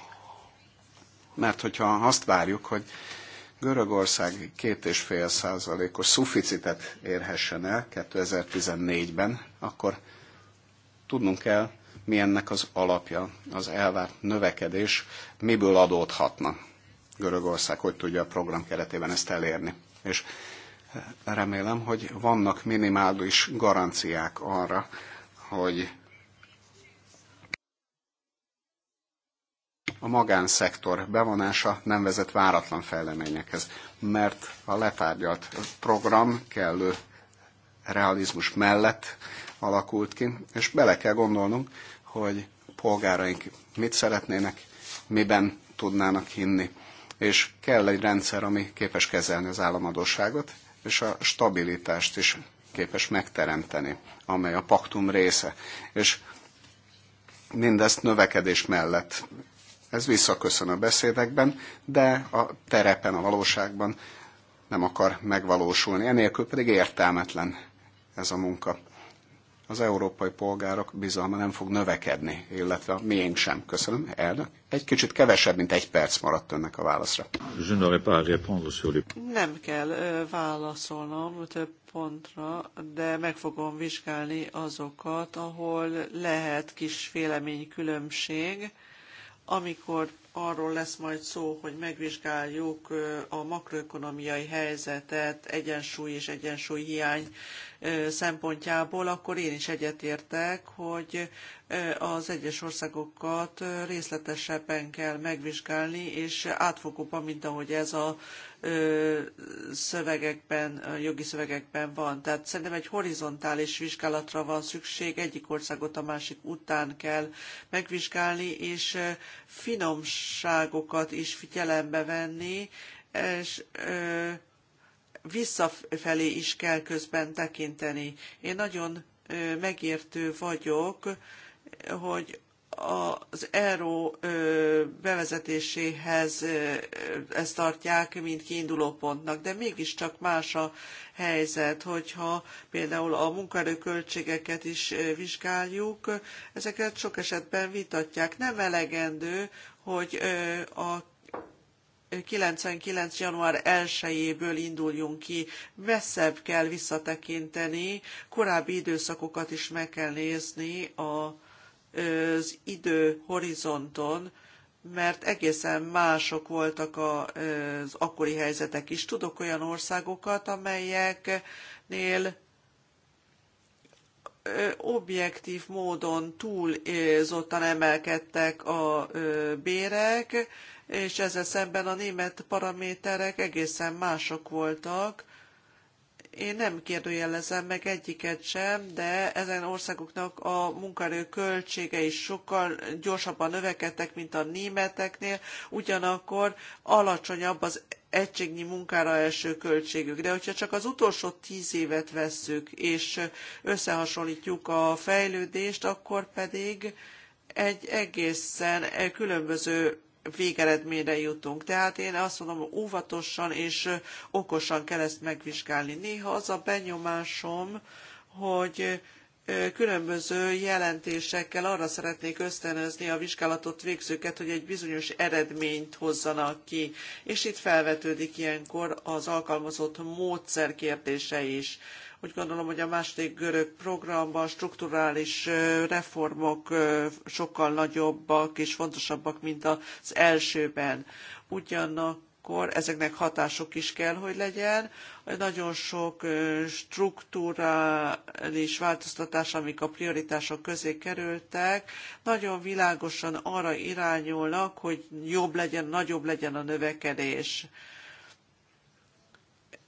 Mert hogyha azt várjuk, hogy Görögország két és fél százalékos szuficitet érhessen el 2014-ben, akkor tudnunk kell, mi ennek az alapja, az elvárt növekedés, miből adódhatna Görögország, hogy tudja a program keretében ezt elérni. És remélem, hogy vannak minimális garanciák arra, hogy a magánszektor bevonása nem vezet váratlan fejleményekhez, mert a letárgyalt program kellő realizmus mellett alakult ki, és bele kell gondolnunk, hogy polgáraink mit szeretnének, miben tudnának hinni. És kell egy rendszer, ami képes kezelni az államadóságot, és a stabilitást is képes megteremteni, amely a paktum része. És mindezt növekedés mellett ez visszaköszön a beszédekben, de a terepen, a valóságban nem akar megvalósulni. Enélkül pedig értelmetlen ez a munka. Az európai polgárok bizalma nem fog növekedni, illetve a miénk sem. Köszönöm, elnök. Egy kicsit kevesebb, mint egy perc maradt önnek a válaszra. Nem kell válaszolnom több pontra, de meg fogom vizsgálni azokat, ahol lehet kis véleménykülönbség, amikor arról lesz majd szó, hogy megvizsgáljuk a makroökonomiai helyzetet, egyensúly és egyensúlyhiány szempontjából, akkor én is egyetértek, hogy az egyes országokat részletesebben kell megvizsgálni, és átfogóban, mint ahogy ez a szövegekben, jogi szövegekben van. Tehát szerintem egy horizontális vizsgálatra van szükség, egyik országot a másik után kell megvizsgálni, és finomságokat is figyelembe venni, és visszafelé is kell közben tekinteni. Én nagyon megértő vagyok, hogy az ero bevezetéséhez ezt tartják, mint kiinduló pontnak, de mégiscsak más a helyzet, hogyha például a munkaerőköltségeket is vizsgáljuk, ezeket sok esetben vitatják. Nem elegendő, hogy a 99. január 1-jéből induljunk ki, messzebb kell visszatekinteni, korábbi időszakokat is meg kell nézni a, az időhorizonton, mert egészen mások voltak az akkori helyzetek is. Tudok olyan országokat, amelyeknél objektív módon túlzottan emelkedtek a bérek, és ezzel szemben a német paraméterek egészen mások voltak. Én nem kérdőjelezem meg egyiket sem, de ezen országoknak a munkaerő költsége is sokkal gyorsabban növekedtek, mint a németeknél, ugyanakkor alacsonyabb az egységnyi munkára első költségük. De hogyha csak az utolsó tíz évet vesszük, és összehasonlítjuk a fejlődést, akkor pedig egy egészen különböző végeredményre jutunk. Tehát én azt mondom, óvatosan és okosan kell ezt megvizsgálni. Néha az a benyomásom, hogy különböző jelentésekkel arra szeretnék ösztönözni a vizsgálatot végzőket, hogy egy bizonyos eredményt hozzanak ki. És itt felvetődik ilyenkor az alkalmazott módszer kérdése is. Úgy gondolom, hogy a második görög programban strukturális reformok sokkal nagyobbak és fontosabbak, mint az elsőben. Ugyanakkor ezeknek hatások is kell, hogy legyen. Nagyon sok strukturális változtatás, amik a prioritások közé kerültek, nagyon világosan arra irányulnak, hogy jobb legyen, nagyobb legyen a növekedés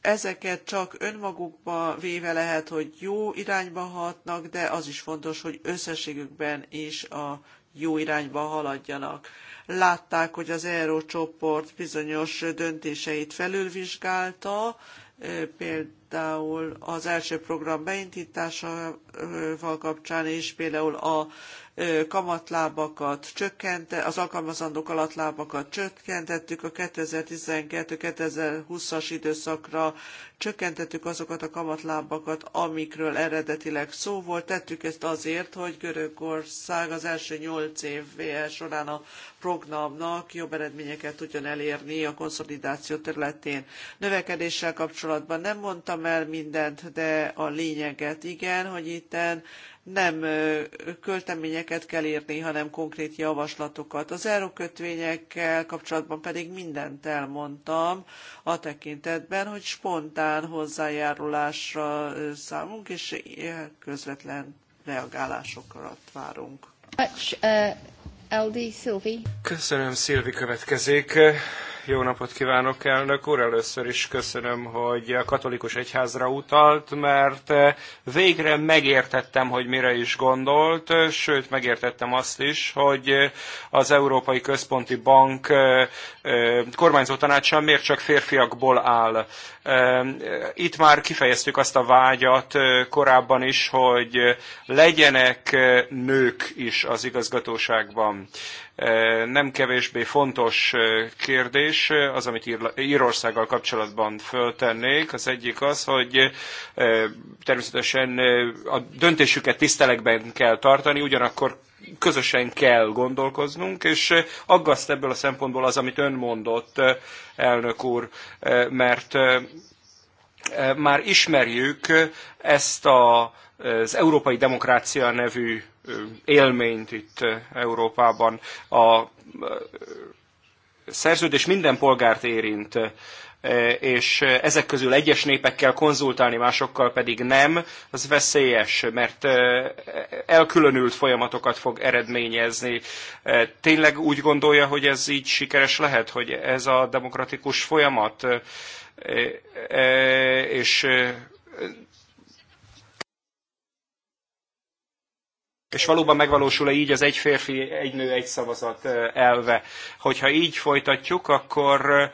ezeket csak önmagukba véve lehet, hogy jó irányba hatnak, de az is fontos, hogy összességükben is a jó irányba haladjanak. Látták, hogy az csoport bizonyos döntéseit felülvizsgálta, például az első program beindításával kapcsán is, például a kamatlábakat csökkente az alkalmazandók alatlábakat csökkentettük, a 2012-2020-as időszakra csökkentettük azokat a kamatlábakat, amikről eredetileg szó volt. Tettük ezt azért, hogy Görögország az első nyolc év során a programnak jobb eredményeket tudjon elérni a konszolidáció területén. Növekedéssel kapcsolatban nem mondtam el mindent, de a lényeget igen, hogy itten nem költeményeket kell írni, hanem konkrét javaslatokat. Az eurókötvényekkel kapcsolatban pedig mindent elmondtam a tekintetben, hogy spontán hozzájárulásra számunk, és közvetlen reagálásokat várunk. Uh, Köszönöm, Szilvi következik. Jó napot kívánok, elnök úr! Először is köszönöm, hogy a katolikus egyházra utalt, mert eh, végre megértettem, hogy mire is gondolt, sőt, megértettem azt is, hogy eh, az Európai Központi Bank eh, kormányzó tanácsa miért csak férfiakból áll. Itt már kifejeztük azt a vágyat korábban is, hogy legyenek nők is az igazgatóságban. Nem kevésbé fontos kérdés az, amit Írországgal kapcsolatban föltennék. Az egyik az, hogy természetesen a döntésüket tisztelekben kell tartani, ugyanakkor közösen kell gondolkoznunk, és aggaszt ebből a szempontból az, amit ön mondott, elnök úr, mert már ismerjük ezt a az Európai Demokrácia nevű élményt itt Európában. A szerződés minden polgárt érint, és ezek közül egyes népekkel konzultálni, másokkal pedig nem, az veszélyes, mert elkülönült folyamatokat fog eredményezni. Tényleg úgy gondolja, hogy ez így sikeres lehet, hogy ez a demokratikus folyamat, és És valóban megvalósul-e így az egy férfi, egy nő, egy szavazat elve? Hogyha így folytatjuk, akkor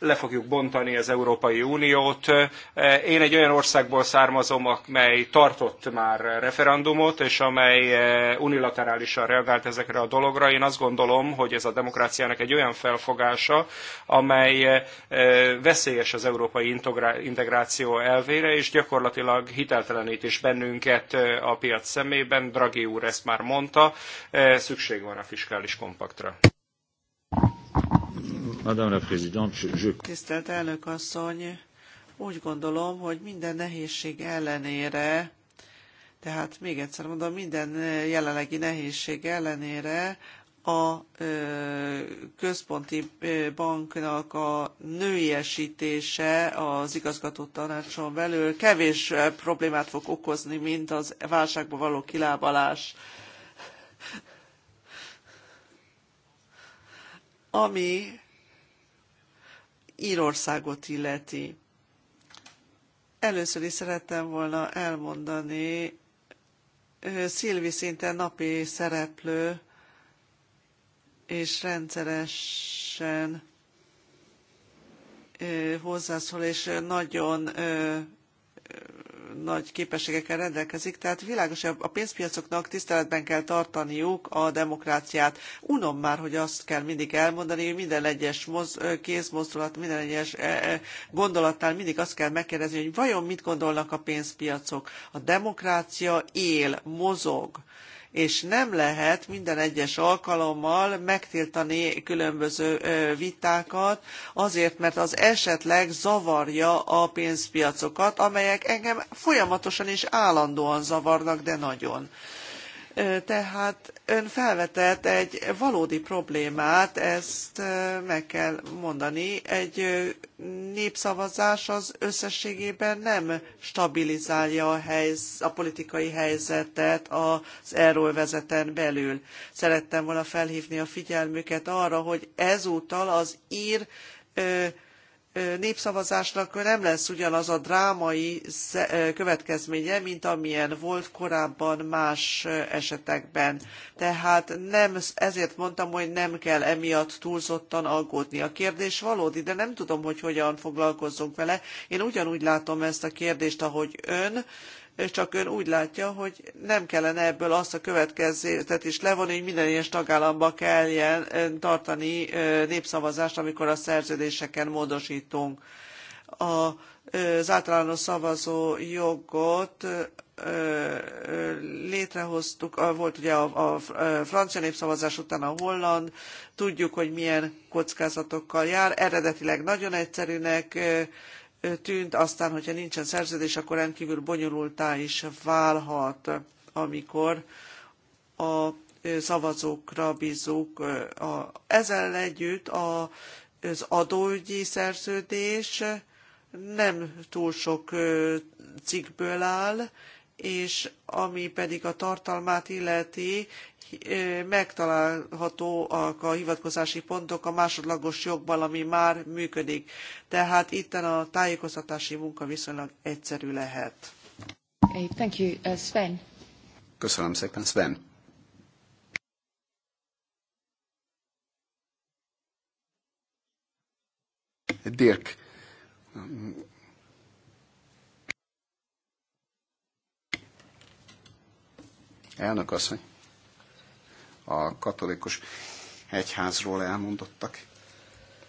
le fogjuk bontani az Európai Uniót. Eh, én egy olyan országból származom, amely tartott már referendumot, és amely eh, unilaterálisan reagált ezekre a dologra. Én azt gondolom, hogy ez a demokráciának egy olyan felfogása, amely eh, veszélyes az európai integráció elvére, és gyakorlatilag hiteltelenít is bennünket a piac szemében. Draghi úr ezt már mondta, szükség van a fiskális kompaktra. Madame la Présidente, je... Tisztelt elnök asszony, úgy gondolom, hogy minden nehézség ellenére, tehát még egyszer mondom, minden jelenlegi nehézség ellenére a központi banknak a nőiesítése az igazgató tanácson belül kevés problémát fog okozni, mint az válságba való kilábalás. Ami Írországot illeti. Először is szerettem volna elmondani, Szilvi szinte napi szereplő, és rendszeresen hozzászól, és nagyon nagy képességekkel rendelkezik, tehát világos, a pénzpiacoknak tiszteletben kell tartaniuk a demokráciát. Unom már, hogy azt kell mindig elmondani, hogy minden egyes moz, kézmozdulat, minden egyes e, e, gondolatnál mindig azt kell megkérdezni, hogy vajon mit gondolnak a pénzpiacok. A demokrácia él, mozog és nem lehet minden egyes alkalommal megtiltani különböző vitákat, azért, mert az esetleg zavarja a pénzpiacokat, amelyek engem folyamatosan és állandóan zavarnak, de nagyon. Tehát ön felvetett egy valódi problémát, ezt meg kell mondani. Egy népszavazás az összességében nem stabilizálja a, helyz, a politikai helyzetet az euróvezeten belül. Szerettem volna felhívni a figyelmüket arra, hogy ezúttal az ír népszavazásnak nem lesz ugyanaz a drámai következménye, mint amilyen volt korábban más esetekben. Tehát nem, ezért mondtam, hogy nem kell emiatt túlzottan aggódni. A kérdés valódi, de nem tudom, hogy hogyan foglalkozzunk vele. Én ugyanúgy látom ezt a kérdést, ahogy ön, és csak ön úgy látja, hogy nem kellene ebből azt a következőt is levonni, hogy minden egyes tagállamban kelljen tartani népszavazást, amikor a szerződéseken módosítunk. A az általános szavazó jogot létrehoztuk, volt ugye a francia népszavazás után a holland, tudjuk, hogy milyen kockázatokkal jár, eredetileg nagyon egyszerűnek tűnt, aztán, hogyha nincsen szerződés, akkor rendkívül bonyolultá is válhat, amikor a szavazókra bízunk. Ezzel együtt az adóügyi szerződés nem túl sok cikkből áll, és ami pedig a tartalmát illeti, eh, megtalálható a hivatkozási pontok a másodlagos jogban, ami már működik. Tehát itten a tájékoztatási munka viszonylag egyszerű lehet. thank you. Uh, Sven. Köszönöm szépen, Sven. Dirk, Elnök asszony, a katolikus egyházról elmondottak,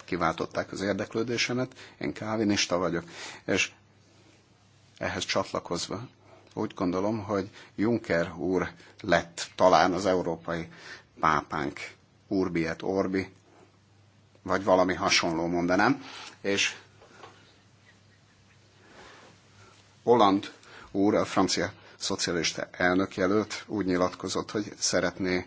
kiváltották az érdeklődésemet, én kávinista vagyok, és ehhez csatlakozva úgy gondolom, hogy Juncker úr lett talán az európai pápánk, Urbiet Orbi, vagy valami hasonló mondanám, és Holland úr, a francia szocialista elnökjelölt úgy nyilatkozott, hogy szeretné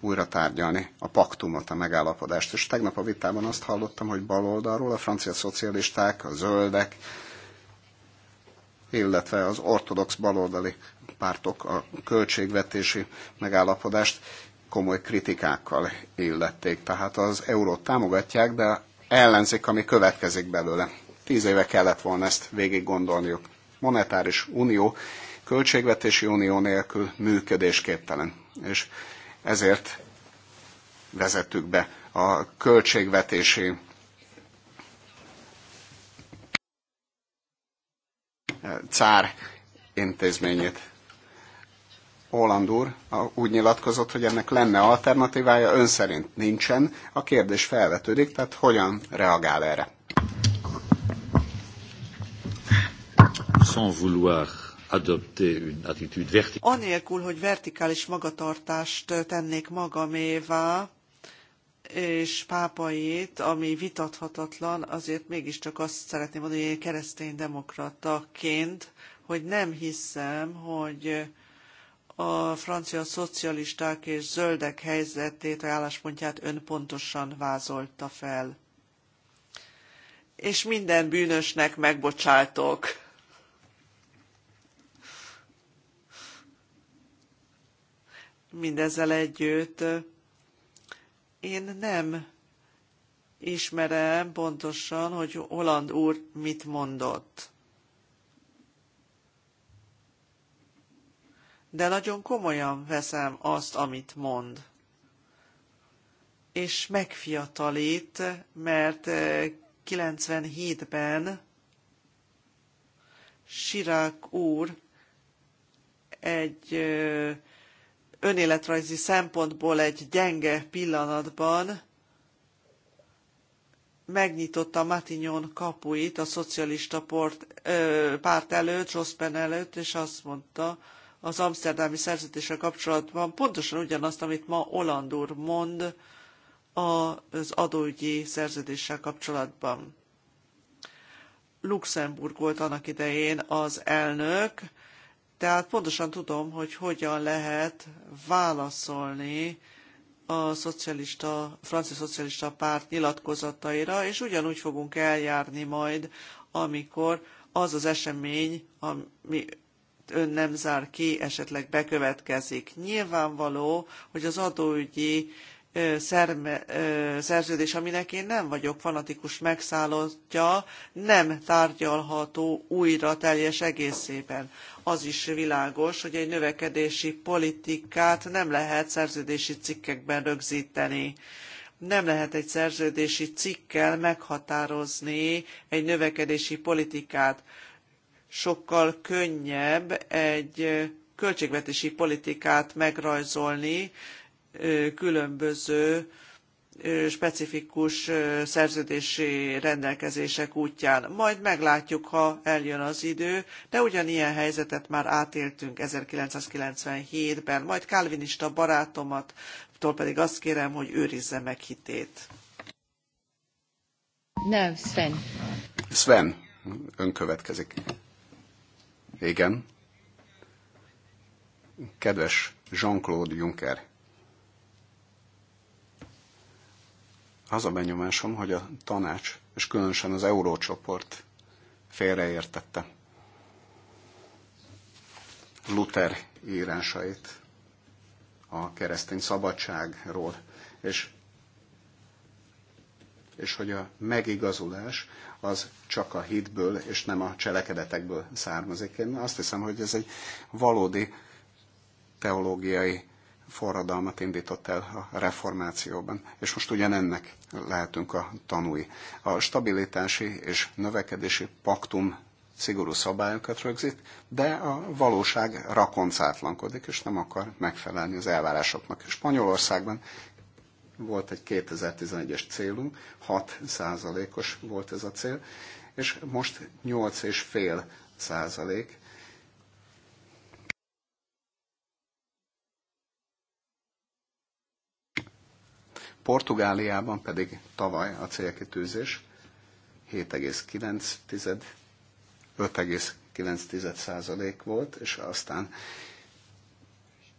újra tárgyalni a paktumot, a megállapodást. És tegnap a vitában azt hallottam, hogy baloldalról a francia szocialisták, a zöldek, illetve az ortodox baloldali pártok a költségvetési megállapodást komoly kritikákkal illették. Tehát az eurót támogatják, de ellenzik, ami következik belőle. Tíz éve kellett volna ezt végig gondolniuk. Monetáris unió költségvetési unió nélkül működésképtelen. És ezért vezettük be a költségvetési cár intézményét. Holland úr úgy nyilatkozott, hogy ennek lenne alternatívája, ön szerint nincsen. A kérdés felvetődik, tehát hogyan reagál erre? Sans vouloir Anélkül, hogy vertikális magatartást tennék magamévá, és pápait, ami vitathatatlan, azért mégiscsak azt szeretném mondani, hogy én keresztény demokrataként, hogy nem hiszem, hogy a francia szocialisták és zöldek helyzetét, a álláspontját ön pontosan vázolta fel. És minden bűnösnek megbocsátok. mindezzel együtt én nem ismerem pontosan, hogy Holland úr mit mondott. De nagyon komolyan veszem azt, amit mond. És megfiatalít, mert 97-ben eh, Sirák úr egy eh, önéletrajzi szempontból egy gyenge pillanatban megnyitotta Matignon kapuit a szocialista port, ö, párt előtt, Jospin előtt, és azt mondta az amszterdámi szerződéssel kapcsolatban pontosan ugyanazt, amit ma Oland úr mond az adóügyi szerződéssel kapcsolatban. Luxemburg volt annak idején az elnök, tehát pontosan tudom, hogy hogyan lehet válaszolni a szocialista, francia szocialista párt nyilatkozataira, és ugyanúgy fogunk eljárni majd, amikor az az esemény, ami ön nem zár ki, esetleg bekövetkezik. Nyilvánvaló, hogy az adóügyi szerme, szerződés, aminek én nem vagyok fanatikus megszállottja, nem tárgyalható újra teljes egészében. Az is világos, hogy egy növekedési politikát nem lehet szerződési cikkekben rögzíteni. Nem lehet egy szerződési cikkel meghatározni egy növekedési politikát. Sokkal könnyebb egy költségvetési politikát megrajzolni, különböző specifikus szerződési rendelkezések útján. Majd meglátjuk, ha eljön az idő, de ugyanilyen helyzetet már átéltünk 1997-ben. Majd kálvinista barátomat, pedig azt kérem, hogy őrizze meg hitét. Nem, Sven. Sven, ön következik. Igen. Kedves Jean-Claude Juncker, az a benyomásom, hogy a tanács, és különösen az eurócsoport félreértette Luther írásait a keresztény szabadságról, és, és hogy a megigazulás az csak a hitből és nem a cselekedetekből származik. Én azt hiszem, hogy ez egy valódi teológiai forradalmat indított el a reformációban, és most ugyanennek lehetünk a tanúi. A stabilitási és növekedési paktum szigorú szabályokat rögzít, de a valóság rakoncátlankodik, és nem akar megfelelni az elvárásoknak. Spanyolországban volt egy 2011-es célunk, 6%-os volt ez a cél, és most 8,5% százalék Portugáliában pedig tavaly a célkitűzés 7,9, volt, és aztán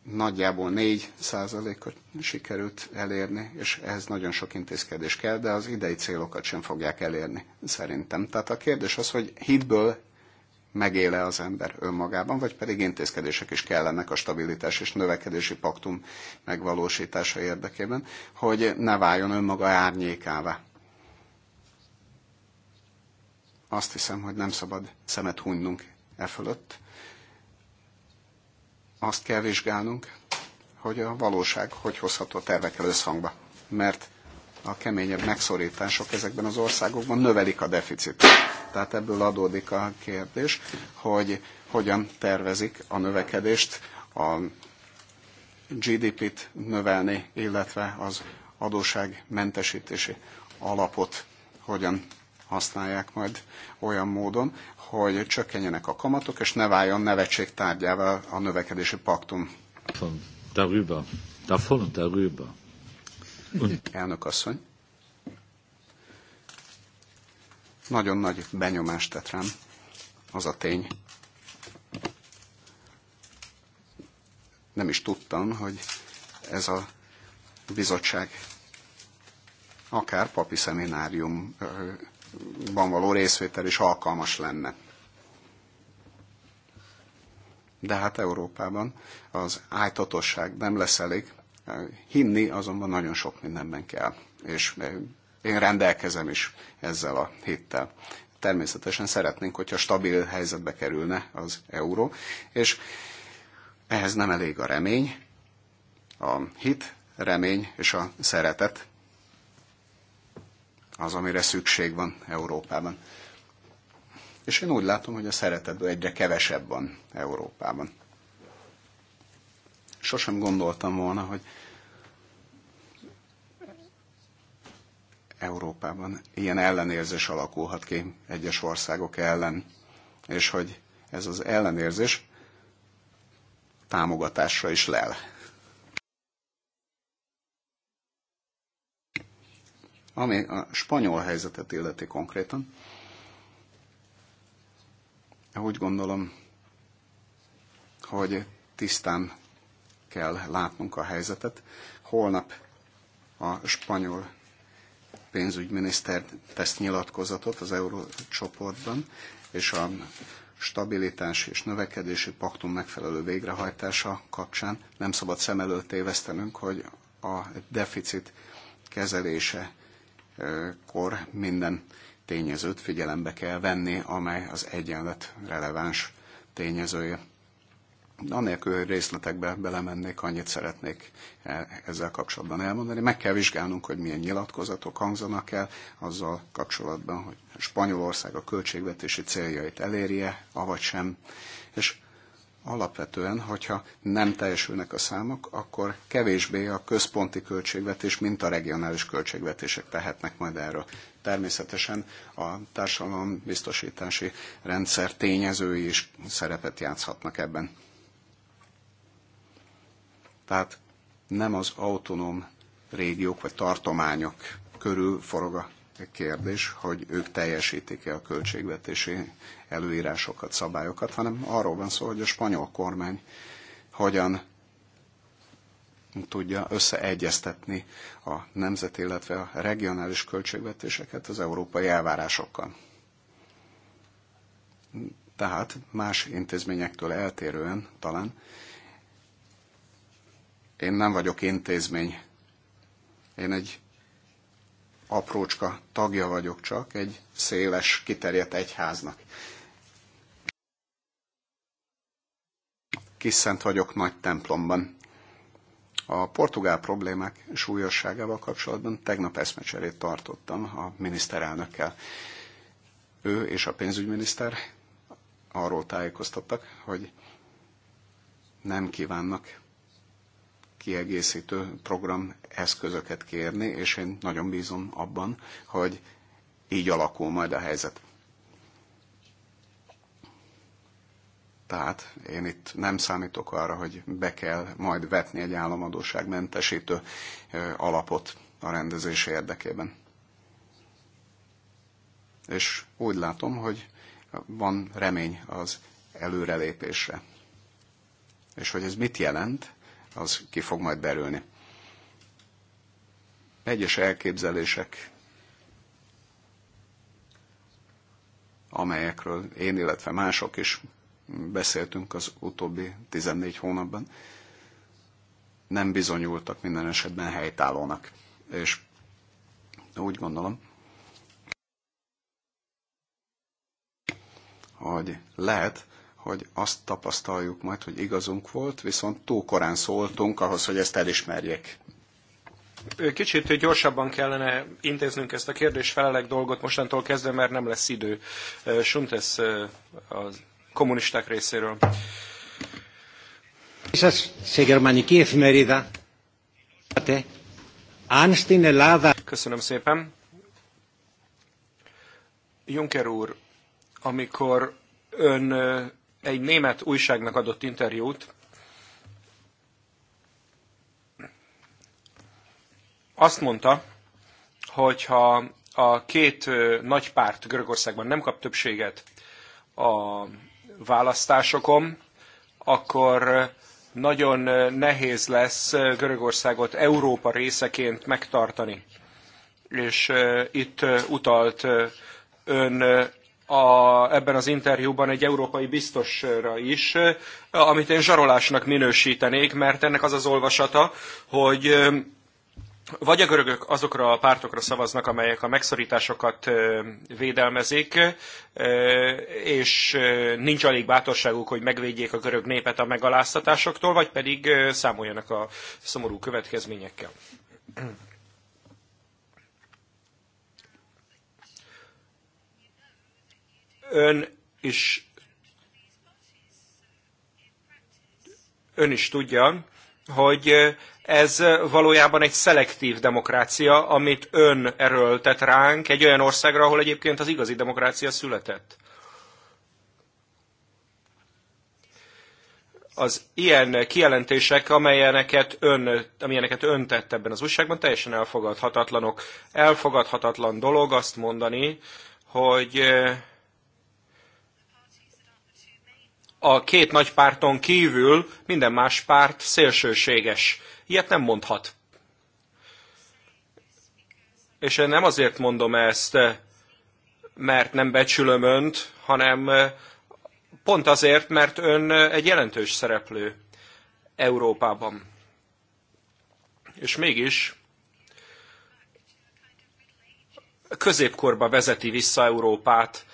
nagyjából 4 százalékot sikerült elérni, és ehhez nagyon sok intézkedés kell, de az idei célokat sem fogják elérni, szerintem. Tehát a kérdés az, hogy hitből megéle az ember önmagában, vagy pedig intézkedések is kellenek a stabilitás és növekedési paktum megvalósítása érdekében, hogy ne váljon önmaga árnyékává. Azt hiszem, hogy nem szabad szemet hunynunk e fölött. Azt kell vizsgálnunk, hogy a valóság hogy hozható a tervekkel összhangba. Mert a keményebb megszorítások ezekben az országokban növelik a deficitet. Tehát ebből adódik a kérdés, hogy hogyan tervezik a növekedést, a GDP-t növelni, illetve az adóság mentesítési alapot hogyan használják majd olyan módon, hogy csökkenjenek a kamatok, és ne váljon nevetség tárgyával a növekedési paktum. Darüber. Davon und darüber. Elnök asszony. Nagyon nagy benyomást tett rám az a tény. Nem is tudtam, hogy ez a bizottság akár papi szemináriumban való részvétel is alkalmas lenne. De hát Európában az ájtatosság nem lesz elég, Hinni azonban nagyon sok mindenben kell, és eh, én rendelkezem is ezzel a hittel. Természetesen szeretnénk, hogyha stabil helyzetbe kerülne az euró, és ehhez nem elég a remény, a hit, remény és a szeretet az, amire szükség van Európában. És én úgy látom, hogy a szeretetből egyre kevesebb van Európában sosem gondoltam volna, hogy Európában ilyen ellenérzés alakulhat ki egyes országok ellen, és hogy ez az ellenérzés támogatásra is lel. Ami a spanyol helyzetet illeti konkrétan, úgy gondolom, hogy tisztán kell látnunk a helyzetet. Holnap a spanyol pénzügyminiszter tesz nyilatkozatot az eurócsoportban, és a stabilitás és növekedési paktum megfelelő végrehajtása kapcsán nem szabad szem előtt tévesztenünk, hogy a deficit kezelése kor minden tényezőt figyelembe kell venni, amely az egyenlet releváns tényezője anélkül, hogy részletekbe belemennék, annyit szeretnék e, ezzel kapcsolatban elmondani. Meg kell vizsgálnunk, hogy milyen nyilatkozatok hangzanak el azzal kapcsolatban, hogy Spanyolország a költségvetési céljait elérje, avagy sem. És alapvetően, hogyha nem teljesülnek a számok, akkor kevésbé a központi költségvetés, mint a regionális költségvetések tehetnek majd erről. Természetesen a társadalombiztosítási rendszer tényezői is szerepet játszhatnak ebben. Tehát nem az autonóm régiók vagy tartományok körül forog a kérdés, hogy ők teljesítik-e a költségvetési előírásokat, szabályokat, hanem arról van szó, hogy a spanyol kormány hogyan tudja összeegyeztetni a nemzet, illetve a regionális költségvetéseket az európai elvárásokkal. Tehát más intézményektől eltérően talán én nem vagyok intézmény. Én egy aprócska tagja vagyok csak, egy széles, kiterjedt egyháznak. Kiszent vagyok nagy templomban. A portugál problémák súlyosságával kapcsolatban tegnap eszmecserét tartottam a miniszterelnökkel. Ő és a pénzügyminiszter arról tájékoztattak, hogy nem kívánnak kiegészítő program eszközöket kérni, és én nagyon bízom abban, hogy így alakul majd a helyzet. Tehát én itt nem számítok arra, hogy be kell majd vetni egy államadóság mentesítő alapot a rendezés érdekében. És úgy látom, hogy van remény az előrelépésre. És hogy ez mit jelent, az ki fog majd derülni. Egyes elképzelések, amelyekről én, illetve mások is beszéltünk az utóbbi 14 hónapban, nem bizonyultak minden esetben helytállónak. És úgy gondolom, hogy lehet hogy azt tapasztaljuk majd, hogy igazunk volt, viszont túl korán szóltunk ahhoz, hogy ezt elismerjék. Kicsit gyorsabban kellene intéznünk ezt a kérdés-felelek dolgot mostantól kezdve, mert nem lesz idő. Suntes a kommunisták részéről. Köszönöm szépen. Juncker úr, amikor ön egy német újságnak adott interjút, azt mondta, hogyha a két nagy párt Görögországban nem kap többséget a választásokon, akkor nagyon nehéz lesz Görögországot Európa részeként megtartani. És itt utalt ön a, ebben az interjúban egy európai biztosra is, amit én zsarolásnak minősítenék, mert ennek az az olvasata, hogy vagy a görögök azokra a pártokra szavaznak, amelyek a megszorításokat védelmezik, és nincs alig bátorságuk, hogy megvédjék a görög népet a megaláztatásoktól, vagy pedig számoljanak a szomorú következményekkel. Ön is, ön is tudja, hogy ez valójában egy szelektív demokrácia, amit ön erőltet ránk egy olyan országra, ahol egyébként az igazi demokrácia született. az ilyen kijelentések, amelyeneket ön, amilyeneket ön tett ebben az újságban, teljesen elfogadhatatlanok. Elfogadhatatlan dolog azt mondani, hogy a két nagy párton kívül minden más párt szélsőséges. Ilyet nem mondhat. És én nem azért mondom ezt, mert nem becsülöm önt, hanem pont azért, mert ön egy jelentős szereplő Európában. És mégis középkorba vezeti vissza Európát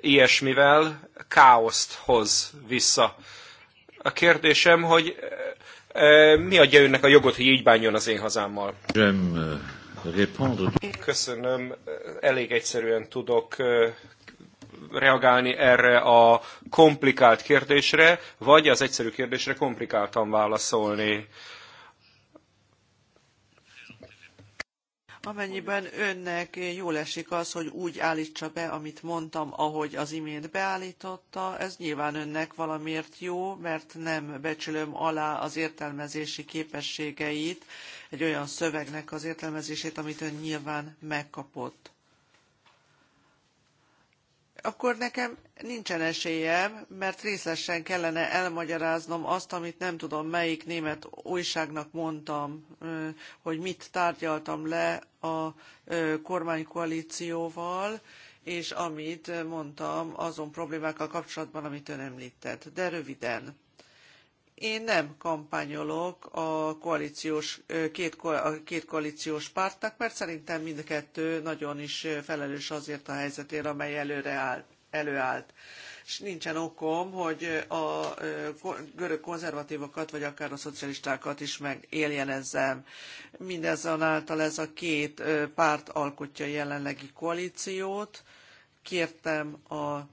ilyesmivel káoszt hoz vissza. A kérdésem, hogy eh, eh, mi adja önnek a jogot, hogy így bánjon az én hazámmal? Köszönöm, elég egyszerűen tudok eh, reagálni erre a komplikált kérdésre, vagy az egyszerű kérdésre komplikáltan válaszolni. Amennyiben önnek jól esik az, hogy úgy állítsa be, amit mondtam, ahogy az imént beállította, ez nyilván önnek valamiért jó, mert nem becsülöm alá az értelmezési képességeit, egy olyan szövegnek az értelmezését, amit ön nyilván megkapott akkor nekem nincsen esélyem, mert részlesen kellene elmagyaráznom azt, amit nem tudom melyik német újságnak mondtam, hogy mit tárgyaltam le a kormánykoalícióval, és amit mondtam azon problémákkal kapcsolatban, amit ön említett. De röviden. Én nem kampányolok a, koalíciós, két, a két koalíciós pártnak, mert szerintem mindkettő nagyon is felelős azért a helyzetért, amely előre áll, előállt. És nincsen okom, hogy a görög konzervatívokat, vagy akár a szocialistákat is megéljenezzem. Mindezonáltal ez a két párt alkotja jelenlegi koalíciót. Kértem a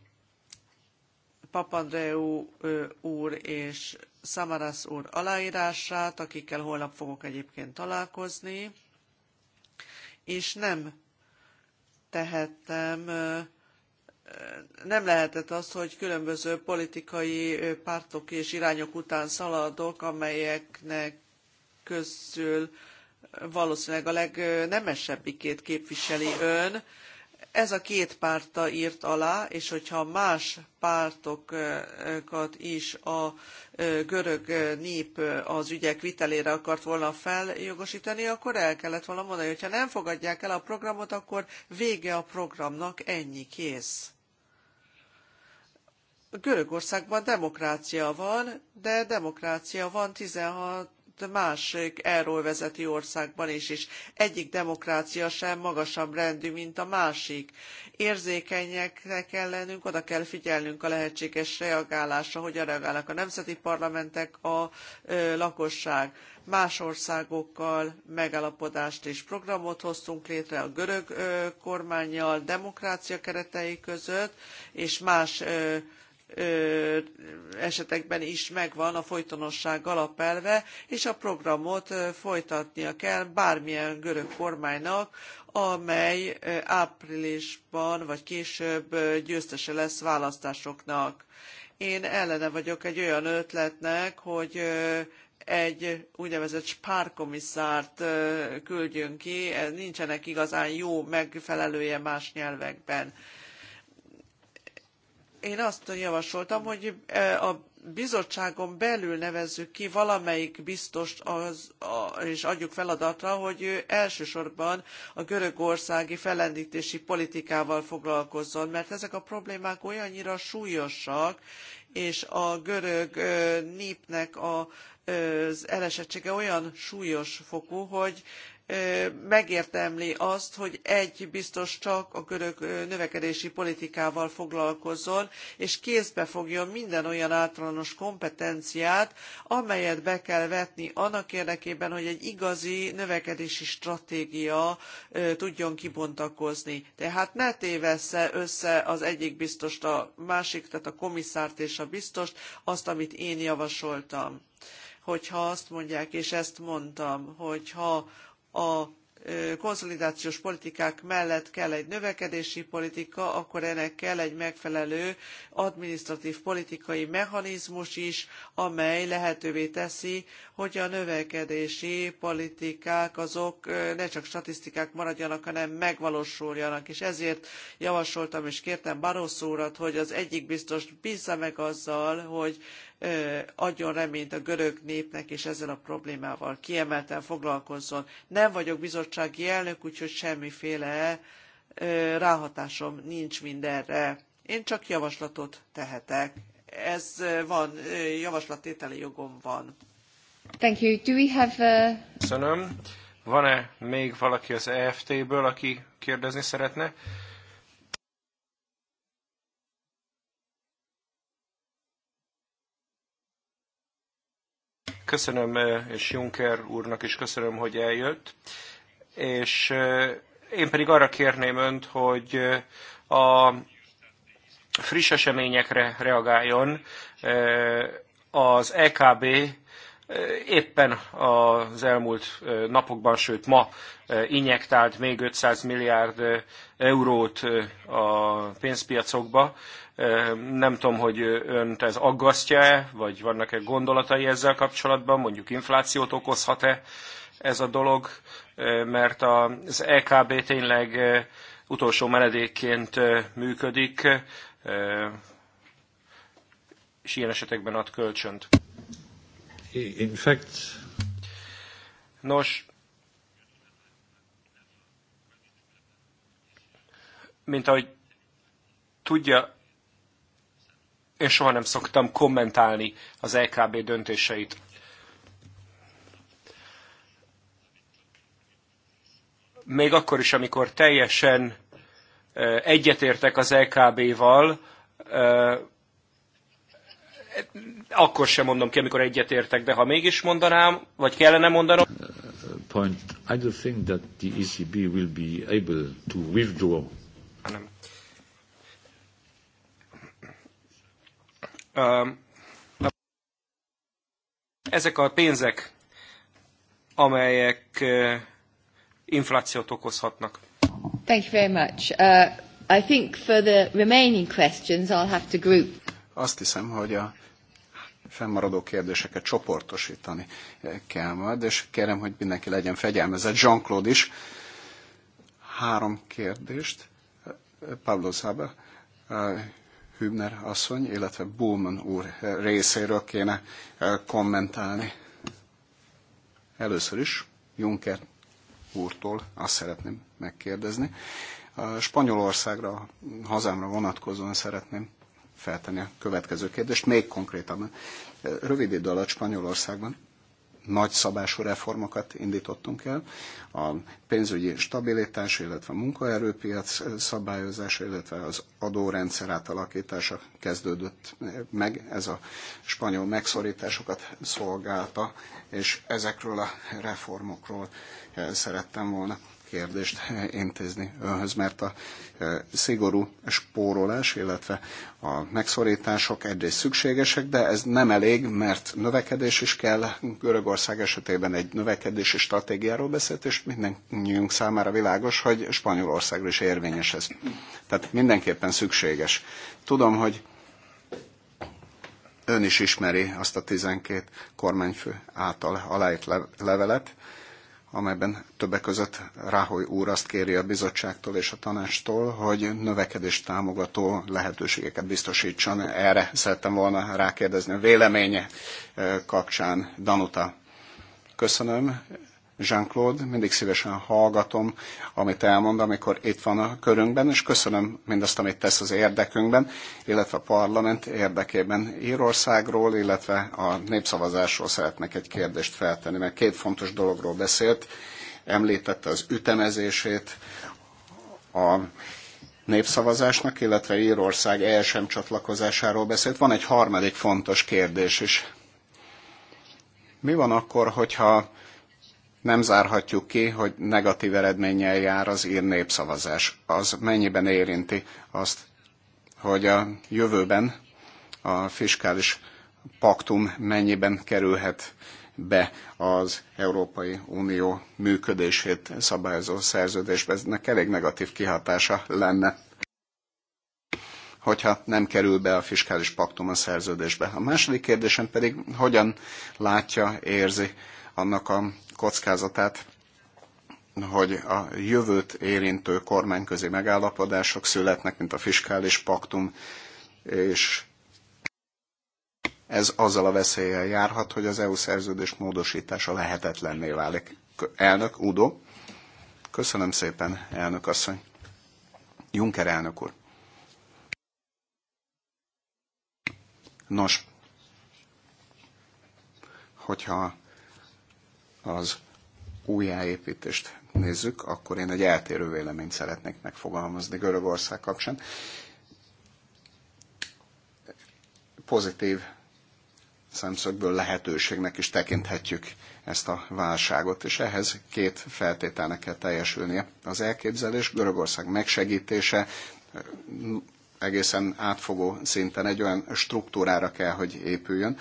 Papandreou úr és Samaras úr aláírását, akikkel holnap fogok egyébként találkozni, és nem tehettem, nem lehetett az, hogy különböző politikai pártok és irányok után szaladok, amelyeknek közül valószínűleg a legnemesebbikét képviseli ön, ez a két párta írt alá, és hogyha más pártokat is a görög nép az ügyek vitelére akart volna feljogosítani, akkor el kellett volna mondani, hogyha nem fogadják el a programot, akkor vége a programnak, ennyi kész. Görögországban demokrácia van, de demokrácia van 16 másik vezeti országban is, és egyik demokrácia sem magasabb rendű, mint a másik. Érzékenyeknek kell lennünk, oda kell figyelnünk a lehetséges reagálásra, hogyan reagálnak a nemzeti parlamentek, a ö, lakosság. Más országokkal megállapodást és programot hoztunk létre a görög ö, kormányjal, demokrácia keretei között, és más ö, esetekben is megvan a folytonosság alapelve, és a programot folytatnia kell bármilyen görög kormánynak, amely áprilisban vagy később győztese lesz választásoknak. Én ellene vagyok egy olyan ötletnek, hogy egy úgynevezett spárkomisszárt küldjünk ki, nincsenek igazán jó megfelelője más nyelvekben én azt javasoltam, hogy e, a bizottságon belül nevezzük ki valamelyik biztost, az, a, és adjuk feladatra, hogy ő elsősorban a görögországi felendítési politikával foglalkozzon, mert ezek a problémák olyannyira súlyosak, és a görög népnek a, az elesettsége olyan súlyos fokú, hogy megérdemli azt, hogy egy biztos csak a görög növekedési politikával foglalkozzon, és kézbe fogjon minden olyan általános kompetenciát, amelyet be kell vetni annak érdekében, hogy egy igazi növekedési stratégia tudjon kibontakozni. Tehát ne tévessze össze az egyik biztost a másik, tehát a komisszárt és a biztost, azt, amit én javasoltam hogyha azt mondják, és ezt mondtam, hogy ha a konszolidációs politikák mellett kell egy növekedési politika, akkor ennek kell egy megfelelő administratív politikai mechanizmus is, amely lehetővé teszi, hogy a növekedési politikák azok ne csak statisztikák maradjanak, hanem megvalósuljanak. És ezért javasoltam és kértem Barroso urat, hogy az egyik biztos bízza meg azzal, hogy adjon reményt a görög népnek, és ezzel a problémával kiemelten foglalkozzon. Nem vagyok bizottsági elnök, úgyhogy semmiféle ráhatásom nincs mindenre. Én csak javaslatot tehetek. Ez van, javaslattételi jogom van. Thank you. Do we have a... Uh, Köszönöm. Van-e még valaki az EFT-ből, aki kérdezni szeretne? köszönöm, eh, és Juncker úrnak is köszönöm, hogy eljött. És eh, én pedig arra kérném önt, hogy eh, a friss eseményekre reagáljon. Az EKB éppen az elmúlt napokban, sőt ma injektált még 500 milliárd eurót a pénzpiacokba. Nem tudom, hogy önt ez aggasztja-e, vagy vannak-e gondolatai ezzel kapcsolatban, mondjuk inflációt okozhat-e ez a dolog, mert az EKB tényleg utolsó menedékként működik, és ilyen esetekben ad kölcsönt. In fact... Nos, mint ahogy tudja, én soha nem szoktam kommentálni az LKB döntéseit. Még akkor is, amikor teljesen egyetértek az LKB-val, akkor sem mondom ki, amikor egyetértek, de ha mégis mondanám, vagy kellene mondanom. Point. I don't think that the ECB will be able to withdraw. Nem. Ezek a pénzek, amelyek inflációt okozhatnak. Thank you very much. Uh, I think for the remaining questions I'll have to group. Azt hiszem, hogy a fennmaradó kérdéseket csoportosítani kell majd, és kérem, hogy mindenki legyen fegyelmezett. Jean-Claude is három kérdést. Pablo Szába Hübner asszony, illetve Bowman úr részéről kéne eh, kommentálni. Először is Juncker úrtól azt szeretném megkérdezni. A Spanyolországra, hazámra vonatkozóan szeretném feltenni a következő kérdést, még konkrétabban. Eh, rövid idő alatt Spanyolországban nagyszabású reformokat indítottunk el, a pénzügyi stabilitás, illetve a munkaerőpiac szabályozása, illetve az adórendszer átalakítása kezdődött meg. Ez a spanyol megszorításokat szolgálta, és ezekről a reformokról eh, szerettem volna kérdést intézni önhöz, mert a e, szigorú spórolás, illetve a megszorítások egyrészt szükségesek, de ez nem elég, mert növekedés is kell. Görögország esetében egy növekedési stratégiáról beszélt, és mindenkiünk számára világos, hogy Spanyolországra is érvényes ez. Tehát mindenképpen szükséges. Tudom, hogy ön is ismeri azt a 12 kormányfő által aláírt levelet, amelyben többek között Ráholy úr azt kéri a bizottságtól és a tanástól, hogy növekedést támogató lehetőségeket biztosítson. Erre szerettem volna rákérdezni a véleménye kapcsán. Danuta, köszönöm, Jean-Claude, mindig szívesen hallgatom, amit elmond, amikor itt van a körünkben, és köszönöm mindazt, amit tesz az érdekünkben, illetve a parlament érdekében Írországról, illetve a népszavazásról szeretnék egy kérdést feltenni, mert két fontos dologról beszélt, említette az ütemezését a népszavazásnak, illetve Írország el csatlakozásáról beszélt. Van egy harmadik fontos kérdés is. Mi van akkor, hogyha nem zárhatjuk ki, hogy negatív eredménnyel jár az ír népszavazás. Az mennyiben érinti azt, hogy a jövőben a fiskális paktum mennyiben kerülhet be az Európai Unió működését szabályozó szerződésbe. Ennek elég negatív kihatása lenne, hogyha nem kerül be a fiskális paktum a szerződésbe. A második kérdésem pedig, hogyan látja, érzi annak a kockázatát, hogy a jövőt érintő kormányközi megállapodások születnek, mint a fiskális paktum, és ez azzal a veszéllyel járhat, hogy az EU szerződés módosítása lehetetlenné válik. Elnök Udo, köszönöm szépen, elnök asszony. Juncker elnök úr. Nos, hogyha az újjáépítést nézzük, akkor én egy eltérő véleményt szeretnék megfogalmazni Görögország kapcsán. Pozitív szemszögből lehetőségnek is tekinthetjük ezt a válságot, és ehhez két feltételnek kell teljesülnie. Az elképzelés Görögország megsegítése egészen átfogó szinten egy olyan struktúrára kell, hogy épüljön,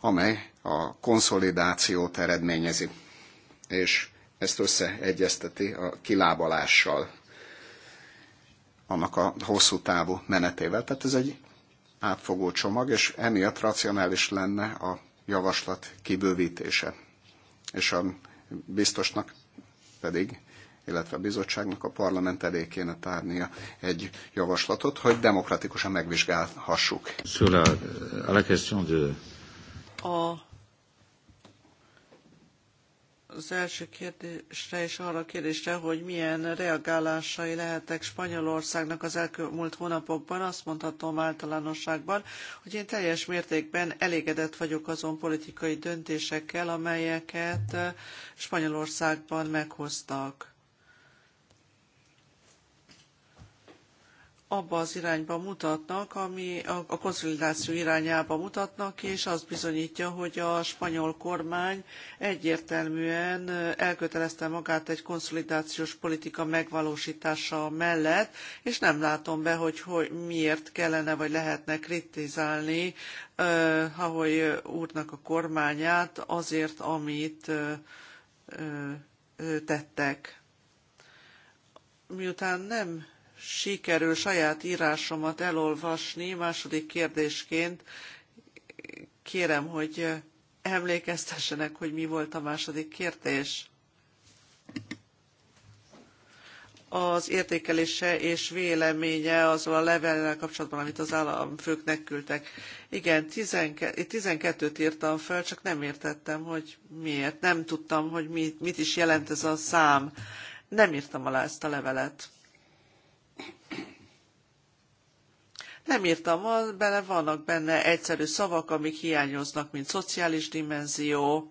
amely a konszolidációt eredményezi, és ezt összeegyezteti a kilábalással, annak a hosszú távú menetével. Tehát ez egy átfogó csomag, és emiatt racionális lenne a javaslat kibővítése. És a biztosnak pedig, illetve a bizottságnak a parlament elé kéne tárnia egy javaslatot, hogy demokratikusan megvizsgálhassuk. A az első kérdésre és arra a kérdésre, hogy milyen reagálásai lehetek Spanyolországnak az elmúlt hónapokban, azt mondhatom általánosságban, hogy én teljes mértékben elégedett vagyok azon politikai döntésekkel, amelyeket Spanyolországban meghoztak. abba az irányba mutatnak, ami a konszolidáció irányába mutatnak, és az bizonyítja, hogy a spanyol kormány egyértelműen elkötelezte magát egy konszolidációs politika megvalósítása mellett, és nem látom be, hogy, hogy miért kellene vagy lehetne kritizálni uh, Hahoy úrnak a kormányát azért, amit uh, tettek. Miután nem sikerül saját írásomat elolvasni, második kérdésként kérem, hogy emlékeztessenek, hogy mi volt a második kérdés. Az értékelése és véleménye azzal a levellel kapcsolatban, amit az államfőknek küldtek. Igen, 12-t írtam föl, csak nem értettem, hogy miért. Nem tudtam, hogy mit is jelent ez a szám. Nem írtam alá ezt a levelet. Nem írtam van, bele vannak benne egyszerű szavak, amik hiányoznak, mint szociális dimenzió.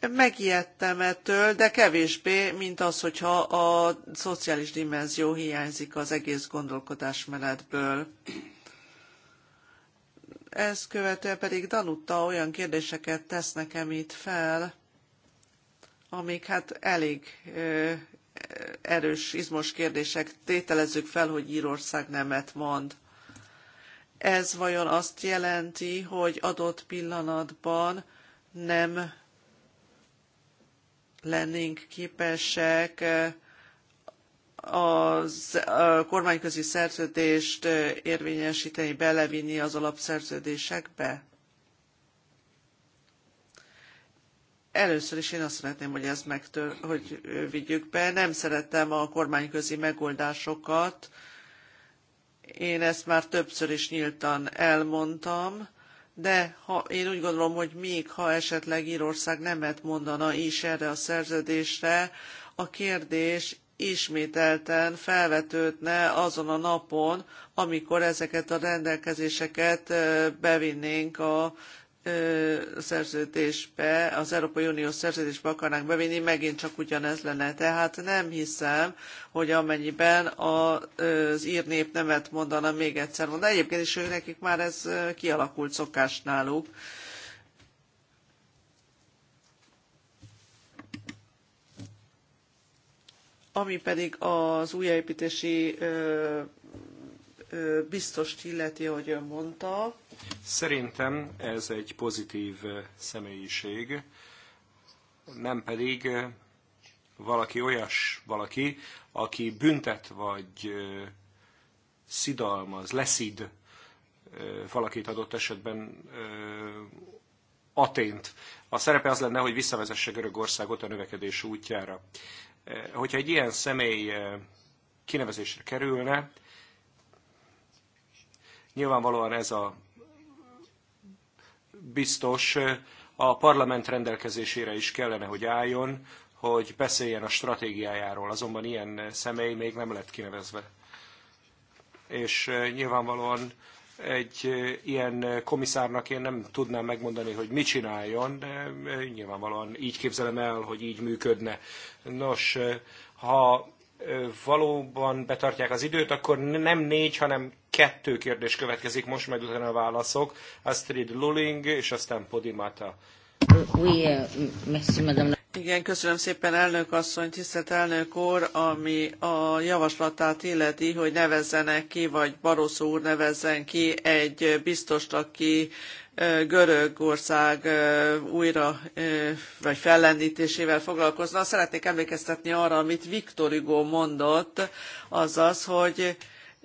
Megijedtem ettől, de kevésbé, mint az, hogyha a szociális dimenzió hiányzik az egész gondolkodásmenetből. Ezt követően pedig Danutta olyan kérdéseket tesz nekem itt fel, amik hát elég erős izmos kérdések. Tételezzük fel, hogy Írország nemet mond. Ez vajon azt jelenti, hogy adott pillanatban nem lennénk képesek eh, az a eh, kormányközi szerződést eh, érvényesíteni, belevinni az alapszerződésekbe? Először is én azt szeretném, hogy ez megtör, hogy vigyük be. Nem szerettem a kormányközi megoldásokat. Én ezt már többször is nyíltan elmondtam, de ha, én úgy gondolom, hogy még ha esetleg Írország nemet mondana is erre a szerződésre, a kérdés ismételten felvetődne azon a napon, amikor ezeket a rendelkezéseket bevinnénk a szerződésbe, az Európai Unió szerződésbe akarnánk bevinni, megint csak ugyanez lenne. Tehát nem hiszem, hogy amennyiben az ír nép nemet mondana, még egyszer de Egyébként is ő nekik már ez kialakult szokás náluk. Ami pedig az újjáépítési biztost illeti, ahogy ön mondta, Szerintem ez egy pozitív eh, személyiség, nem pedig eh, valaki olyas valaki, aki büntet vagy eh, szidalmaz, leszid valakit adott esetben Atént. A szerepe az lenne, hogy visszavezesse Görögországot a növekedés útjára. Hogyha egy ilyen személy kinevezésre kerülne, nyilvánvalóan ez a biztos eh, a parlament rendelkezésére is kellene, hogy álljon, hogy beszéljen a stratégiájáról. Azonban ilyen személy még nem lett kinevezve. És eh, nyilvánvalóan egy eh, ilyen komisszárnak én nem tudnám megmondani, hogy mit csináljon, de nyilvánvalóan így képzelem el, hogy így működne. Nos, ha valóban betartják az időt, akkor nem négy, hanem kettő kérdés következik, most majd utána a válaszok. Astrid Luling, és aztán Podimata. Euh, Igen, köszönöm szépen elnök asszony, tisztelt elnök úr, ami a javaslatát illeti, hogy nevezzenek ki, vagy Baroszó úr nevezzen ki egy biztos, aki Görögország újra vagy fellendítésével foglalkozna. Szeretnék emlékeztetni arra, amit Viktor Hugo mondott, azaz, hogy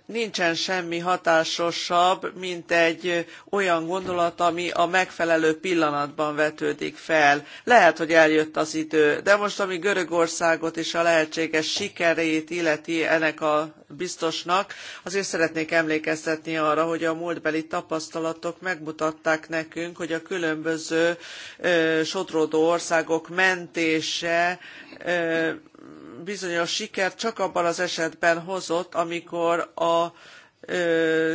nincsen semmi hatásosabb, mint egy olyan gondolat, ami a megfelelő pillanatban vetődik fel. Lehet, hogy eljött az idő, de most ami Görögországot és a lehetséges sikerét illeti ennek a biztosnak, azért szeretnék emlékeztetni arra, hogy a múltbeli tapasztalatok megmutatták nekünk, hogy a különböző ö, sodródó országok mentése ö, bizonyos sikert csak abban az esetben hozott, amikor a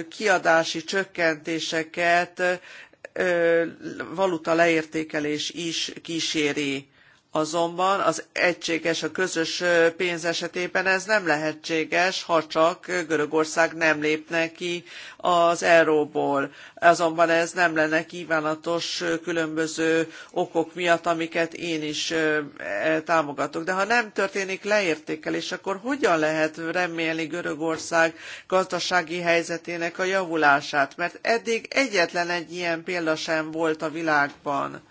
kiadási csökkentéseket valuta leértékelés is kíséri. Azonban az egységes, a közös pénz esetében ez nem lehetséges, ha csak Görögország nem lépne ki az euróból. Azonban ez nem lenne kívánatos különböző okok miatt, amiket én is e, támogatok. De ha nem történik leértékelés, akkor hogyan lehet remélni Görögország gazdasági helyzetének a javulását? Mert eddig egyetlen egy ilyen példa sem volt a világban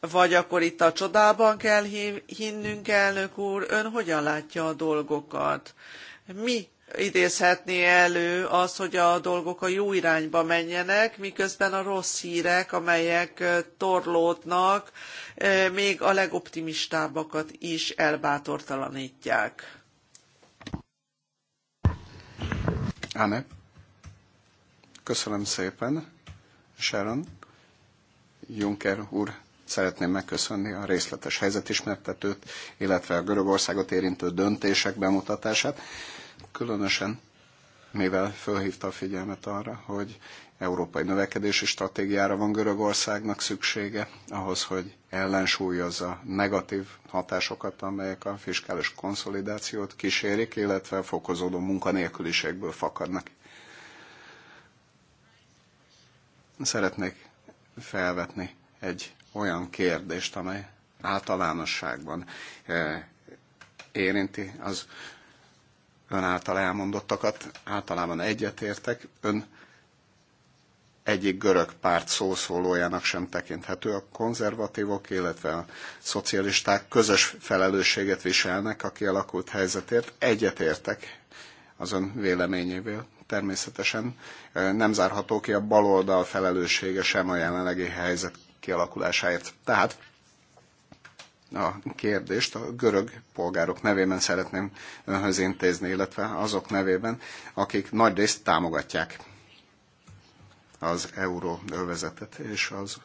vagy akkor itt a csodában kell hinnünk, elnök úr, ön hogyan látja a dolgokat? Mi idézhetné elő az, hogy a dolgok a jó irányba menjenek, miközben a rossz hírek, amelyek torlódnak, még a legoptimistábbakat is elbátortalanítják. Anne, köszönöm szépen. Sharon, Juncker úr Szeretném megköszönni a részletes helyzetismertetőt, illetve a Görögországot érintő döntések bemutatását. Különösen, mivel fölhívta a figyelmet arra, hogy európai növekedési stratégiára van Görögországnak szüksége, ahhoz, hogy ellensúlyozza negatív hatásokat, amelyek a fiskális konszolidációt kísérik, illetve a fokozódó munkanélküliségből fakadnak. Szeretnék felvetni egy olyan kérdést, amely általánosságban eh, érinti az ön által elmondottakat. Általában egyetértek. Ön egyik görög párt szószólójának sem tekinthető. A konzervatívok, illetve a szocialisták közös felelősséget viselnek a kialakult helyzetért. Egyetértek az ön véleményével. Természetesen eh, nem zárható ki a baloldal felelőssége sem a jelenlegi helyzet kialakulásáért. Tehát a kérdést a görög polgárok nevében szeretném önhöz intézni, illetve azok nevében, akik nagy részt támogatják az euróövezetet és az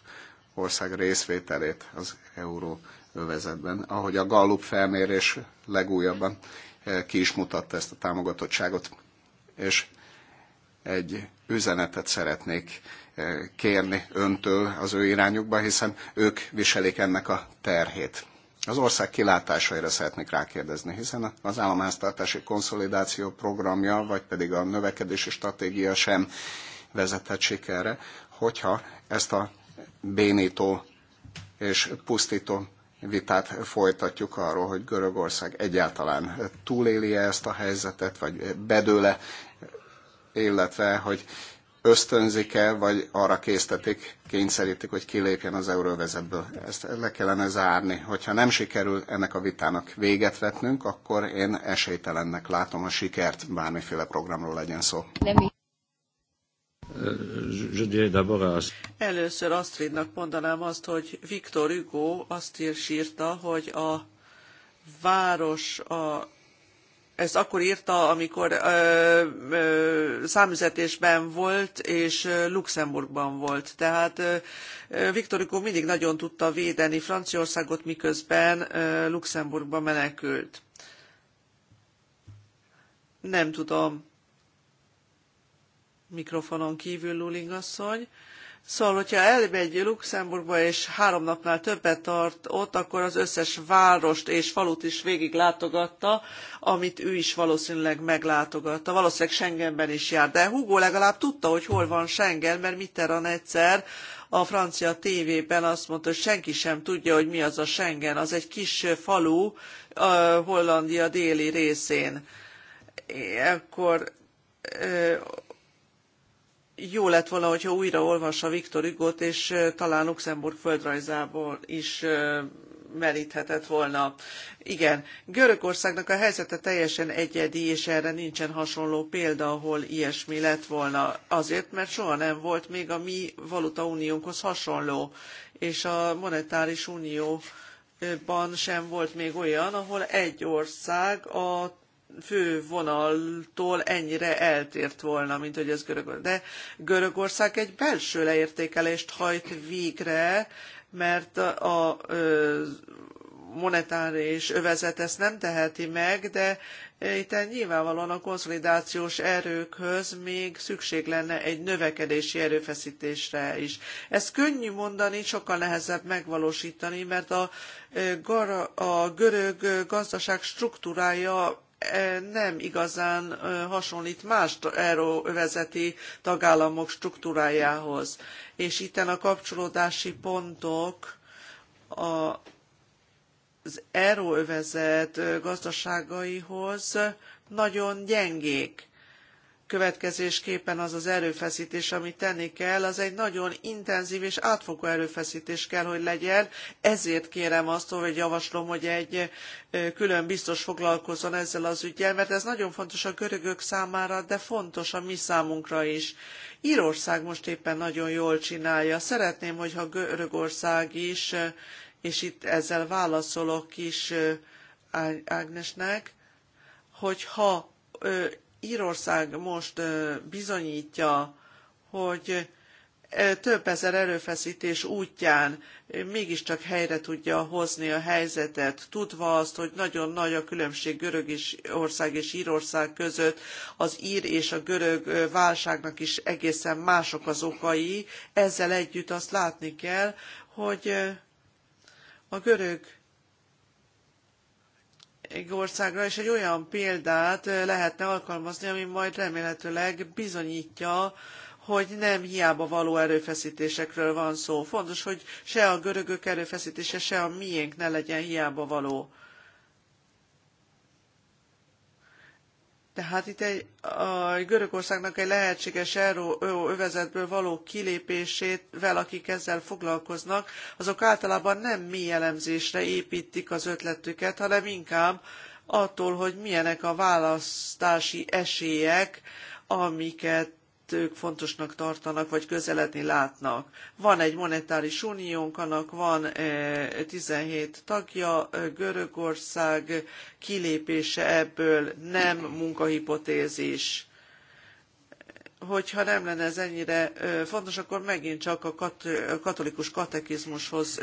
ország részvételét az euróövezetben. Ahogy a Gallup felmérés legújabban eh, ki is mutatta ezt a támogatottságot, és egy üzenetet szeretnék Eh, kérni öntől az ő irányukba, hiszen ők viselik ennek a terhét. Az ország kilátásaira szeretnék rákérdezni, hiszen az államháztartási konszolidáció programja, vagy pedig a növekedési stratégia sem vezethet sikerre, hogyha ezt a bénító és pusztító vitát folytatjuk arról, hogy Görögország egyáltalán túléli -e ezt a helyzetet, vagy bedőle, illetve hogy ösztönzik-e, vagy arra késztetik, kényszerítik, hogy kilépjen az euróvezetből. Ezt le kellene zárni. Hogyha nem sikerül ennek a vitának véget vetnünk, akkor én esélytelennek látom a sikert, bármiféle programról legyen szó. Nem. Euh, Először Astridnak mondanám azt, hogy Viktor Hugo azt írta, hogy a város a ezt akkor írta, amikor ö, ö, számüzetésben volt, és Luxemburgban volt. Tehát ö, Viktor Hugo mindig nagyon tudta védeni Franciaországot, miközben Luxemburgba menekült. Nem tudom. Mikrofonon kívül, Luling asszony. Ö, Szóval, hogyha elmegy Luxemburgba, és három napnál többet tart ott, akkor az összes várost és falut is végig látogatta, amit ő is valószínűleg meglátogatta. Valószínűleg Schengenben is jár. De Hugo legalább tudta, hogy hol van Schengen, mert Mitterrand egyszer a francia tévében azt mondta, hogy senki sem tudja, hogy mi az a Schengen. Az egy kis falu Hollandia déli részén. Akkor jó lett volna, hogyha újra olvassa Viktor Hugot, és talán Luxemburg földrajzából is meríthetett volna. Igen, Görögországnak a helyzete teljesen egyedi, és erre nincsen hasonló példa, ahol ilyesmi lett volna. Azért, mert soha nem volt még a mi valutauniónkhoz hasonló, és a monetáris unióban sem volt még olyan, ahol egy ország a fő vonaltól ennyire eltért volna, mint hogy ez Görögország. De Görögország egy belső leértékelést hajt végre, mert a, a monetáris övezet ezt nem teheti meg, de itt nyilvánvalóan a konszolidációs erőkhöz még szükség lenne egy növekedési erőfeszítésre is. Ezt könnyű mondani, sokkal nehezebb megvalósítani, mert a, a görög gazdaság struktúrája nem igazán hasonlít más euróvezeti tagállamok struktúrájához. És itten a kapcsolódási pontok a, az euróövezet gazdaságaihoz nagyon gyengék következésképpen az az erőfeszítés, amit tenni kell, az egy nagyon intenzív és átfogó erőfeszítés kell, hogy legyen. Ezért kérem azt, hogy javaslom, hogy egy külön biztos foglalkozzon ezzel az ügyel, mert ez nagyon fontos a görögök számára, de fontos a mi számunkra is. Írország most éppen nagyon jól csinálja. Szeretném, hogyha Görögország is, és itt ezzel válaszolok is Ágnesnek, hogyha Írország most bizonyítja, hogy több ezer erőfeszítés útján mégiscsak helyre tudja hozni a helyzetet, tudva azt, hogy nagyon nagy a különbség Görögország és Írország között, az ír és a görög válságnak is egészen mások az okai. Ezzel együtt azt látni kell, hogy a görög egy országra, és egy olyan példát lehetne alkalmazni, ami majd remélhetőleg bizonyítja, hogy nem hiába való erőfeszítésekről van szó. Fontos, hogy se a görögök erőfeszítése, se a miénk ne legyen hiába való. Tehát itt egy, a Görögországnak egy lehetséges euróövezetből való kilépésével, akik ezzel foglalkoznak, azok általában nem mi elemzésre építik az ötletüket, hanem inkább attól, hogy milyenek a választási esélyek, amiket ők fontosnak tartanak, vagy közeledni látnak. Van egy monetáris uniónk, annak van 17 eh, tagja, eh, Görögország kilépése ebből nem munkahipotézis hogyha nem lenne ez ennyire eh, fontos, akkor megint csak a katolikus katekizmushoz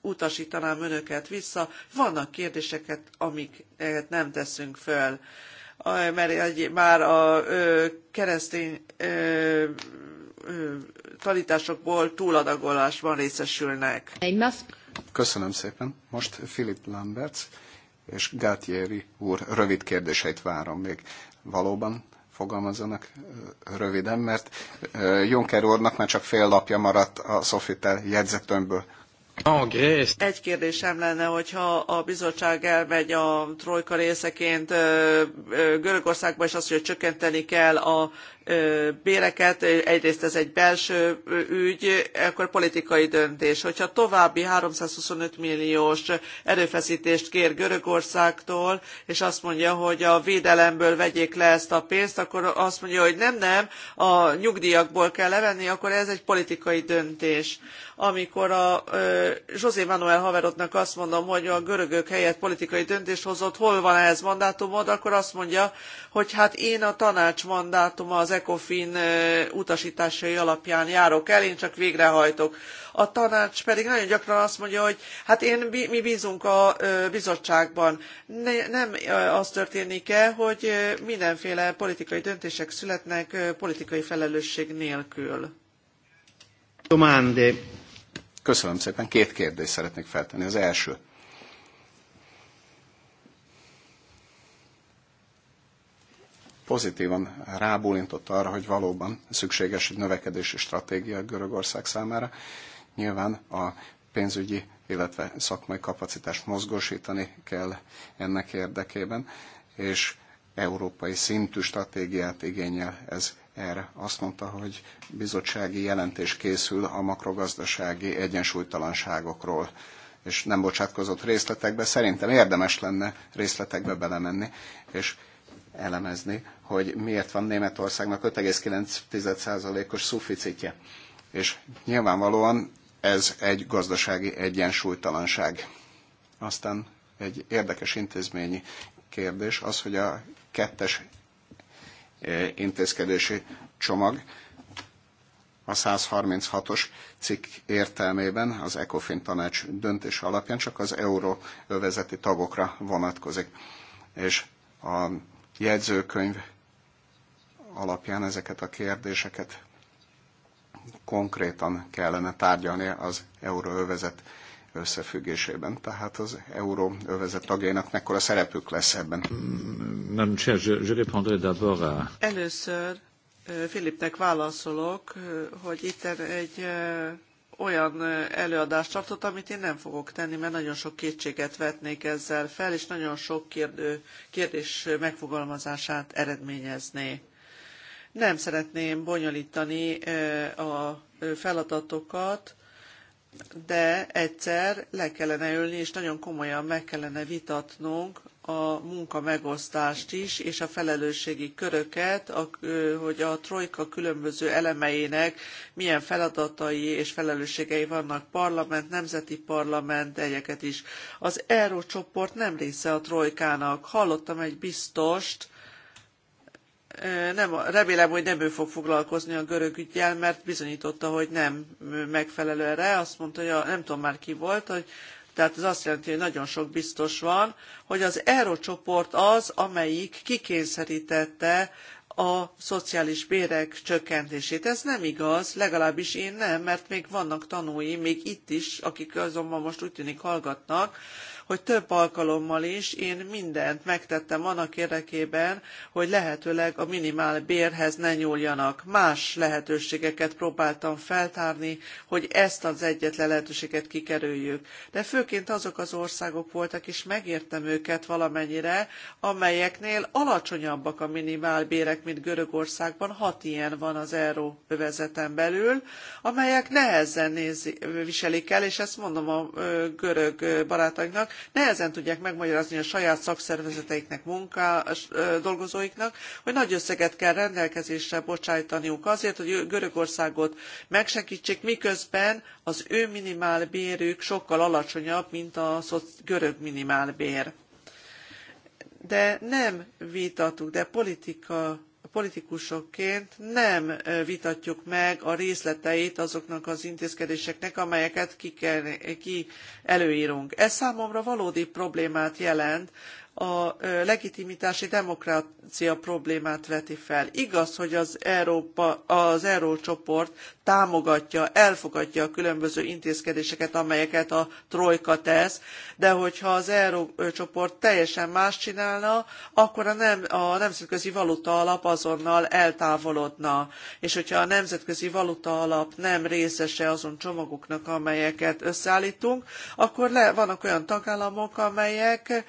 utasítanám önöket vissza. Vannak kérdéseket, amiket nem teszünk föl mert már a keresztény tanításokból túladagolásban részesülnek. Köszönöm szépen. Most Philip Lamberts és Gátieri úr rövid kérdéseit várom még. Valóban fogalmazzanak röviden, mert Juncker úrnak már csak fél lapja maradt a Sofitel jegyzetőmből. Egy kérdésem lenne, hogyha a bizottság elmegy a trojka részeként Görögországba, és azt, hogy csökkenteni kell a béreket, egyrészt ez egy belső ügy, akkor politikai döntés. Hogyha további 325 milliós erőfeszítést kér Görögországtól, és azt mondja, hogy a védelemből vegyék le ezt a pénzt, akkor azt mondja, hogy nem, nem, a nyugdíjakból kell levenni, akkor ez egy politikai döntés. Amikor a José Manuel Haverotnak azt mondom, hogy a görögök helyett politikai döntést hozott, hol van ehhez mandátumod, akkor azt mondja, hogy hát én a tanács mandátuma az ECOFIN utasításai alapján járok el, én csak végrehajtok. A tanács pedig nagyon gyakran azt mondja, hogy hát én, mi bízunk a bizottságban. nem az történik-e, hogy mindenféle politikai döntések születnek politikai felelősség nélkül? Domande. Köszönöm szépen. Két kérdést szeretnék feltenni. Az első. pozitívan rábólintott arra, hogy valóban szükséges egy növekedési stratégia Görögország számára. Nyilván a pénzügyi, illetve szakmai kapacitást mozgósítani kell ennek érdekében, és európai szintű stratégiát igényel ez erre. Azt mondta, hogy bizottsági jelentés készül a makrogazdasági egyensúlytalanságokról, és nem bocsátkozott részletekbe. Szerintem érdemes lenne részletekbe belemenni, és elemezni, hogy miért van Németországnak 5,9%-os szuficitje. És nyilvánvalóan ez egy gazdasági egyensúlytalanság. Aztán egy érdekes intézményi kérdés az, hogy a kettes eh, intézkedési csomag a 136-os cikk értelmében az ECOFIN tanács döntése alapján csak az euróövezeti tagokra vonatkozik. És a jegyzőkönyv alapján ezeket a kérdéseket konkrétan kellene tárgyalni az euróövezet összefüggésében. Tehát az euróövezet tagjainak mekkora szerepük lesz ebben? Mm, Először Filipnek válaszolok, hogy itt egy olyan előadást tartott, amit én nem fogok tenni, mert nagyon sok kétséget vetnék ezzel fel, és nagyon sok kérdő, kérdés megfogalmazását eredményezné. Nem szeretném bonyolítani a feladatokat, de egyszer le kellene ülni, és nagyon komolyan meg kellene vitatnunk a munka megosztást is, és a felelősségi köröket, hogy a trojka különböző elemeinek milyen feladatai és felelősségei vannak parlament, nemzeti parlament, egyeket is. Az ERO csoport nem része a trojkának. Hallottam egy biztost, nem, remélem, hogy nem ő fog foglalkozni a görög ügyjel, mert bizonyította, hogy nem megfelelő erre. Azt mondta, hogy a, nem tudom már ki volt, hogy tehát ez azt jelenti, hogy nagyon sok biztos van, hogy az eurocsoport az, amelyik kikényszerítette a szociális bérek csökkentését. Ez nem igaz, legalábbis én nem, mert még vannak tanúi, még itt is, akik azonban most úgy tűnik hallgatnak, hogy több alkalommal is én mindent megtettem annak érdekében, hogy lehetőleg a minimál bérhez ne nyúljanak. Más lehetőségeket próbáltam feltárni, hogy ezt az egyetlen lehetőséget kikerüljük. De főként azok az országok voltak, és megértem őket valamennyire, amelyeknél alacsonyabbak a minimálbérek, mint Görögországban. Hat ilyen van az euróvezeten belül, amelyek nehezen nézi, viselik el, és ezt mondom a görög barátainknak, nehezen tudják megmagyarázni a saját szakszervezeteiknek, munka, dolgozóiknak, hogy nagy összeget kell rendelkezésre bocsájtaniuk azért, hogy Görögországot megsegítsék, miközben az ő minimálbérük sokkal alacsonyabb, mint a görög minimálbér. De nem vitatuk, de politika politikusokként nem vitatjuk meg a részleteit azoknak az intézkedéseknek, amelyeket ki, kell, ki előírunk. Ez számomra valódi problémát jelent, a legitimitási demokrácia problémát veti fel. Igaz, hogy az, Európa, az eurócsoport támogatja, elfogadja a különböző intézkedéseket, amelyeket a trojka tesz, de hogyha az eurócsoport teljesen más csinálna, akkor a, nem, a nemzetközi valuta alap azonnal eltávolodna. És hogyha a nemzetközi valuta alap nem részese azon csomagoknak, amelyeket összeállítunk, akkor le, vannak olyan tagállamok, amelyek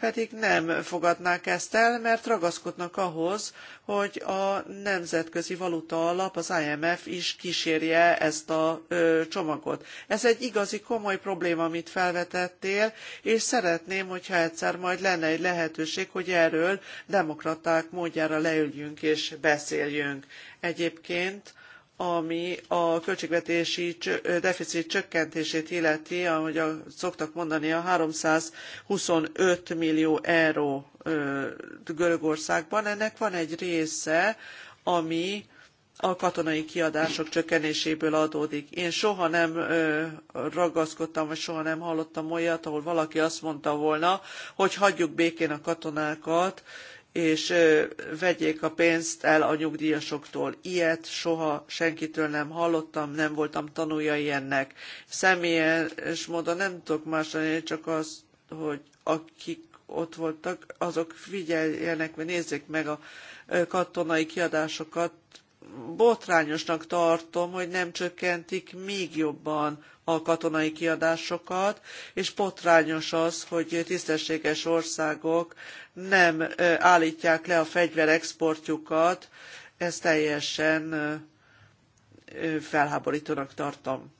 pedig nem fogadnák ezt el, mert ragaszkodnak ahhoz, hogy a Nemzetközi Valuta Alap, az IMF is kísérje ezt a ö, csomagot. Ez egy igazi komoly probléma, amit felvetettél, és szeretném, hogyha egyszer majd lenne egy lehetőség, hogy erről demokraták módjára leüljünk és beszéljünk. Egyébként ami a költségvetési deficit csökkentését illeti, ahogy szoktak mondani, a 325 millió euró Görögországban. Ennek van egy része, ami a katonai kiadások csökkenéséből adódik. Én soha nem ragaszkodtam, vagy soha nem hallottam olyat, ahol valaki azt mondta volna, hogy hagyjuk békén a katonákat, és vegyék a pénzt el a nyugdíjasoktól. Ilyet soha senkitől nem hallottam, nem voltam tanulja ilyennek. Személyes módon nem tudok más lenni, csak az, hogy akik ott voltak, azok figyeljenek, vagy nézzék meg a katonai kiadásokat, botrányosnak tartom, hogy nem csökkentik még jobban a katonai kiadásokat, és botrányos az, hogy tisztességes országok nem állítják le a fegyverexportjukat, ezt teljesen felháborítónak tartom.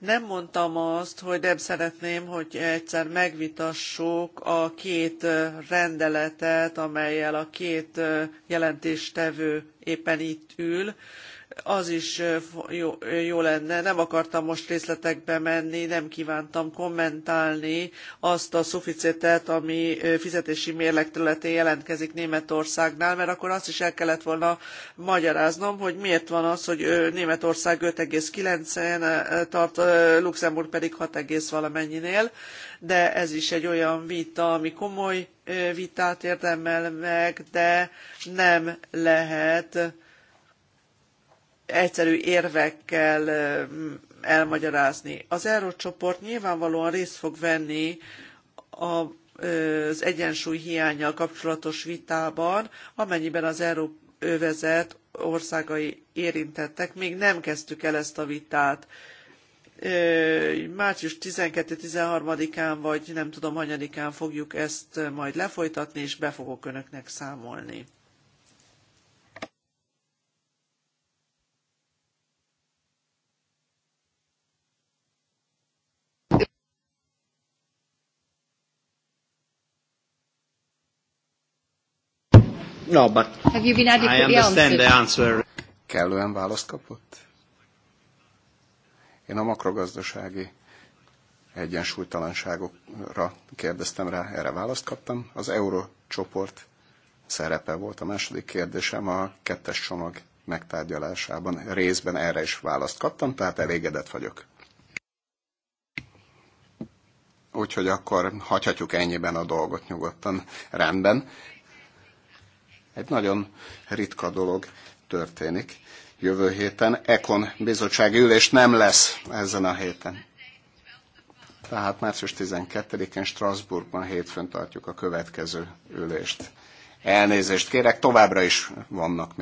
Nem mondtam azt, hogy nem szeretném, hogy egyszer megvitassuk a két rendeletet, amelyel a két jelentéstevő éppen itt ül, az is jó, jó lenne. Nem akartam most részletekbe menni, nem kívántam kommentálni azt a szuficitet, ami fizetési mérleg területén jelentkezik Németországnál, mert akkor azt is el kellett volna magyaráznom, hogy miért van az, hogy Németország 5,9-en tart, Luxemburg pedig 6, valamennyinél, de ez is egy olyan vita, ami komoly vitát érdemel meg, de nem lehet egyszerű érvekkel elmagyarázni. Az eurócsoport nyilvánvalóan részt fog venni a az egyensúly hiányjal kapcsolatos vitában, amennyiben az Euróövezet országai érintettek. Még nem kezdtük el ezt a vitát. Március 12-13-án, vagy nem tudom, hanyadikán fogjuk ezt majd lefolytatni, és be fogok önöknek számolni. No, but Have you been I understand the answer. Kellően választ kapott? Én a makrogazdasági egyensúlytalanságokra kérdeztem rá, erre választ kaptam. Az eurócsoport szerepe volt a második kérdésem a kettes csomag megtárgyalásában. Részben erre is választ kaptam, tehát elégedett vagyok. Úgyhogy akkor hagyhatjuk ennyiben a dolgot nyugodtan. Rendben. Egy nagyon ritka dolog történik. Jövő héten Ekon bizottsági ülés nem lesz ezen a héten. Tehát március 12-én Strasbourgban hétfőn tartjuk a következő ülést. Elnézést kérek, továbbra is vannak még.